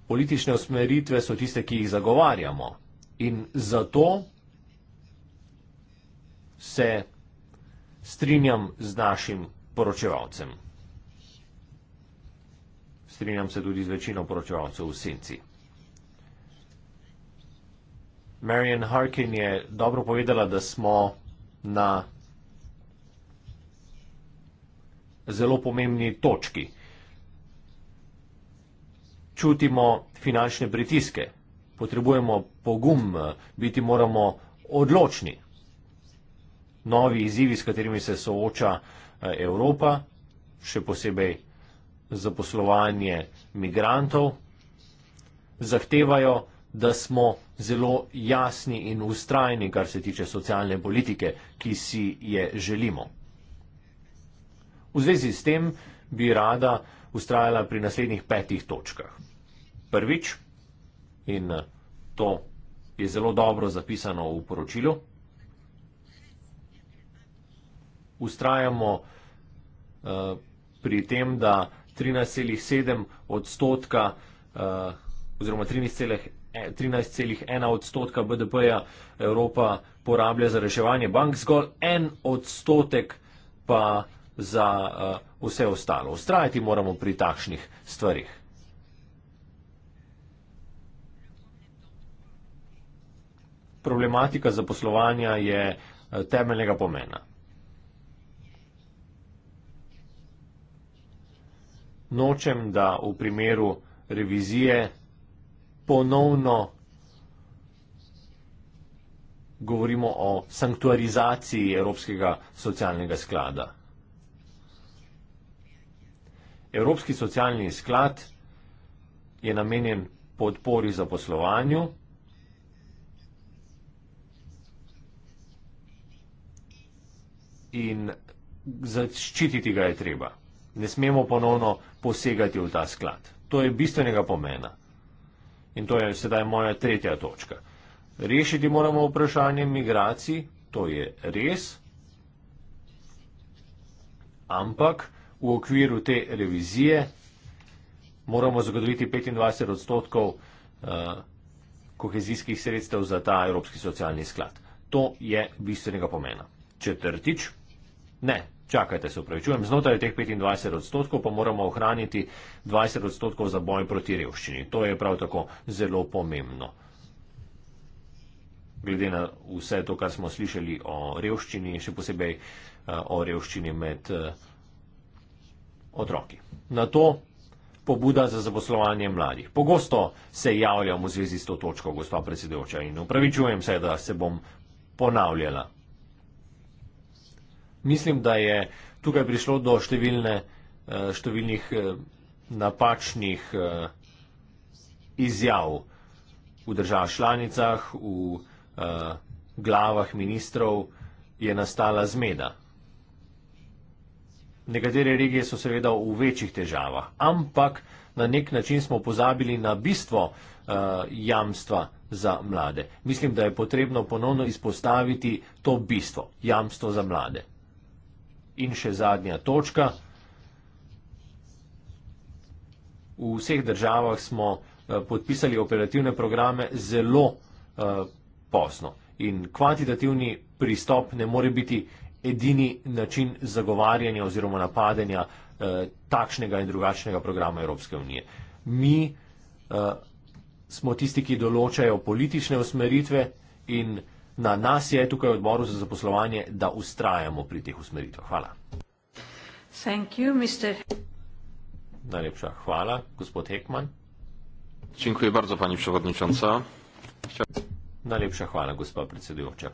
politične usmeritve so tiste, ki jih zagovarjamo. In zato se strinjam z našim poročevalcem. Strinjam se tudi z večino poročevalcev v senci. Marian Harkin je dobro povedala, da smo na zelo pomembni točki čutimo finančne pritiske. Potrebujemo pogum, biti moramo odločni. Novi izzivi, s katerimi se sooča eh, Evropa, še posebej zaposlovanje migrantov, zahtevajo, da smo zelo jasni in ustrajni, kar se tiče socialne politike, ki si je želimo. V zvezi s tem bi rada ustrajala pri naslednjih petih točkah prvič in eh, to je zelo dobro zapisano v poročilu. Ustrajamo uh, eh, pri tem, da 13,7 odstotka uh, oziroma 13,1 e, odstotka BDP-ja Evropa porablja za reševanje bank, zgolj en odstotek pa za uh, vse ostalo. Ustrajati moramo pri takšnih stvarih. problematika zaposlovanja je eh, temeljnega pomena. Nočem, da v primeru revizije ponovno govorimo o sanktuarizaciji Evropskega socialnega sklada. Evropski socialni sklad je namenjen podpori zaposlovanju. in zaščititi ga je treba. Ne smemo ponovno posegati v ta sklad. To je bistvenega pomena. In to je sedaj moja tretja točka. Rešiti moramo vprašanje migracij, to je res, ampak v okviru te revizije moramo zagotoviti 25 odstotkov uh, kohezijskih sredstev za ta Evropski socialni sklad. To je bistvenega pomena. Četrtič. Ne, čakajte, se upravičujem, znotraj teh 25 odstotkov pa moramo ohraniti 20 odstotkov za boj proti revščini. To je prav tako zelo pomembno. Glede na vse to, kar smo slišali o revščini, še posebej eh, o revščini med eh, otroki. Na to pobuda za zaposlovanje mladih. Pogosto se javljam v zvezi s to točko, gospa predsedujoča, in upravičujem se, da se bom ponavljala. Mislim, da je tukaj prišlo do številne, eh, številnih eh, napačnih eh, izjav v državah članicah, v glavah ministrov je nastala zmeda. Nekatere regije so seveda v večjih težavah, ampak na nek način smo pozabili na bistvo uh, jamstva za mlade. Mislim, da je potrebno ponovno izpostaviti to bistvo, jamstvo za mlade. In še zadnja točka. V vseh državah smo eh, podpisali operativne programe zelo eh, posno. In kvantitativni pristop ne more biti edini način zagovarjanja oziroma napadanja eh, takšnega in drugačnega programa Evropske unije. Mi smo tisti, ki določajo politične usmeritve in Na nas je tukaj odboru za zaposlovanje, da ustrajamo pri teh usmeritvah. Hvala. You, Najlepša hvala, gospod Hekman. Dziękuję bardzo, pani przewodnicząca. Chcia... Najlepša hvala, gospod predsedujoča.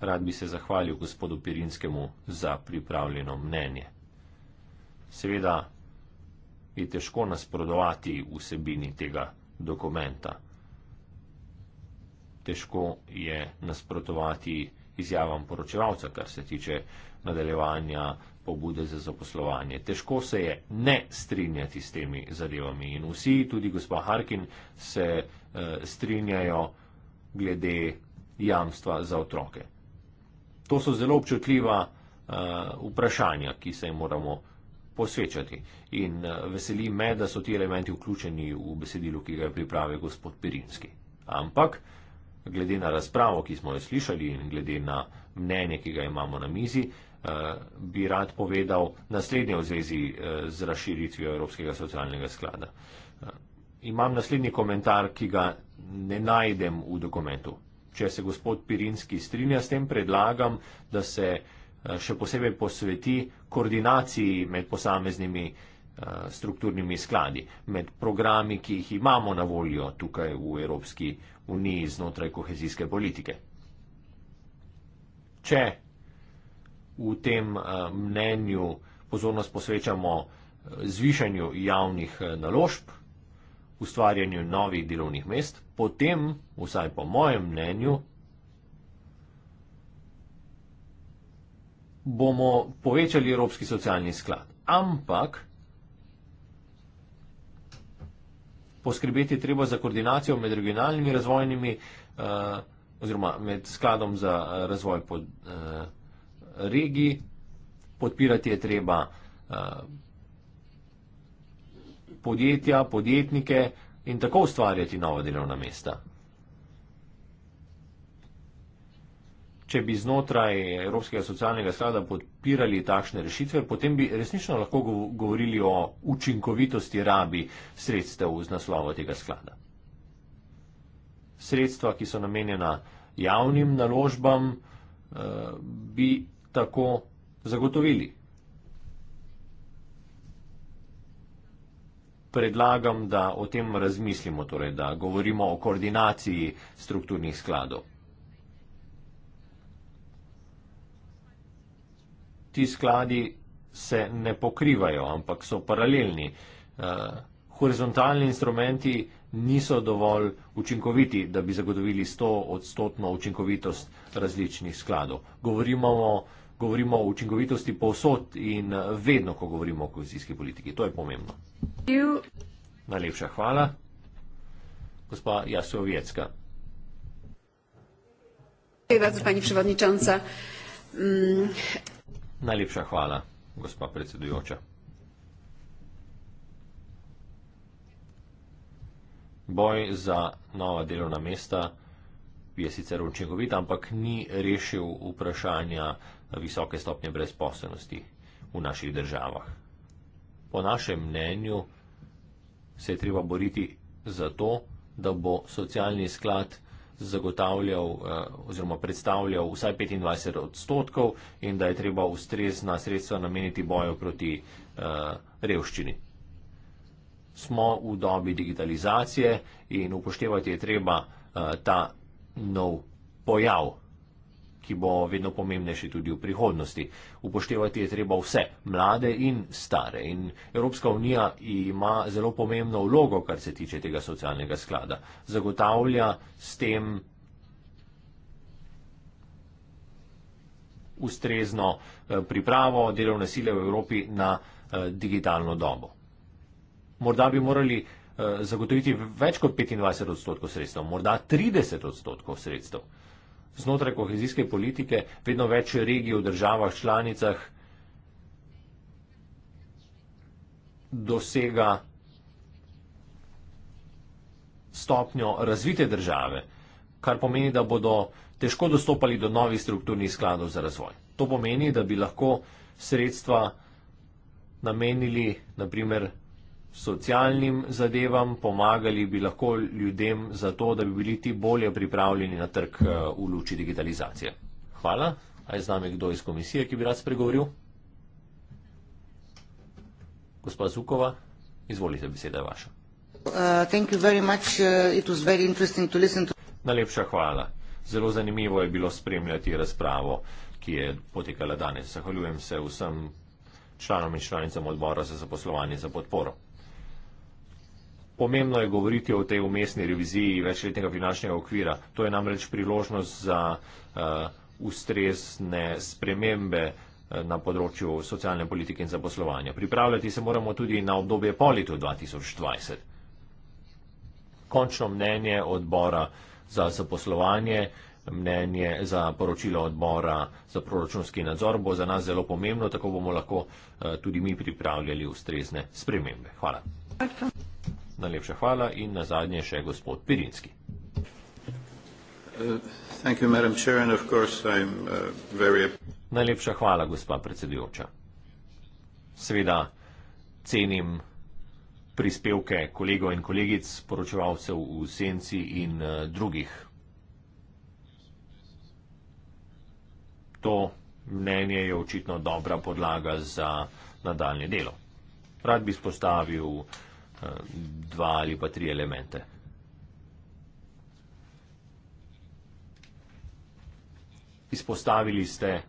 Rad bi se zahvalil gospodu Pirinskemu za pripravljeno mnenje. Seveda je težko nasprotovati vsebini tega dokumenta. Težko je nasprotovati izjavam poročevalca, kar se tiče nadaljevanja pobude za zaposlovanje. Težko se je ne strinjati s temi zadevami in vsi, tudi gospa Harkin, se eh, strinjajo glede jamstva za otroke. To so zelo občutljiva eh, vprašanja, ki se jim moramo posvečati. In eh, veseli me, da so ti elementi vključeni v besedilo, ki ga je pripravil gospod Pirinski. Ampak, glede na razpravo, ki smo jo slišali in glede na mnenje, ki ga imamo na mizi, eh, bi rad povedal naslednje v zvezi eh, z razširitvijo Evropskega socialnega sklada. Imam naslednji komentar, ki ga ne najdem v dokumentu. Če se gospod Pirinski strinja s tem, predlagam, da se Eh, še posebej posveti koordinaciji med posameznimi eh, strukturnimi skladi, med programi, ki jih imamo na voljo tukaj v Evropski uniji znotraj kohezijske politike. Če v tem eh, mnenju pozornost posvečamo zvišanju javnih naložb, ustvarjanju novih delovnih mest, potem, vsaj po mojem mnenju, bomo povečali Evropski socialni sklad. Ampak poskrbeti treba za koordinacijo med regionalnimi razvojnimi uh, oziroma med skladom za eh, razvoj pod, uh, regij. Podpirati je treba uh, podjetja, podjetnike in tako ustvarjati nova delovna mesta. če bi znotraj Evropskega socialnega sklada podpirali takšne rešitve, potem bi resnično lahko govorili o učinkovitosti rabi sredstev z naslova tega sklada. Sredstva, ki so namenjena javnim naložbam, eh, bi tako zagotovili. Predlagam, da o tem razmislimo, torej, da govorimo o koordinaciji strukturnih skladov. ti skladi se ne pokrivajo, ampak so paralelni. Uh, horizontalni instrumenti niso dovolj učinkoviti, da bi zagotovili 100 odstotno učinkovitost različnih skladov. Govorimo o, govorimo o učinkovitosti povsod in eh, vedno, ko govorimo o kohezijski politiki. To je pomembno. You. Najlepša hvala. Gospa Jasovjecka. Dziękuję bardzo Pani Przewodnicząca. Mm, Najlepša hvala, gospa predsedujoča. Boj za nova delovna mesta je sicer učinkovit, ampak ni rešil vprašanja visoke stopnje brezposobnosti v naših državah. Po našem mnenju se je treba boriti za to, da bo socialni sklad zagotavljal eh, oziroma predstavljal vsaj 25 odstotkov in da je treba ustrezna sredstva nameniti boju proti eh, revščini. Smo v dobi digitalizacije in upoštevati je treba eh, ta nov pojav ki bo vedno pomembnejši tudi v prihodnosti. Upoštevati je treba vse, mlade in stare. In Evropska unija ima zelo pomembno vlogo, kar se tiče tega socialnega sklada. Zagotavlja s tem ustrezno eh, pripravo delovne sile v Evropi na eh, digitalno dobo. Morda bi morali eh, zagotoviti več kot 25 odstotkov sredstev, morda 30 odstotkov sredstev znotraj kohezijske politike vedno več regij v državah članicah dosega stopnjo razvite države, kar pomeni, da bodo težko dostopali do novih strukturnih skladov za razvoj. To pomeni, da bi lahko sredstva namenili naprimer socialnim zadevam, pomagali bi lahko ljudem za to, da bi bili ti bolje pripravljeni na trg eh, v luči digitalizacije. Hvala. A je z nami kdo iz komisije, ki bi rad spregovoril? Gospa Zukova, izvolite, beseda je vaša. Uh, uh, Najlepša hvala. Zelo zanimivo je bilo spremljati razpravo, ki je potekala danes. Zahvaljujem se vsem članom in članicam odbora za zaposlovanje za podporo. Pomembno je govoriti o tej umestni reviziji večletnega finančnega okvira. To je namreč priložnost za uh, ustrezne spremembe eh, na področju socialne politike in zaposlovanja. Pripravljati se moramo tudi na obdobje po letu 2020. Končno mnenje odbora za zaposlovanje, mnenje za poročilo odbora za proračunski nadzor bo za nas zelo pomembno, tako bomo lahko uh, tudi mi pripravljali ustrezne spremembe. Hvala. Hvala. Najlepša hvala in na zadnje še gospod Pirinski. Uh, you, I'm, uh, very... Najlepša hvala, gospa predsedujoča. Sveda cenim prispevke kolegov in kolegic, poročevalcev v senci in uh, drugih. To mnenje je očitno dobra podlaga za nadaljne delo. Rad bi spostavil uh, dva ali pa tri elemente. Izpostavili ste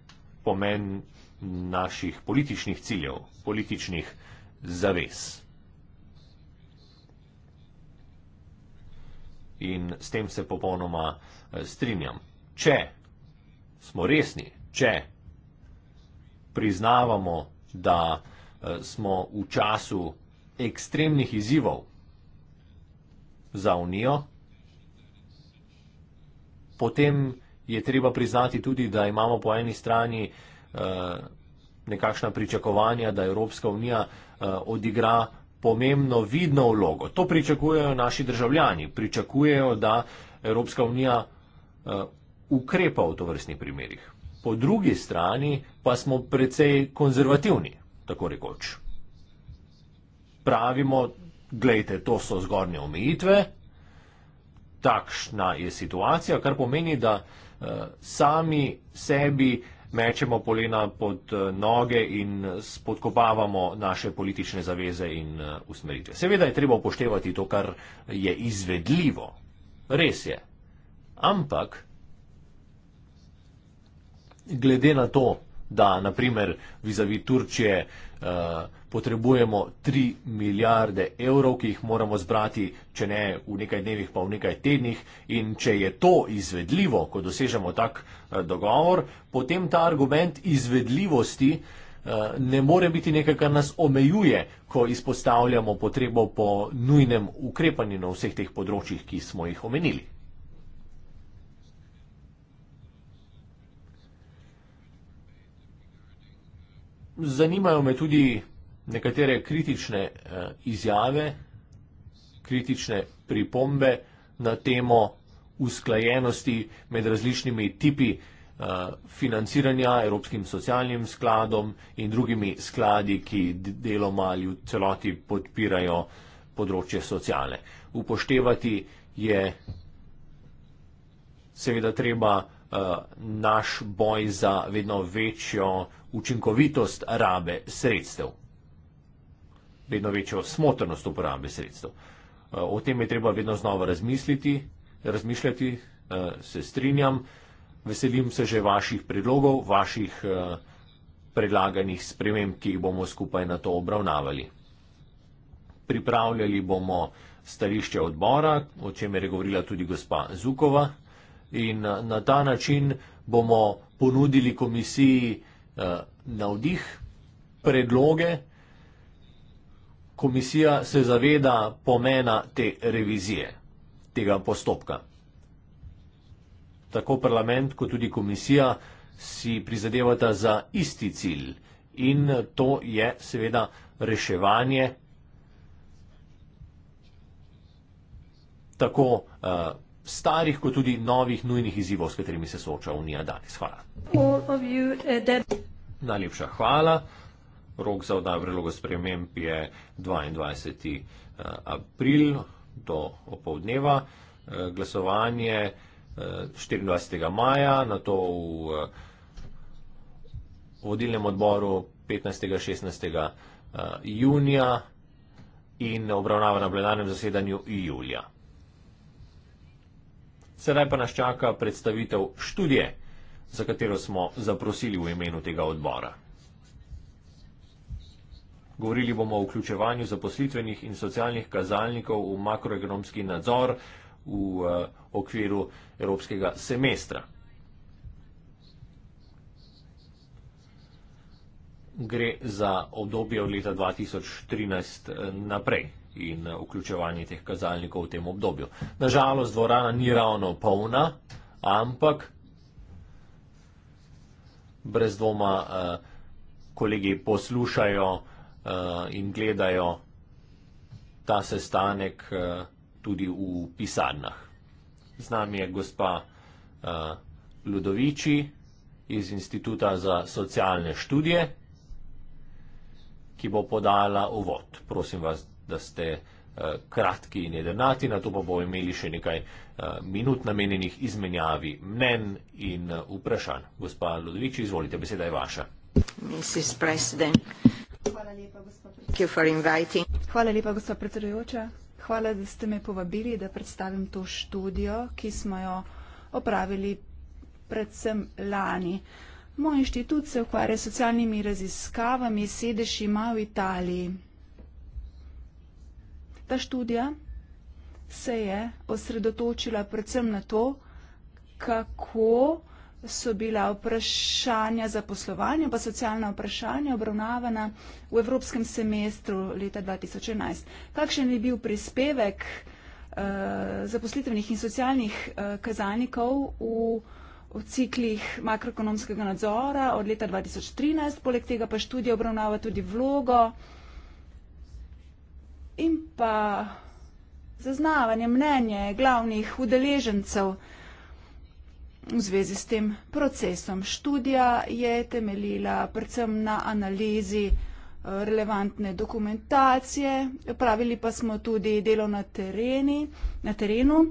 pomen naših političnih ciljev, političnih zavez. In s tem se popolnoma eh, strinjam. Če smo resni, če priznavamo, da eh, smo v času ekstremnih izzivov za Unijo, potem je treba priznati tudi, da imamo po eni strani eh, nekakšna pričakovanja, da Evropska unija eh, odigra pomembno vidno vlogo. To pričakujejo naši državljani. Pričakujejo, da Evropska unija eh, ukrepa v tovrstnih primerjih. Po drugi strani pa smo precej konzervativni, tako rekoč pravimo, gledajte, to so zgornje omejitve, takšna je situacija, kar pomeni, da eh, sami sebi mečemo polena pod eh, noge in spodkopavamo naše politične zaveze in eh, usmeritve. Seveda je treba upoštevati to, kar je izvedljivo. Res je. Ampak, glede na to, da naprimer vizavi Turčije potrebujemo 3 milijarde evrov, ki jih moramo zbrati, če ne v nekaj dnevih, pa v nekaj tednih. In če je to izvedljivo, ko dosežemo tak eh, dogovor, potem ta argument izvedljivosti eh, ne more biti nekaj, kar nas omejuje, ko izpostavljamo potrebo po nujnem ukrepanju na vseh teh področjih, ki smo jih omenili. Zanimajo me tudi nekatere kritične eh, izjave, kritične pripombe na temo usklajenosti med različnimi tipi eh, financiranja, Evropskim socialnim skladom in drugimi skladi, ki deloma ali v celoti podpirajo področje sociale. Upoštevati je seveda treba eh, naš boj za vedno večjo učinkovitost rabe sredstev vedno večjo smotrnost uporabe sredstev. Eh, o tem je treba vedno znova razmisliti, razmišljati, eh, se strinjam. Veselim se že vaših predlogov, vaših eh, predlaganih sprememb, ki jih bomo skupaj na to obravnavali. Pripravljali bomo stališče odbora, o čemer je govorila tudi gospa Zukova. In na ta način bomo ponudili komisiji navdih, predloge, komisija se zaveda pomena te revizije, tega postopka. Tako parlament kot tudi komisija si prizadevata za isti cilj in to je seveda reševanje tako uh, starih kot tudi novih nujnih izzivov, s katerimi se sooča Unija danes. Hvala. Eh, Najlepša hvala rok za oddajo predlogov sprememb je 22. Eh, april do opovdneva. Eh, glasovanje 24. Eh, maja, na to v vodilnem odboru 15. in 16. junija in obravnava na plenarnem zasedanju julija. Sedaj pa nas čaka predstavitev študije, za katero smo zaprosili v imenu tega odbora. Govorili bomo o vključevanju zaposlitvenih in socialnih kazalnikov v makroekonomski nadzor v eh, okviru evropskega semestra. Gre za obdobje od leta 2013 eh, naprej in eh, vključevanje teh kazalnikov v tem obdobju. Nažalost, dvorana ni ravno polna, ampak brez dvoma kolegi poslušajo, uh, in gledajo ta sestanek uh, tudi v pisarnah. Z nami je gospa uh, eh, Ludoviči iz Instituta za socialne študije, ki bo podala uvod. Prosim vas, da ste uh, kratki in jedrnati, na to pa bomo imeli še nekaj uh, minut namenjenih izmenjavi mnen in uh, vprašanj. Gospa Ludoviči, izvolite, beseda je vaša. Mrs. President. Hvala lepa, gospa predsedujoča. Hvala, da ste me povabili, da predstavim to študijo, ki smo jo opravili predvsem lani. Moj inštitut se ukvarja s socialnimi raziskavami, sedež ima v Italiji. Ta študija se je osredotočila predvsem na to, kako so bila vprašanja za poslovanje, pa socialna vprašanja obravnavana v evropskem semestru leta 2011. Kakšen je bil prispevek eh, zaposlitevnih in socialnih eh, kazalnikov v, v ciklih makroekonomskega nadzora od leta 2013, poleg tega pa študija obravnava tudi vlogo in pa zaznavanje mnenje glavnih udeležencev v zvezi s tem procesom. Študija je temeljila predvsem na analizi eh, relevantne dokumentacije, pravili pa smo tudi delo na tereni, na terenu.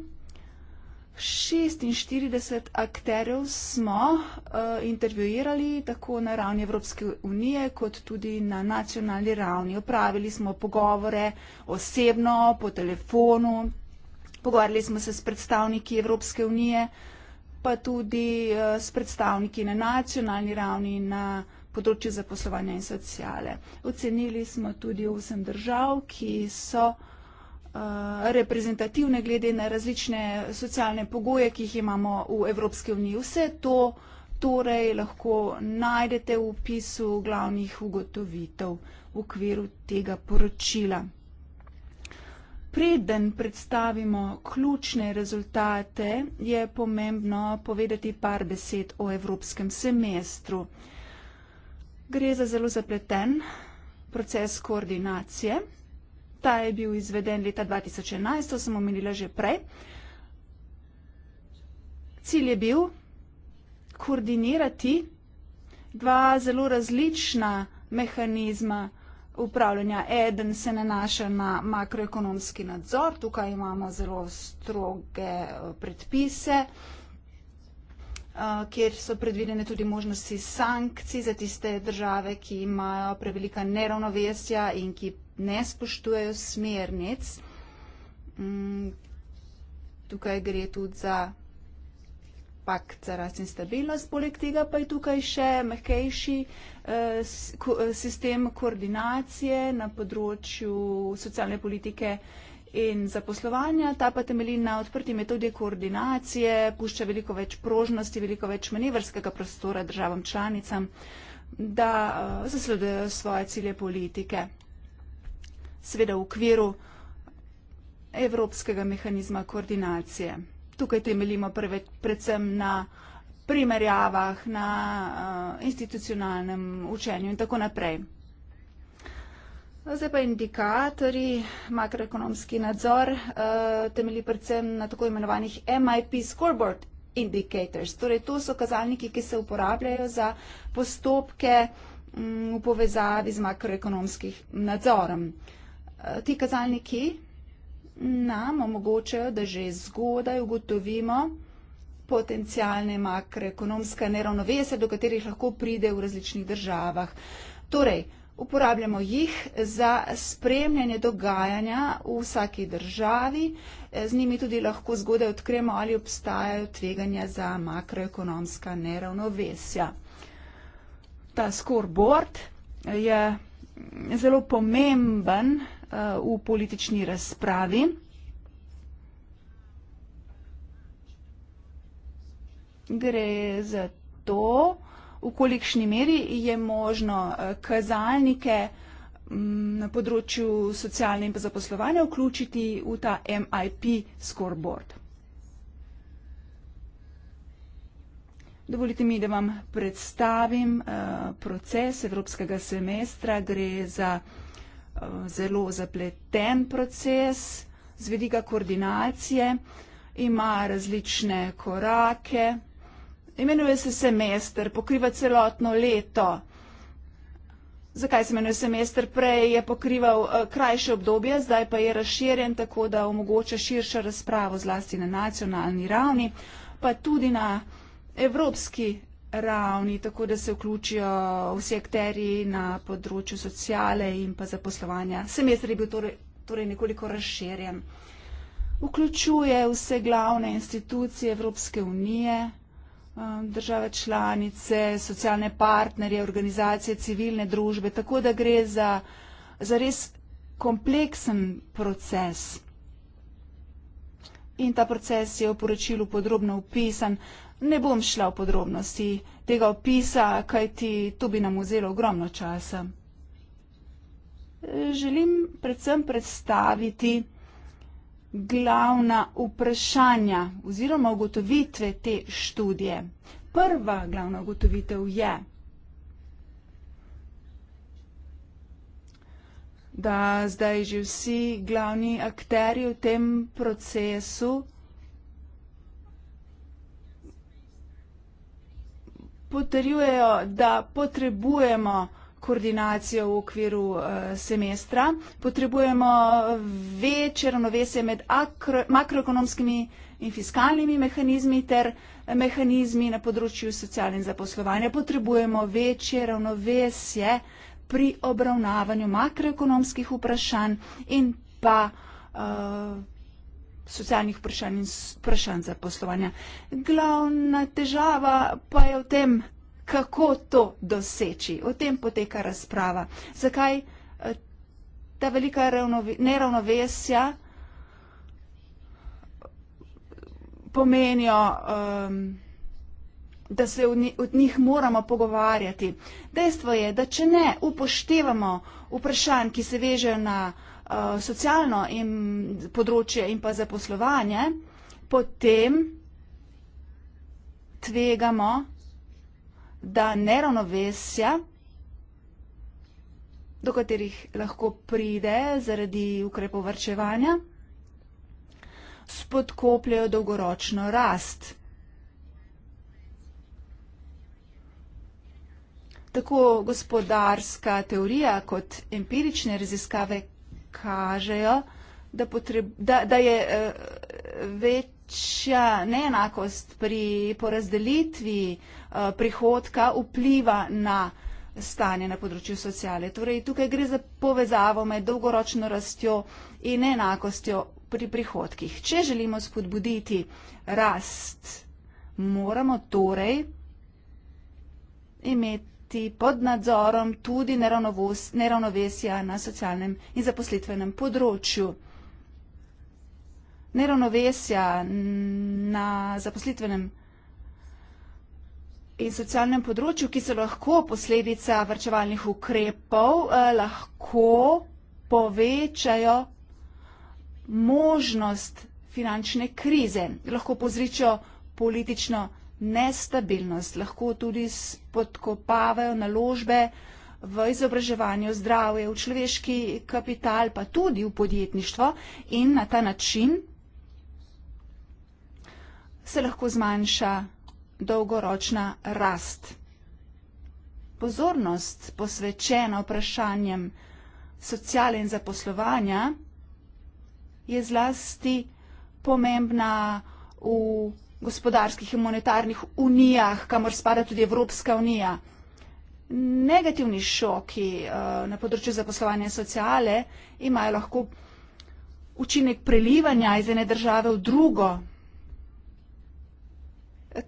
Šestinštirideset akterjev smo eh, intervjuirali, tako na ravni Evropske unije kot tudi na nacionalni ravni. Opravili smo pogovore osebno, po telefonu, pogovarjali smo se s predstavniki Evropske unije, pa tudi eh, s predstavniki na nacionalni ravni in na področju zaposlovanja in sociale. Ocenili smo tudi osem držav, ki so eh, reprezentativne glede na različne socialne pogoje, ki jih imamo v Evropski uniji. Vse to torej lahko najdete v opisu glavnih ugotovitev v okviru tega poročila preden predstavimo ključne rezultate, je pomembno povedati par besed o evropskem semestru. Gre za zelo zapleten proces koordinacije. Ta je bil izveden leta 2011, to sem omenila že prej. Cilj je bil koordinirati dva zelo različna mehanizma, upravljanja. Eden se nanaša na makroekonomski nadzor, tukaj imamo zelo stroge eh, predpise, eh, kjer so predvidene tudi možnosti sankcij za tiste države, ki imajo prevelika neravnovesja in ki ne spoštujejo smernic. Mm, tukaj gre tudi za pakt za rast in stabilnost, poleg tega pa je tukaj še mehkejši eh, eh, sistem koordinacije na področju socialne politike in zaposlovanja. Ta pa temelji na odprti metodi koordinacije, pušča veliko več prožnosti, veliko več manevrskega prostora državam članicam, da eh, zasledujejo svoje cilje politike. Seveda v okviru evropskega mehanizma koordinacije tukaj temeljimo preveč, predvsem na primerjavah, na uh, institucionalnem učenju in tako naprej. Zdaj pa indikatori, makroekonomski nadzor uh, temelji predvsem na tako imenovanih MIP scoreboard indicators. Torej, to so kazalniki, ki se uporabljajo za postopke um, v povezavi z makroekonomskim nadzorom. Uh, ti kazalniki nam omogočajo, da že zgodaj ugotovimo potencijalne makroekonomske neravnovese, do katerih lahko pride v različnih državah. Torej, uporabljamo jih za spremljanje dogajanja v vsaki državi, z njimi tudi lahko zgodaj odkremo, ali obstajajo tveganja za makroekonomska neravnovesja. Ta scoreboard je zelo pomemben v politični razpravi. Gre za to, v kolikšni meri je možno eh, kazalnike mm, na področju socialne in pa zaposlovanja vključiti v ta MIP scoreboard. Dovolite mi, da vam predstavim eh, proces evropskega semestra. Gre za zelo zapleten proces z vidika koordinacije, ima različne korake, imenuje se semester, pokriva celotno leto. Zakaj se imenuje semester? Prej je pokrival eh, krajše obdobje, zdaj pa je razširjen, tako da omogoča širšo razpravo zlasti na nacionalni ravni, pa tudi na evropski ravni, tako da se vključijo vsi akteri na področju sociale in pa zaposlovanja. Semester je bil torej, torej nekoliko razširjen. Vključuje vse glavne institucije Evropske unije, um, države članice, socialne partnerje, organizacije, civilne družbe, tako da gre za, za res kompleksen proces. In ta proces je v poročilu podrobno upisan, ne bom šla v podrobnosti tega opisa, kajti to bi nam vzelo ogromno časa. Želim predvsem predstaviti glavna vprašanja oziroma ugotovitve te študije. Prva glavna ugotovitev je, da zdaj že vsi glavni akteri v tem procesu potrjujejo, da potrebujemo koordinacijo v okviru eh, semestra, potrebujemo eh, večje ravnovesje med akro, makroekonomskimi in fiskalnimi mehanizmi ter eh, mehanizmi na področju socialne in zaposlovanja, potrebujemo večje ravnovesje pri obravnavanju makroekonomskih vprašanj in pa uh, socialnih vprašanj in vprašanj za poslovanje. Glavna težava pa je v tem, kako to doseči. O tem poteka razprava. Zakaj eh, ta velika neravnovesja eh, pomenijo, um, da se od njih moramo pogovarjati. Dejstvo je, da če ne upoštevamo vprašanj, ki se vežejo na Eh, socialno in področje in pa zaposlovanje, potem tvegamo, da neravnovesja, do katerih lahko pride zaradi ukrepov varčevanja, spodkopljajo dolgoročno rast. Tako gospodarska teorija kot empirične raziskave kažejo, da, potreb, da, da je eh, večja neenakost pri porazdelitvi eh, prihodka vpliva na stanje na področju sociale. Torej, tukaj gre za povezavo med dolgoročno rastjo in neenakostjo pri prihodkih. Če želimo spodbuditi rast, moramo torej imeti biti pod nadzorom tudi neravnovesja na socialnem in zaposlitvenem področju. Neravnovesja na zaposlitvenem in socialnem področju, ki so lahko posledica vrčevalnih ukrepov, eh, lahko povečajo možnost finančne krize, lahko povzročijo politično nestabilnost, lahko tudi spodkopavajo naložbe v izobraževanju zdravje, v človeški kapital, pa tudi v podjetništvo in na ta način se lahko zmanjša dolgoročna rast. Pozornost posvečena vprašanjem sociale in zaposlovanja je zlasti pomembna v gospodarskih in monetarnih unijah, kamor spada tudi Evropska unija. Negativni šoki eh, na področju zaposlovanja sociale imajo lahko učinek prelivanja iz ene države v drugo.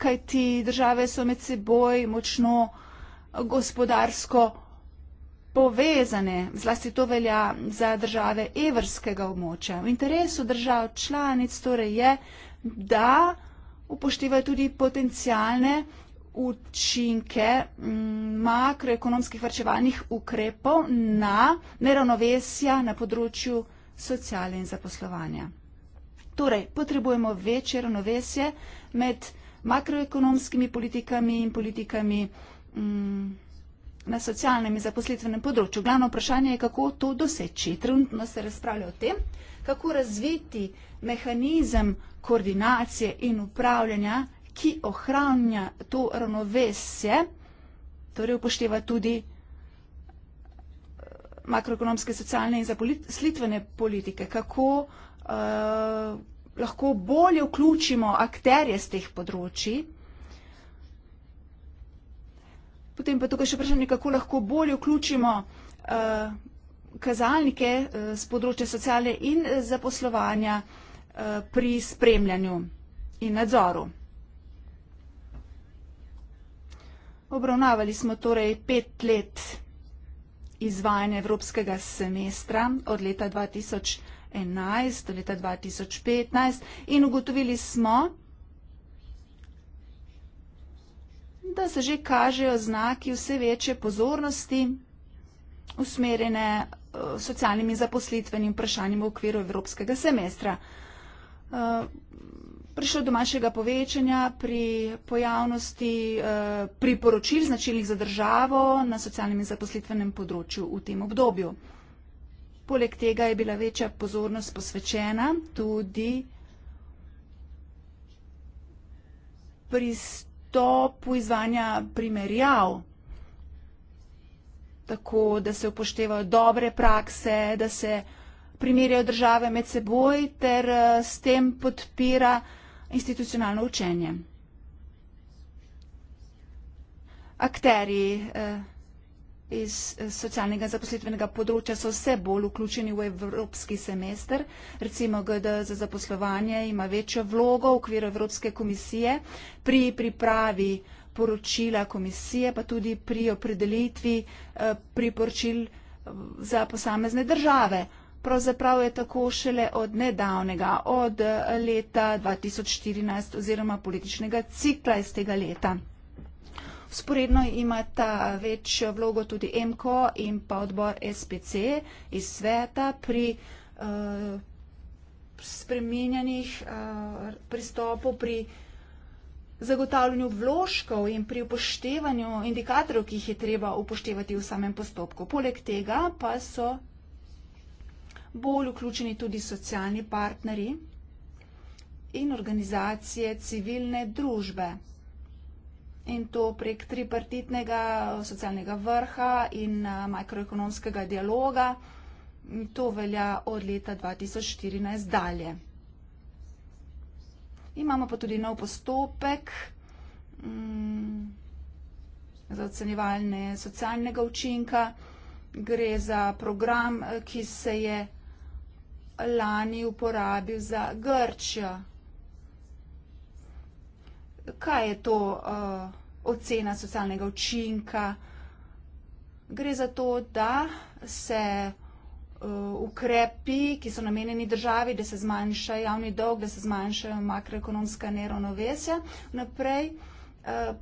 Kaj ti države so med seboj močno gospodarsko povezane, zlasti to velja za države evrskega območja. V interesu držav članic torej je, da upoštevajo tudi potencijalne učinke mm, makroekonomskih vrčevalnih ukrepov na neravnovesja na področju sociale in zaposlovanja. Torej, potrebujemo večje ravnovesje med makroekonomskimi politikami in politikami mm, na socialnem in zaposlitvenem področju. Glavno vprašanje je, kako to doseči. Trenutno se razpravlja o tem, kako razviti mehanizem koordinacije in upravljanja, ki ohranja to ravnovesje, torej upošteva tudi eh, makroekonomske, socialne in zaposlitvene politike, kako uh, lahko bolje vključimo akterje z teh področji. Potem pa tukaj še vprašanje, kako lahko bolje vključimo uh, kazalnike uh, z področja socialne in zaposlovanja. Uh, Eh, pri spremljanju in nadzoru. Obravnavali smo torej pet let izvajanja evropskega semestra od leta 2011 do leta 2015 in ugotovili smo, da se že kažejo znaki vse večje pozornosti usmerjene eh, socialnim in zaposlitvenim vprašanjem v okviru evropskega semestra. Eh, prišlo do manjšega povečanja pri pojavnosti eh, priporočil značilnih za državo na socialnem in zaposlitvenem področju v tem obdobju. Poleg tega je bila večja pozornost posvečena tudi pristopu izvajanja primerjav, tako da se upoštevajo dobre prakse, da se primerjajo države med seboj ter eh, s tem podpira institucionalno učenje. Akteri eh, iz eh, socialnega zaposlitvenega področja so vse bolj vključeni v evropski semester. Recimo GD za zaposlovanje ima večjo vlogo v okviru Evropske komisije pri pripravi poročila komisije, pa tudi pri opredelitvi priporočil za posamezne države pravzaprav je tako šele od nedavnega, od leta 2014 oziroma političnega cikla iz tega leta. Sporedno imata večjo vlogo tudi MKO in pa odbor SPC iz sveta pri uh, eh, spremenjanih uh, eh, pristopov, pri zagotavljanju vložkov in pri upoštevanju indikatorov, ki jih je treba upoštevati v samem postopku. Poleg tega pa so bolj vključeni tudi socialni partnerji in organizacije civilne družbe. In to prek tripartitnega socialnega vrha in makroekonomskega dialoga. To velja od leta 2014 dalje. Imamo pa tudi nov postopek mm, za ocenjevanje socialnega učinka. Gre za program, ki se je lani uporabil za Grčjo. Kaj je to uh, ocena socialnega učinka? Gre za to, da se uh, ukrepi, ki so namenjeni državi, da se zmanjša javni dolg, da se zmanjšajo makroekonomska neravnovesja, naprej uh,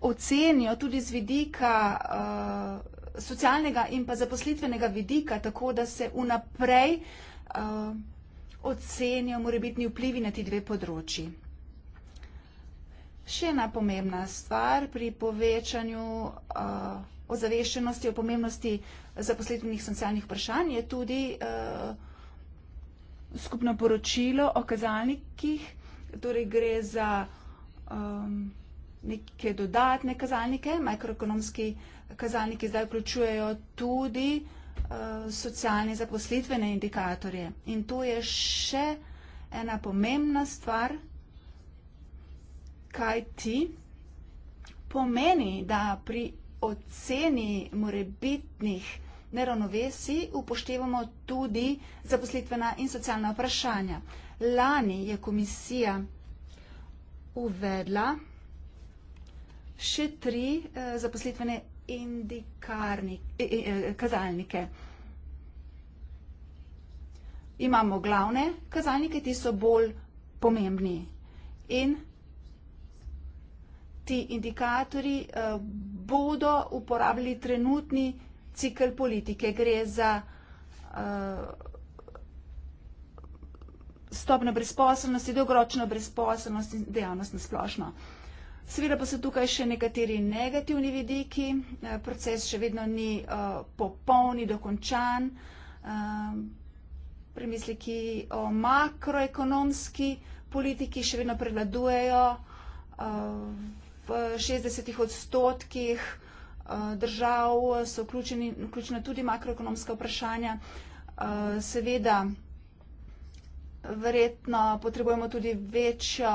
ocenijo tudi z vidika uh, socialnega in pa zaposlitvenega vidika, tako da se vnaprej uh, ocenijo morebitni vplivi na ti dve področji. Še ena pomembna stvar pri povečanju uh, ozaveščenosti o pomembnosti zaposlitvenih socialnih vprašanj je tudi uh, skupno poročilo o kazalnikih, torej gre za um, neke dodatne kazalnike, makroekonomski uh, kazalniki zdaj vključujejo tudi eh, socialne zaposlitvene indikatorje. In to je še ena pomembna stvar, kaj ti pomeni, da pri oceni morebitnih neravnovesi upoštevamo tudi zaposlitvena in socialna vprašanja. Lani je komisija uvedla še tri eh, zaposlitvene indikatorje E, e, e, kazalnike. Imamo glavne kazalnike, ti so bolj pomembni. In ti indikatorji bodo uporabili trenutni cikl politike. Gre za stopno brezposobnosti, dolgoročno brezposobnosti, dejavnost na splošno. Seveda pa so tukaj še nekateri negativni vidiki, eh, proces še vedno ni eh, popolni, dokončan. Eh, premisleki o makroekonomski politiki še vedno prevladujejo. V 60 odstotkih držav so vključeni, vključena tudi makroekonomska vprašanja. Seveda, verjetno potrebujemo tudi večjo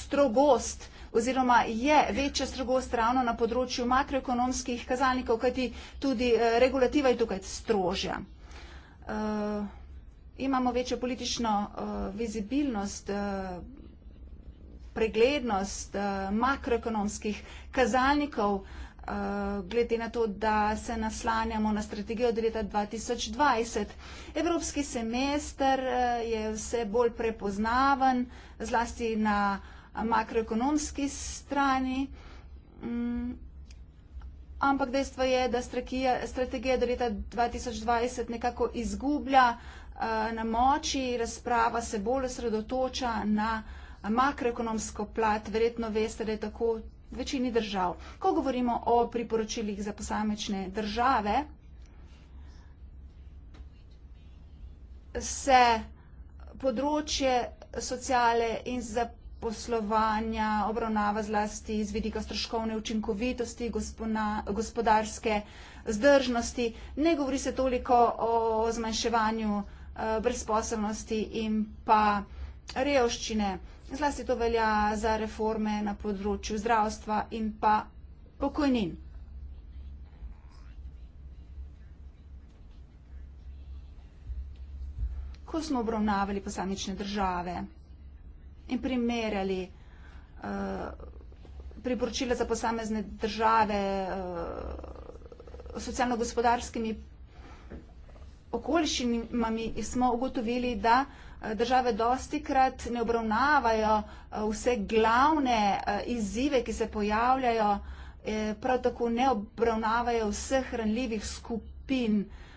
strogost, oziroma je večja strogost ravno na področju makroekonomskih kazalnikov, kajti tudi eh, regulativa je tukaj strožja. Eh, imamo večjo politično eh, vizibilnost, preglednost makroekonomskih kazalnikov, glede na to, da se naslanjamo na strategijo do leta 2020. Evropski semester je vse bolj prepoznaven, zlasti na vsega, makroekonomski strani. Mm, ampak dejstvo je, da strategija do leta 2020 nekako izgublja eh, na moči, razprava se bolj osredotoča na makroekonomsko plat. Verjetno veste, da je tako v večini držav. Ko govorimo o priporočilih za posamečne države, se področje sociale in zaposlenosti poslovanja obravnava zlasti z vidika stroškovne učinkovitosti, gospona, gospodarske zdržnosti. Ne govori se toliko o zmanjševanju uh, eh, brezposobnosti in pa revščine. Zlasti to velja za reforme na področju zdravstva in pa pokojnin. Ko smo obravnavali posamične države, in primerjali uh, priporočila za posamezne države uh, socialno-gospodarskimi okoliščinami, smo ugotovili, da eh, države dosti krat ne obravnavajo vse glavne izzive, ki se pojavljajo, prav tako ne obravnavajo vseh hranljivih skupin, uh,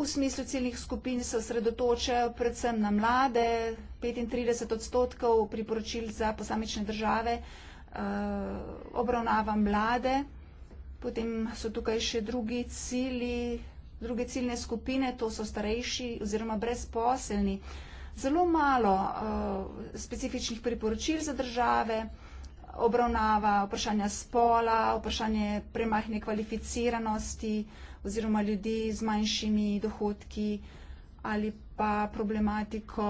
V smislu ciljnih skupin se osredotočajo predvsem na mlade, 35 odstotkov priporočil za posamične države eh, obravnava mlade. Potem so tukaj še drugi cilji, druge ciljne skupine, to so starejši oziroma brezposelni. Zelo malo eh, specifičnih priporočil za države obravnava vprašanja spola, vprašanje premajhne kvalificiranosti, oziroma ljudi z manjšimi dohodki ali pa problematiko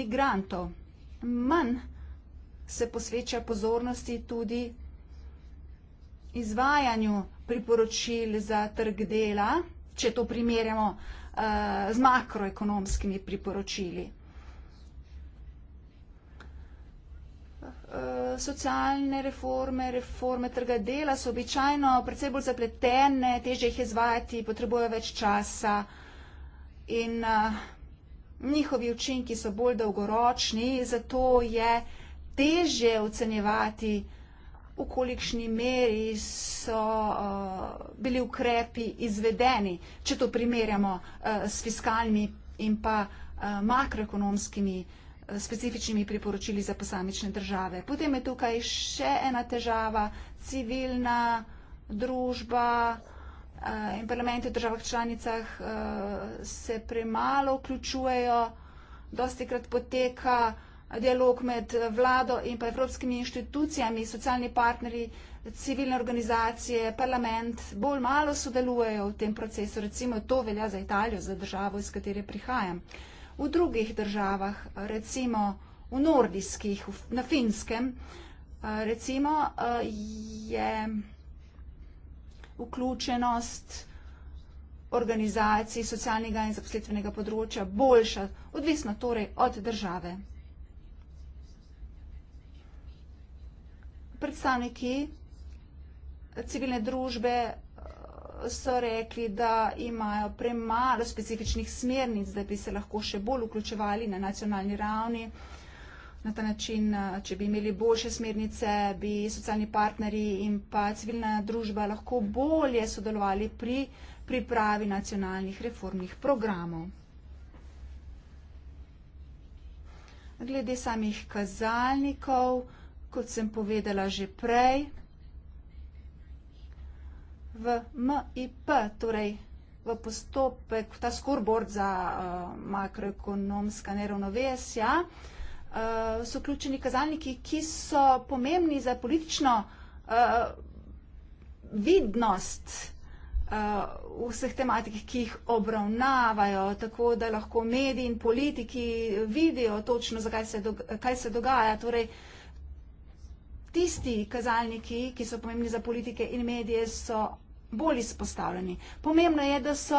migrantov. Manj se posveča pozornosti tudi izvajanju priporočil za trg dela, če to primerjamo uh, z makroekonomskimi priporočili. Eh, socialne reforme, reforme trga dela so običajno predvsej bolj zapletene, težje jih izvajati, potrebujejo več časa in uh, njihovi učinki so bolj dolgoročni, zato je težje ocenjevati, v kolikšni meri so uh, bili ukrepi izvedeni, če to primerjamo uh, s fiskalnimi in pa uh, makroekonomskimi uh, specifičnimi priporočili za posamične države. Potem je tukaj še ena težava, civilna družba eh, in parlamenti v državah članicah eh, se premalo vključujejo, dosti krat poteka dialog med vlado in pa evropskimi inštitucijami, socialni partnerji, civilne organizacije, parlament, bolj malo sodelujejo v tem procesu. Recimo to velja za Italijo, za državo, iz katere prihajam v drugih državah, recimo v nordijskih, na finskem, eh, recimo eh, je vključenost organizacij socialnega in zaposlitvenega področja boljša, odvisno torej od države. Predstavniki civilne družbe so rekli, da imajo premalo specifičnih smernic, da bi se lahko še bolj vključevali na nacionalni ravni. Na ta način, eh, če bi imeli boljše smernice, bi socialni partneri in pa civilna družba lahko bolje sodelovali pri pripravi nacionalnih reformnih programov. Glede samih kazalnikov, kot sem povedala že prej, v MIP, torej v postopek, ta scoreboard za uh, makroekonomska neravnovesja, uh, so vključeni kazalniki, ki so pomembni za politično uh, vidnost uh, vseh tematik, ki jih obravnavajo, tako da lahko mediji in politiki vidijo točno, kaj se, doga kaj se dogaja. Torej, tisti kazalniki, ki so pomembni za politike in medije, so bolj izpostavljeni. Pomembno je, da so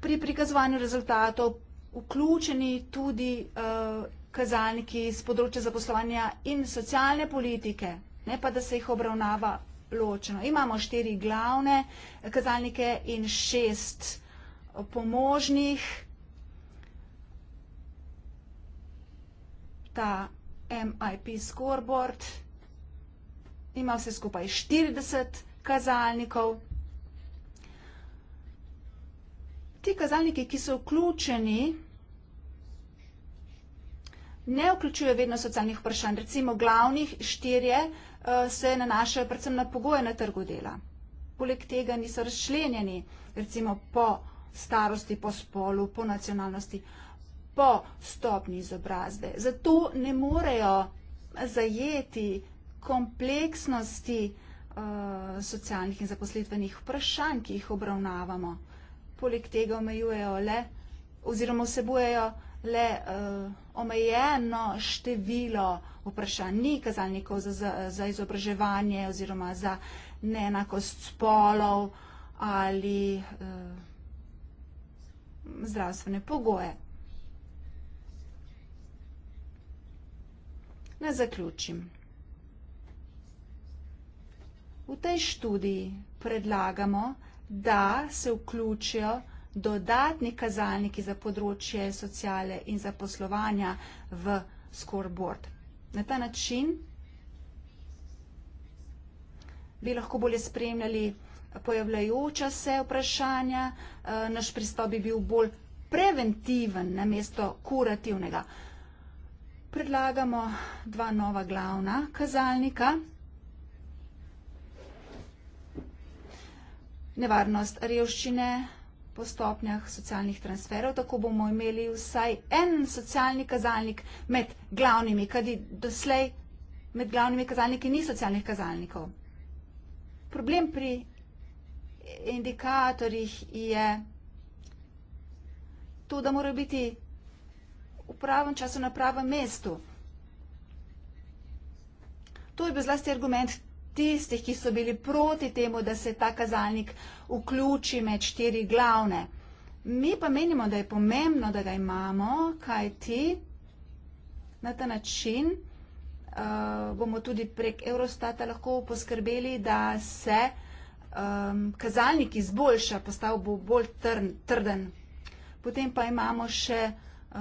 pri prikazovanju rezultatov vključeni tudi uh, kazalniki z področja zaposlovanja in socialne politike, ne pa da se jih obravnava ločeno. Imamo štiri glavne eh, kazalnike in šest eh, pomožnih. Ta MIP scoreboard ima vse skupaj 40 kazalnikov. Ti kazalniki, ki so vključeni, ne vključujejo vedno socialnih vprašanj. Recimo glavnih štirje eh, se nanašajo predvsem na pogoje na trgu dela. Poleg tega niso razčlenjeni, recimo po starosti, po spolu, po nacionalnosti, po stopni izobrazbe. Zato ne morejo zajeti vprašanj kompleksnosti uh, socialnih in zaposlitvenih vprašanj, ki jih obravnavamo. Poleg tega omejujejo le oziroma vsebujejo le uh, omejeno število vprašanj, ni kazalnikov za, za, za izobraževanje oziroma za neenakost spolov ali uh, zdravstvene pogoje. Ne zaključim. V tej študiji predlagamo, da se vključijo dodatni kazalniki za področje sociale in zaposlovanja v scoreboard. Na ta način bi lahko bolje spremljali pojavljajoča se vprašanja, eh, naš pristop bi bil bolj preventiven namesto kurativnega. Predlagamo dva nova glavna kazalnika. nevarnost revščine po stopnjah socialnih transferov, tako bomo imeli vsaj en socialni kazalnik med glavnimi, kadi doslej med glavnimi kazalniki ni socialnih kazalnikov. Problem pri indikatorjih je to, da morajo biti v pravem času na pravem mestu. To je bil zlasti argument tistih, ki so bili proti temu, da se ta kazalnik vključi med štiri glavne. Mi pa menimo, da je pomembno, da ga imamo, kaj ti na ta način uh, bomo tudi prek Eurostata lahko poskrbeli, da se um, kazalnik izboljša, postal bo bolj trn, trden. Potem pa imamo še uh,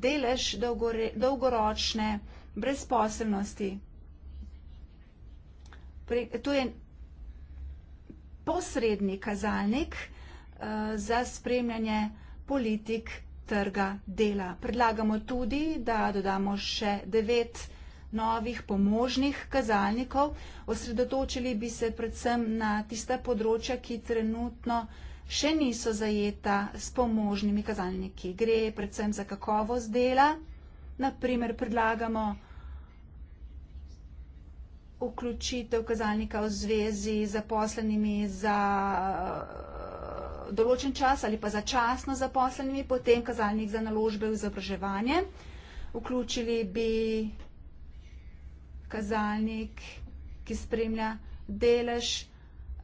delež dolgore, dolgoročne brezposelnosti pre, to je posredni kazalnik uh, za spremljanje politik trga dela. Predlagamo tudi, da dodamo še devet novih pomožnih kazalnikov. Osredotočili bi se predvsem na tista področja, ki trenutno še niso zajeta s pomožnimi kazalniki. Gre predvsem za kakovost dela. Naprimer, predlagamo vključitev kazalnika v zvezi z zaposlenimi za eh, določen čas ali pa začasno zaposlenimi, potem kazalnik za naložbe v izobraževanje. Vključili bi kazalnik, ki spremlja delež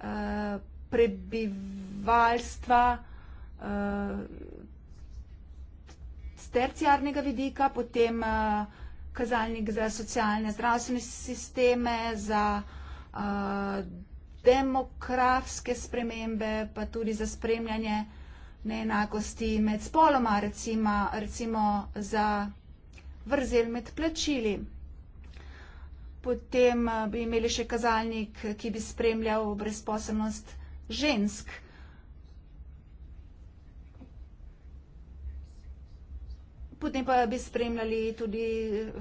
eh, prebivalstva eh, s terciarnega vidika, potem kazalnik za socialne zdravstvene sisteme, za uh, demografske spremembe, pa tudi za spremljanje neenakosti med spoloma, recimo, recimo za vrzel med plačili. Potem bi imeli še kazalnik, ki bi spremljal brezposobnost žensk. potem pa bi spremljali tudi eh,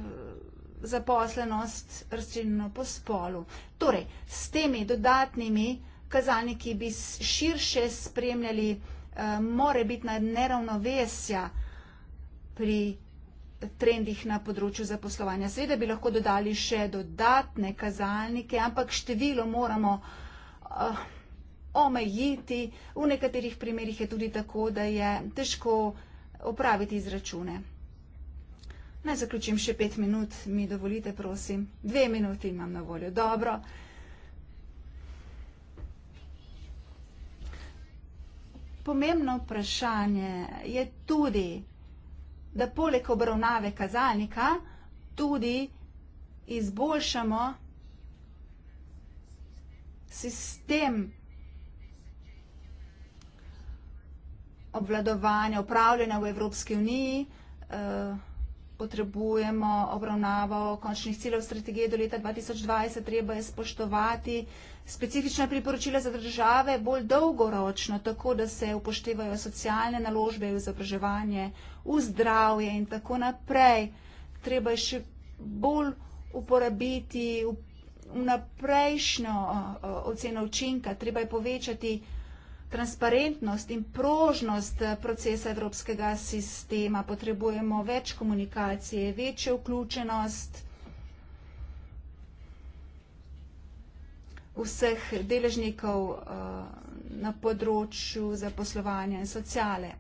zaposlenost razčinjeno po spolu. Torej, s temi dodatnimi kazalniki bi širše spremljali eh, more biti na neravnovesja pri trendih na področju zaposlovanja. Seveda bi lahko dodali še dodatne kazalnike, ampak število moramo eh, omejiti. V nekaterih primerjih je tudi tako, da je težko opraviti izračune. Naj zaključim še pet minut, mi dovolite, prosim. Dve minuti imam na voljo. Dobro. Pomembno vprašanje je tudi, da poleg obravnave kazalnika tudi izboljšamo sistem obvladovanja, upravljanja v Evropski uniji. Eh, potrebujemo obravnavo končnih ciljev strategije do leta 2020, treba je spoštovati specifična priporočila za države bolj dolgoročno, tako da se upoštevajo socialne naložbe, izobraževanje, zdravje in tako naprej. Treba je še bolj uporabiti vnaprejšnjo oceno učinka, treba je povečati transparentnost in prožnost eh, procesa evropskega sistema, potrebujemo več komunikacije, večjo vključenost vseh deležnikov eh, na področju zaposlovanja in sociale.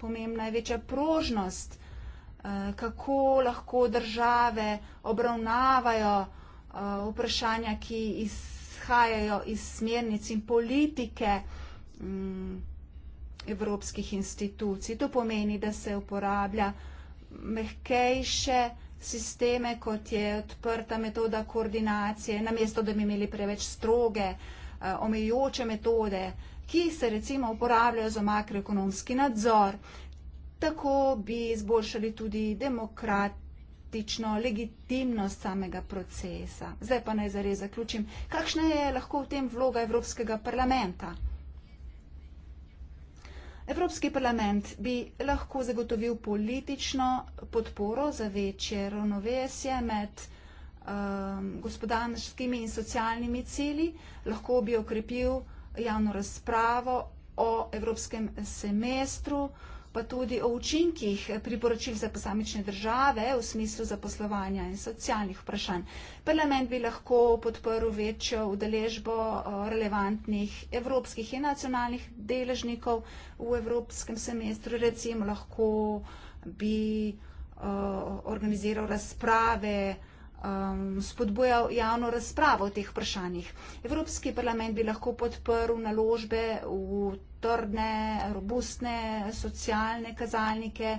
Pomembna je večja prožnost, eh, kako lahko države obravnavajo vprašanja, ki izhajajo iz smernic in politike, ki izhajajo iz smernic in politike, Mm, evropskih institucij. To pomeni, da se uporablja mehkejše sisteme, kot je odprta metoda koordinacije, namesto da bi imeli preveč stroge, eh, omejujoče metode, ki se recimo uporabljajo za makroekonomski nadzor. Tako bi izboljšali tudi demokratično legitimnost samega procesa. Zdaj pa naj zarej zaključim, kakšna je lahko v tem vloga Evropskega parlamenta? Evropski parlament bi lahko zagotovil politično podporo za večje ravnovesje med um, gospodarskimi in socialnimi cili, lahko bi okrepil javno razpravo o evropskem semestru, uh, pa tudi o učinkih priporočil za posamične države v smislu zaposlovanja in socialnih vprašanj. Parlament bi lahko podprl večjo udeležbo eh, relevantnih evropskih in nacionalnih deležnikov v evropskem semestru, recimo lahko bi eh, organiziral razprave, um, spodbujal javno razpravo o teh vprašanjih. Evropski parlament bi lahko podprl naložbe v trdne, robustne socialne kazalnike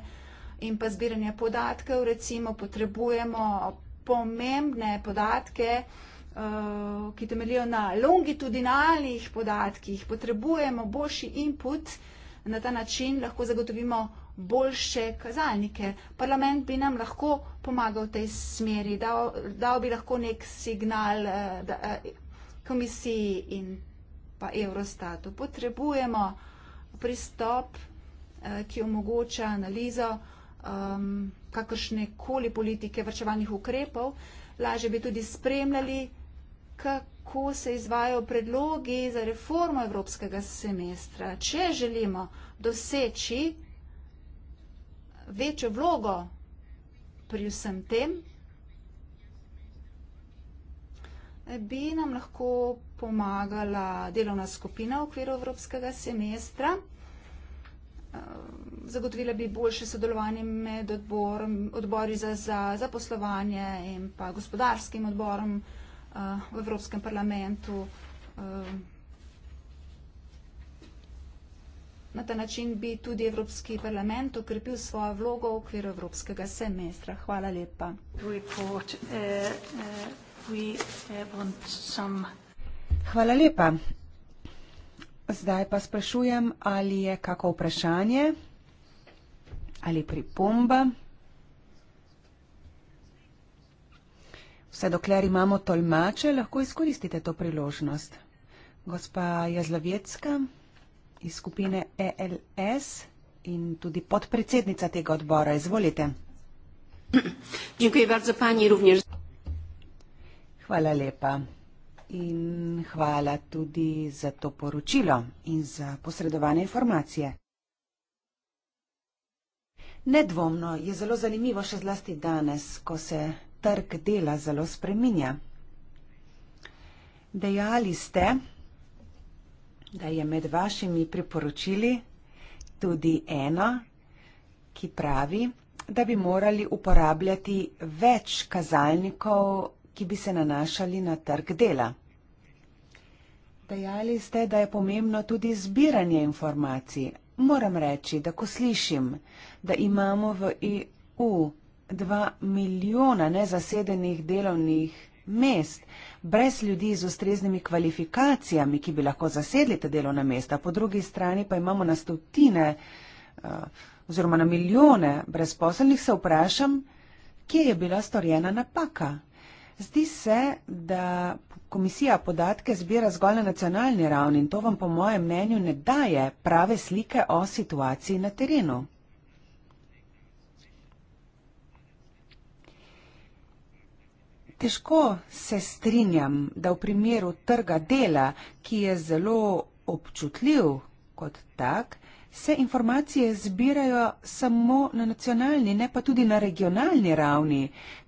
in pa zbiranje podatkov. Recimo potrebujemo pomembne podatke, uh, ki temeljijo na longitudinalnih podatkih. Potrebujemo boljši input. Na ta način lahko zagotovimo boljše kazalnike. Parlament bi nam lahko pomagal v tej smeri, dal, dal bi lahko nek signal eh, da, eh, komisiji in pa Eurostatu. Potrebujemo pristop, eh, ki omogoča analizo eh, kakršne koli politike vrčevalnih ukrepov. Lažje bi tudi spremljali, kako se izvajo predlogi za reformo evropskega semestra. Če želimo doseči, večjo vlogo pri vsem tem, bi nam lahko pomagala delovna skupina v okviru evropskega semestra. Ehm, zagotovila bi boljše sodelovanje med odbor, odbori za, za zaposlovanje in pa gospodarskim odborom eh, v Evropskem parlamentu. Ehm, Na ta način bi tudi Evropski parlament okrepil svojo vlogo v okviru Evropskega semestra. Hvala lepa. Report, uh, uh, some... Hvala lepa. Zdaj pa sprašujem, ali je kako vprašanje ali pripomba. Vse dokler imamo tolmače, lahko izkoristite to priložnost. Gospa Jazlovecka iz skupine ELS in tudi podpredsednica tega odbora. Izvolite. Hvala lepa. In hvala tudi za to poročilo in za posredovane informacije. Nedvomno je zelo zanimivo še zlasti danes, ko se trg dela zelo spreminja. Dejali ste, da je med vašimi priporočili tudi eno, ki pravi, da bi morali uporabljati več kazalnikov, ki bi se nanašali na trg dela. Dejali ste, da je pomembno tudi zbiranje informacij. Moram reči, da ko slišim, da imamo v EU dva milijona nezasedenih delovnih mest, brez ljudi z ustreznimi kvalifikacijami, ki bi lahko zasedli te delovna mesta, po drugi strani pa imamo na stotine eh, oziroma na milijone brezposelnih, se vprašam, kje je bila storjena napaka. Zdi se, da komisija podatke zbira zgolj na nacionalni ravni in to vam po mojem mnenju ne daje prave slike o situaciji na terenu. Težko se strinjam, da v primeru trga dela, ki je zelo občutljiv kot tak, se informacije zbirajo samo na nacionalni, ne pa tudi na regionalni ravni,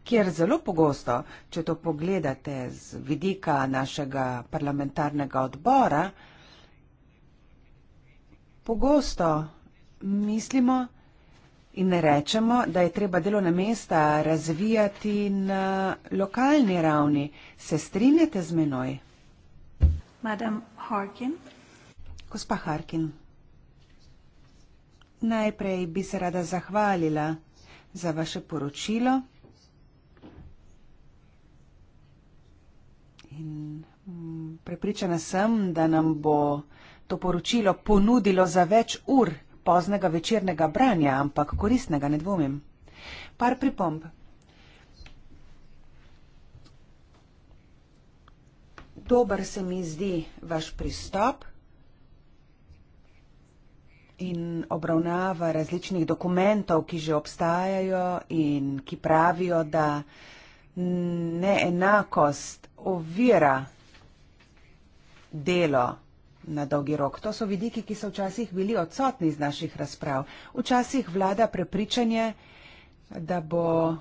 kjer zelo pogosto, če to pogledate z vidika našega parlamentarnega odbora, pogosto mislimo, In ne rečemo, da je treba delovna mesta razvijati na lokalni ravni. Se strinjate z menoj? Madam Harkin. Gospa Harkin. Najprej bi se rada zahvalila za vaše poročilo. In prepričana sem, da nam bo to poročilo ponudilo za več ur poznega večernega branja, ampak koristnega, ne dvomim. Par pripomb. Dober se mi zdi vaš pristop in obravnava različnih dokumentov, ki že obstajajo in ki pravijo, da neenakost ovira delo na dolgi rok. To so vidiki, ki so včasih bili odsotni iz naših razprav. Včasih vlada prepričanje, da bo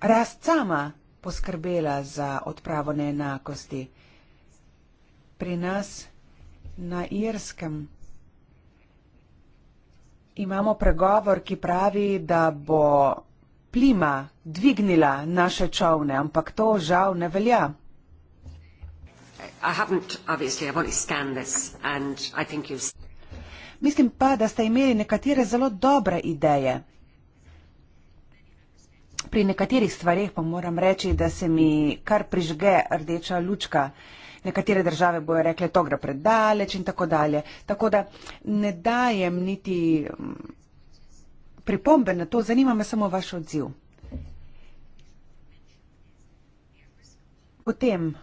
rast sama poskrbela za odpravo neenakosti. Pri nas na Irskem imamo pregovor, ki pravi, da bo plima dvignila naše čovne, ampak to žal ne velja. I haven't, obviously, I've only scanned this and I think you've... Mislim pa, da ste imeli nekatere zelo dobre ideje. Pri nekaterih stvarih pa moram reči, da se mi kar prižge rdeča lučka. Nekatere države bojo rekle, to gre predaleč in tako dalje. Tako da ne dajem niti mm, pripombe na to, zanima me samo vaš odziv. Potem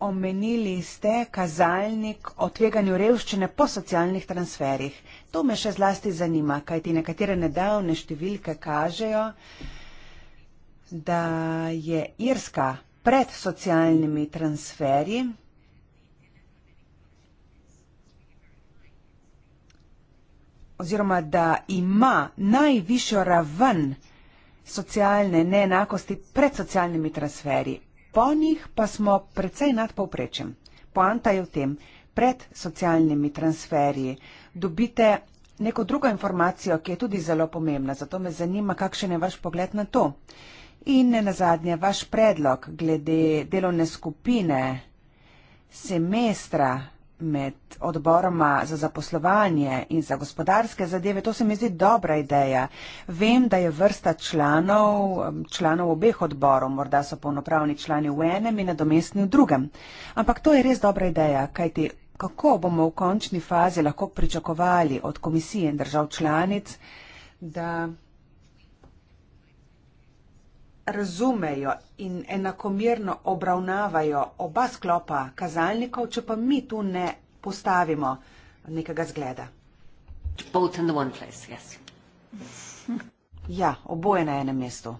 omenili ste kazalnik o tveganju revščine po socialnih transferih. To me še zlasti zanima, kajti nekatere nedavne številke kažejo, da je Irska pred socialnimi transferji oziroma da ima najvišjo raven socialne neenakosti pred socialnimi transferji po njih pa smo precej nadpovprečen. Poanta je v tem, pred socialnimi transferji dobite neko drugo informacijo, ki je tudi zelo pomembna, zato me zanima, kakšen je vaš pogled na to. In ne nazadnje, vaš predlog glede delovne skupine, semestra, med odboroma za zaposlovanje in za gospodarske zadeve. To se mi zdi dobra ideja. Vem, da je vrsta članov, članov obeh odborov, morda so polnopravni člani v enem in nadomestni v drugem. Ampak to je res dobra ideja, kajti kako bomo v končni fazi lahko pričakovali od komisije in držav članic, da razumejo in enakomerno obravnavajo oba sklopa kazalnikov, če pa mi tu ne postavimo nekega zgleda. Place, yes. ja, oboje na enem mestu.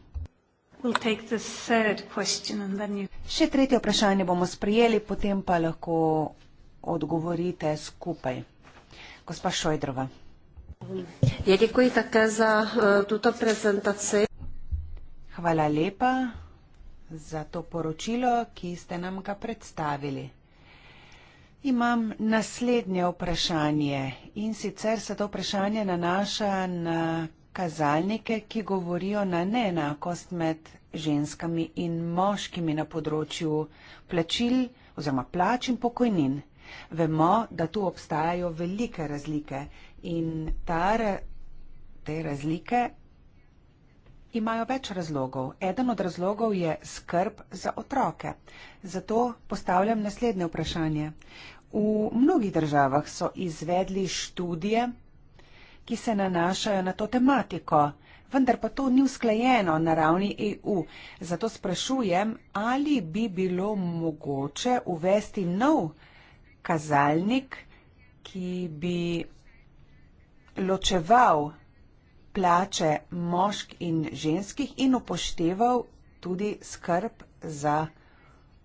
We'll take the third and then you... Še tretje vprašanje bomo sprijeli, potem pa lahko odgovorite skupaj. Gospa Šojdrova. Ja, děkuji také za uh, tuto prezentaci. Hvala lepa za to poročilo, ki ste nam ga predstavili. Imam naslednje vprašanje in sicer se to vprašanje nanaša na kazalnike, ki govorijo na neenakost med ženskami in moškimi na področju plačil oziroma plač in pokojnin. Vemo, da tu obstajajo velike razlike in ta, te razlike imajo več razlogov. Eden od razlogov je skrb za otroke. Zato postavljam naslednje vprašanje. V mnogih državah so izvedli študije, ki se nanašajo na to tematiko, vendar pa to ni usklajeno na ravni EU. Zato sprašujem, ali bi bilo mogoče uvesti nov kazalnik, ki bi ločeval plače moških in ženskih in upošteval tudi skrb za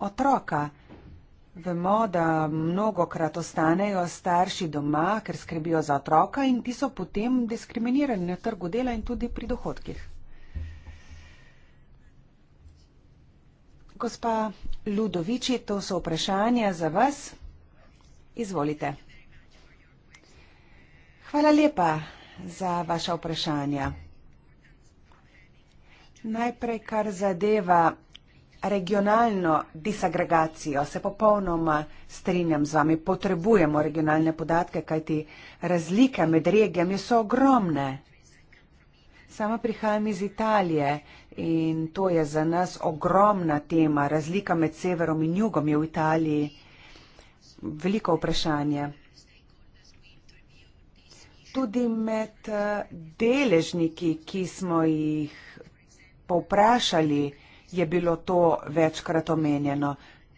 otroka. Vemo, da mnogo krat ostanejo starši doma, ker skrbijo za otroka in ti so potem diskriminirani na trgu dela in tudi pri dohodkih. Gospa Ludoviči, to so vprašanja za vas. Izvolite. Hvala lepa za vaša vprašanja. Najprej, kar zadeva regionalno disagregacijo, se popolnoma strinjam z vami. Potrebujemo regionalne podatke, kajti razlike med regijami so ogromne. Sama prihajam iz Italije in to je za nas ogromna tema. Razlika med severom in jugom je v Italiji veliko vprašanje tudi med eh, deležniki, ki smo jih povprašali, je bilo to večkrat omenjeno.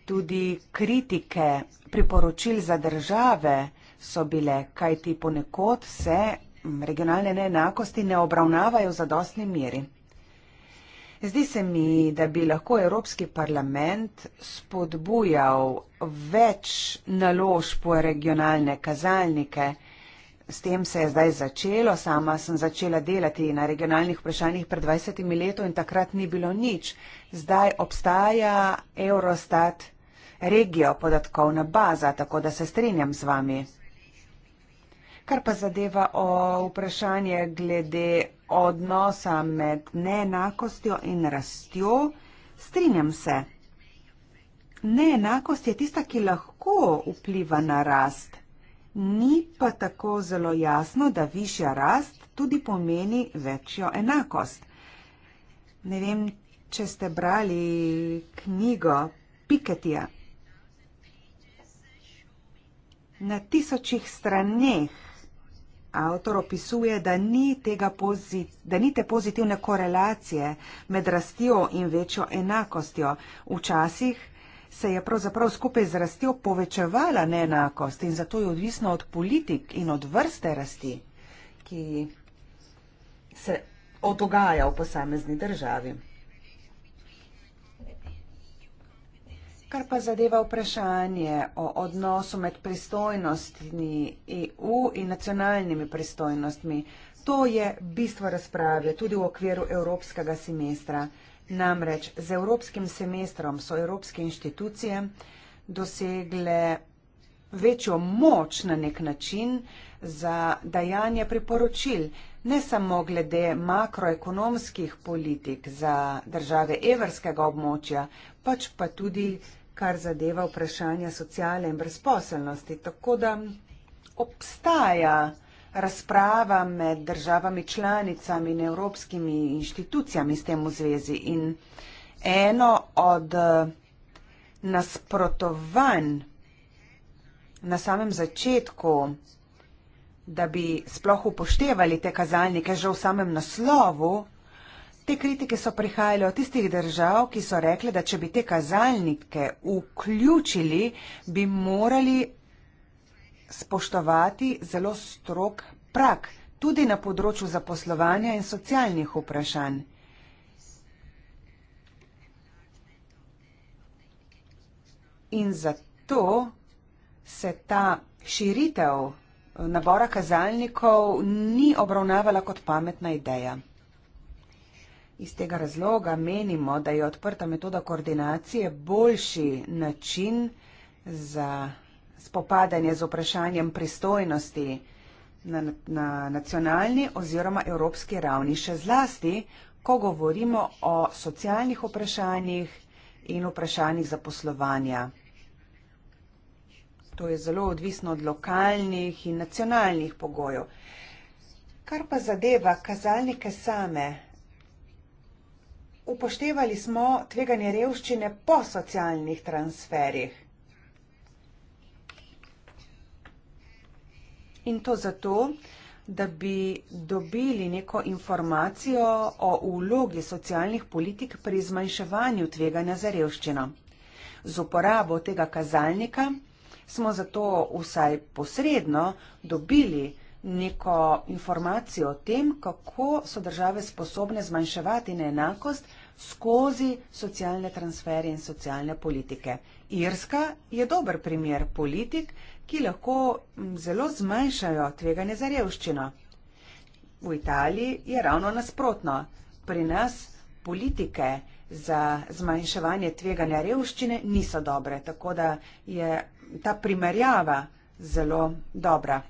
Tudi kritike priporočil za države so bile, kajti ponekod se mm, regionalne neenakosti ne obravnavajo v zadostni meri. Zdi se mi, da bi lahko Evropski parlament spodbujal več naložb v regionalne kazalnike, s tem se je zdaj začelo. Sama sem začela delati na regionalnih vprašanjih pred 20 leti in takrat ni bilo nič. Zdaj obstaja Eurostat regijo podatkovna baza, tako da se strinjam z vami. Kar pa zadeva o vprašanje glede odnosa med neenakostjo in rastjo, strinjam se. Neenakost je tista, ki lahko vpliva na rast. Ni pa tako zelo jasno, da višja rast tudi pomeni večjo enakost. Ne vem, če ste brali knjigo Piketija. Na tisočih straneh avtor opisuje, da ni, pozi, da ni te pozitivne korelacije med rastjo in večjo enakostjo. Včasih se je pravzaprav skupaj z rastjo povečevala neenakost in zato je odvisno od politik in od vrste rasti, ki se odogaja v posamezni državi. Kar pa zadeva vprašanje o odnosu med pristojnostmi EU in nacionalnimi pristojnostmi, to je bistvo razprave tudi v okviru Evropskega semestra. Namreč z evropskim semestrom so evropske inštitucije dosegle večjo moč na nek način za dajanje priporočil, ne samo glede makroekonomskih politik za države evrskega območja, pač pa tudi, kar zadeva vprašanja socialne in brezposelnosti. Tako da obstaja razprava med državami članicami in evropskimi inštitucijami s tem v zvezi. In eno od eh, nasprotovanj na samem začetku, da bi sploh upoštevali te kazalnike že v samem naslovu, Te kritike so prihajale od tistih držav, ki so rekli, da če bi te kazalnike vključili, bi morali spoštovati zelo strok prak, tudi na področju zaposlovanja in socialnih vprašanj. In zato se ta širitev nabora kazalnikov ni obravnavala kot pametna ideja. Iz tega razloga menimo, da je odprta metoda koordinacije boljši način za spopadanje z vprašanjem pristojnosti na, na nacionalni oziroma evropski ravni, še zlasti, ko govorimo o socialnih vprašanjih in vprašanjih zaposlovanja. To je zelo odvisno od lokalnih in nacionalnih pogojev. Kar pa zadeva kazalnike same, upoštevali smo tveganje revščine po socialnih transferih. in to zato, da bi dobili neko informacijo o vlogi socialnih politik pri zmanjševanju tveganja za revščino. Z uporabo tega kazalnika smo zato vsaj posredno dobili neko informacijo o tem, kako so države sposobne zmanjševati neenakost skozi socialne transferje in socialne politike. Irska je dober primer politik, ki lahko zelo zmanjšajo tveganje za revščino. V Italiji je ravno nasprotno. Pri nas politike za zmanjševanje tveganja revščine niso dobre, tako da je ta primerjava zelo dobra.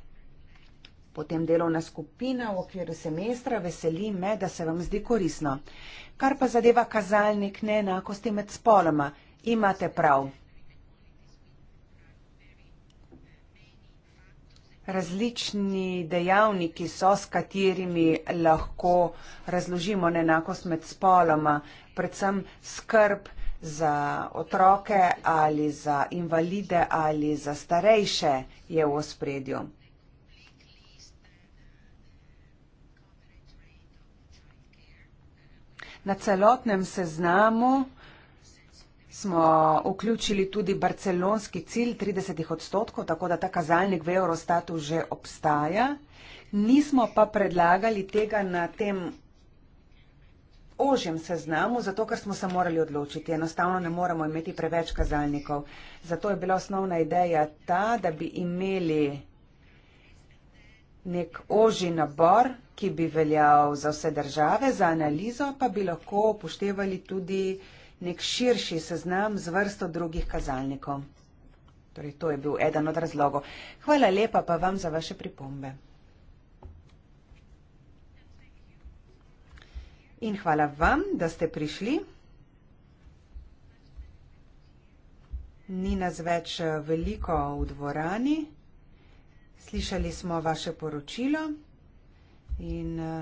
Potem delovna skupina v okviru semestra veseli me, da se vam zdi koristno. Kar pa zadeva kazalnik neenakosti med spoloma, imate prav. različni dejavniki so, s katerimi lahko razložimo neenakost med spoloma, predvsem skrb za otroke ali za invalide ali za starejše je v ospredju. Na celotnem seznamu smo vključili tudi barcelonski cilj 30 odstotkov, tako da ta kazalnik v Eurostatu že obstaja. Nismo pa predlagali tega na tem ožjem seznamu, zato ker smo se morali odločiti. Enostavno ne moremo imeti preveč kazalnikov. Zato je bila osnovna ideja ta, da bi imeli nek ožji nabor, ki bi veljal za vse države, za analizo pa bi lahko upoštevali tudi nek širši seznam z vrsto drugih kazalnikov. Torej, to je bil eden od razlogov. Hvala lepa pa vam za vaše pripombe. In hvala vam, da ste prišli. Ni nas več eh, veliko v dvorani. Slišali smo vaše poročilo in uh,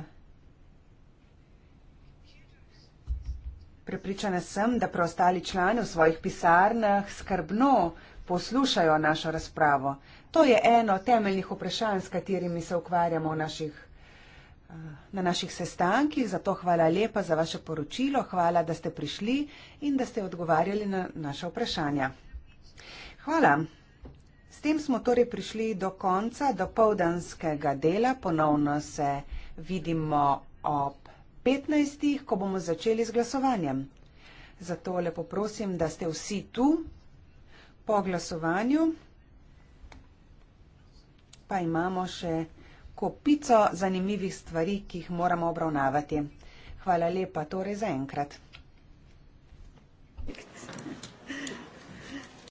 Prepričana sem, da preostali člani v svojih pisarnah skrbno poslušajo našo razpravo. To je eno temeljnih vprašanj, s katerimi se ukvarjamo naših, eh, na naših sestankih. Zato hvala lepa za vaše poročilo, hvala, da ste prišli in da ste odgovarjali na naše vprašanja. Hvala. S tem smo torej prišli do konca, do povdanskega dela. Ponovno se vidimo ob. 15., ko bomo začeli z glasovanjem. Zato lepo prosim, da ste vsi tu po glasovanju. Pa imamo še kopico zanimivih stvari, ki jih moramo obravnavati. Hvala lepa torej za enkrat. Thank you.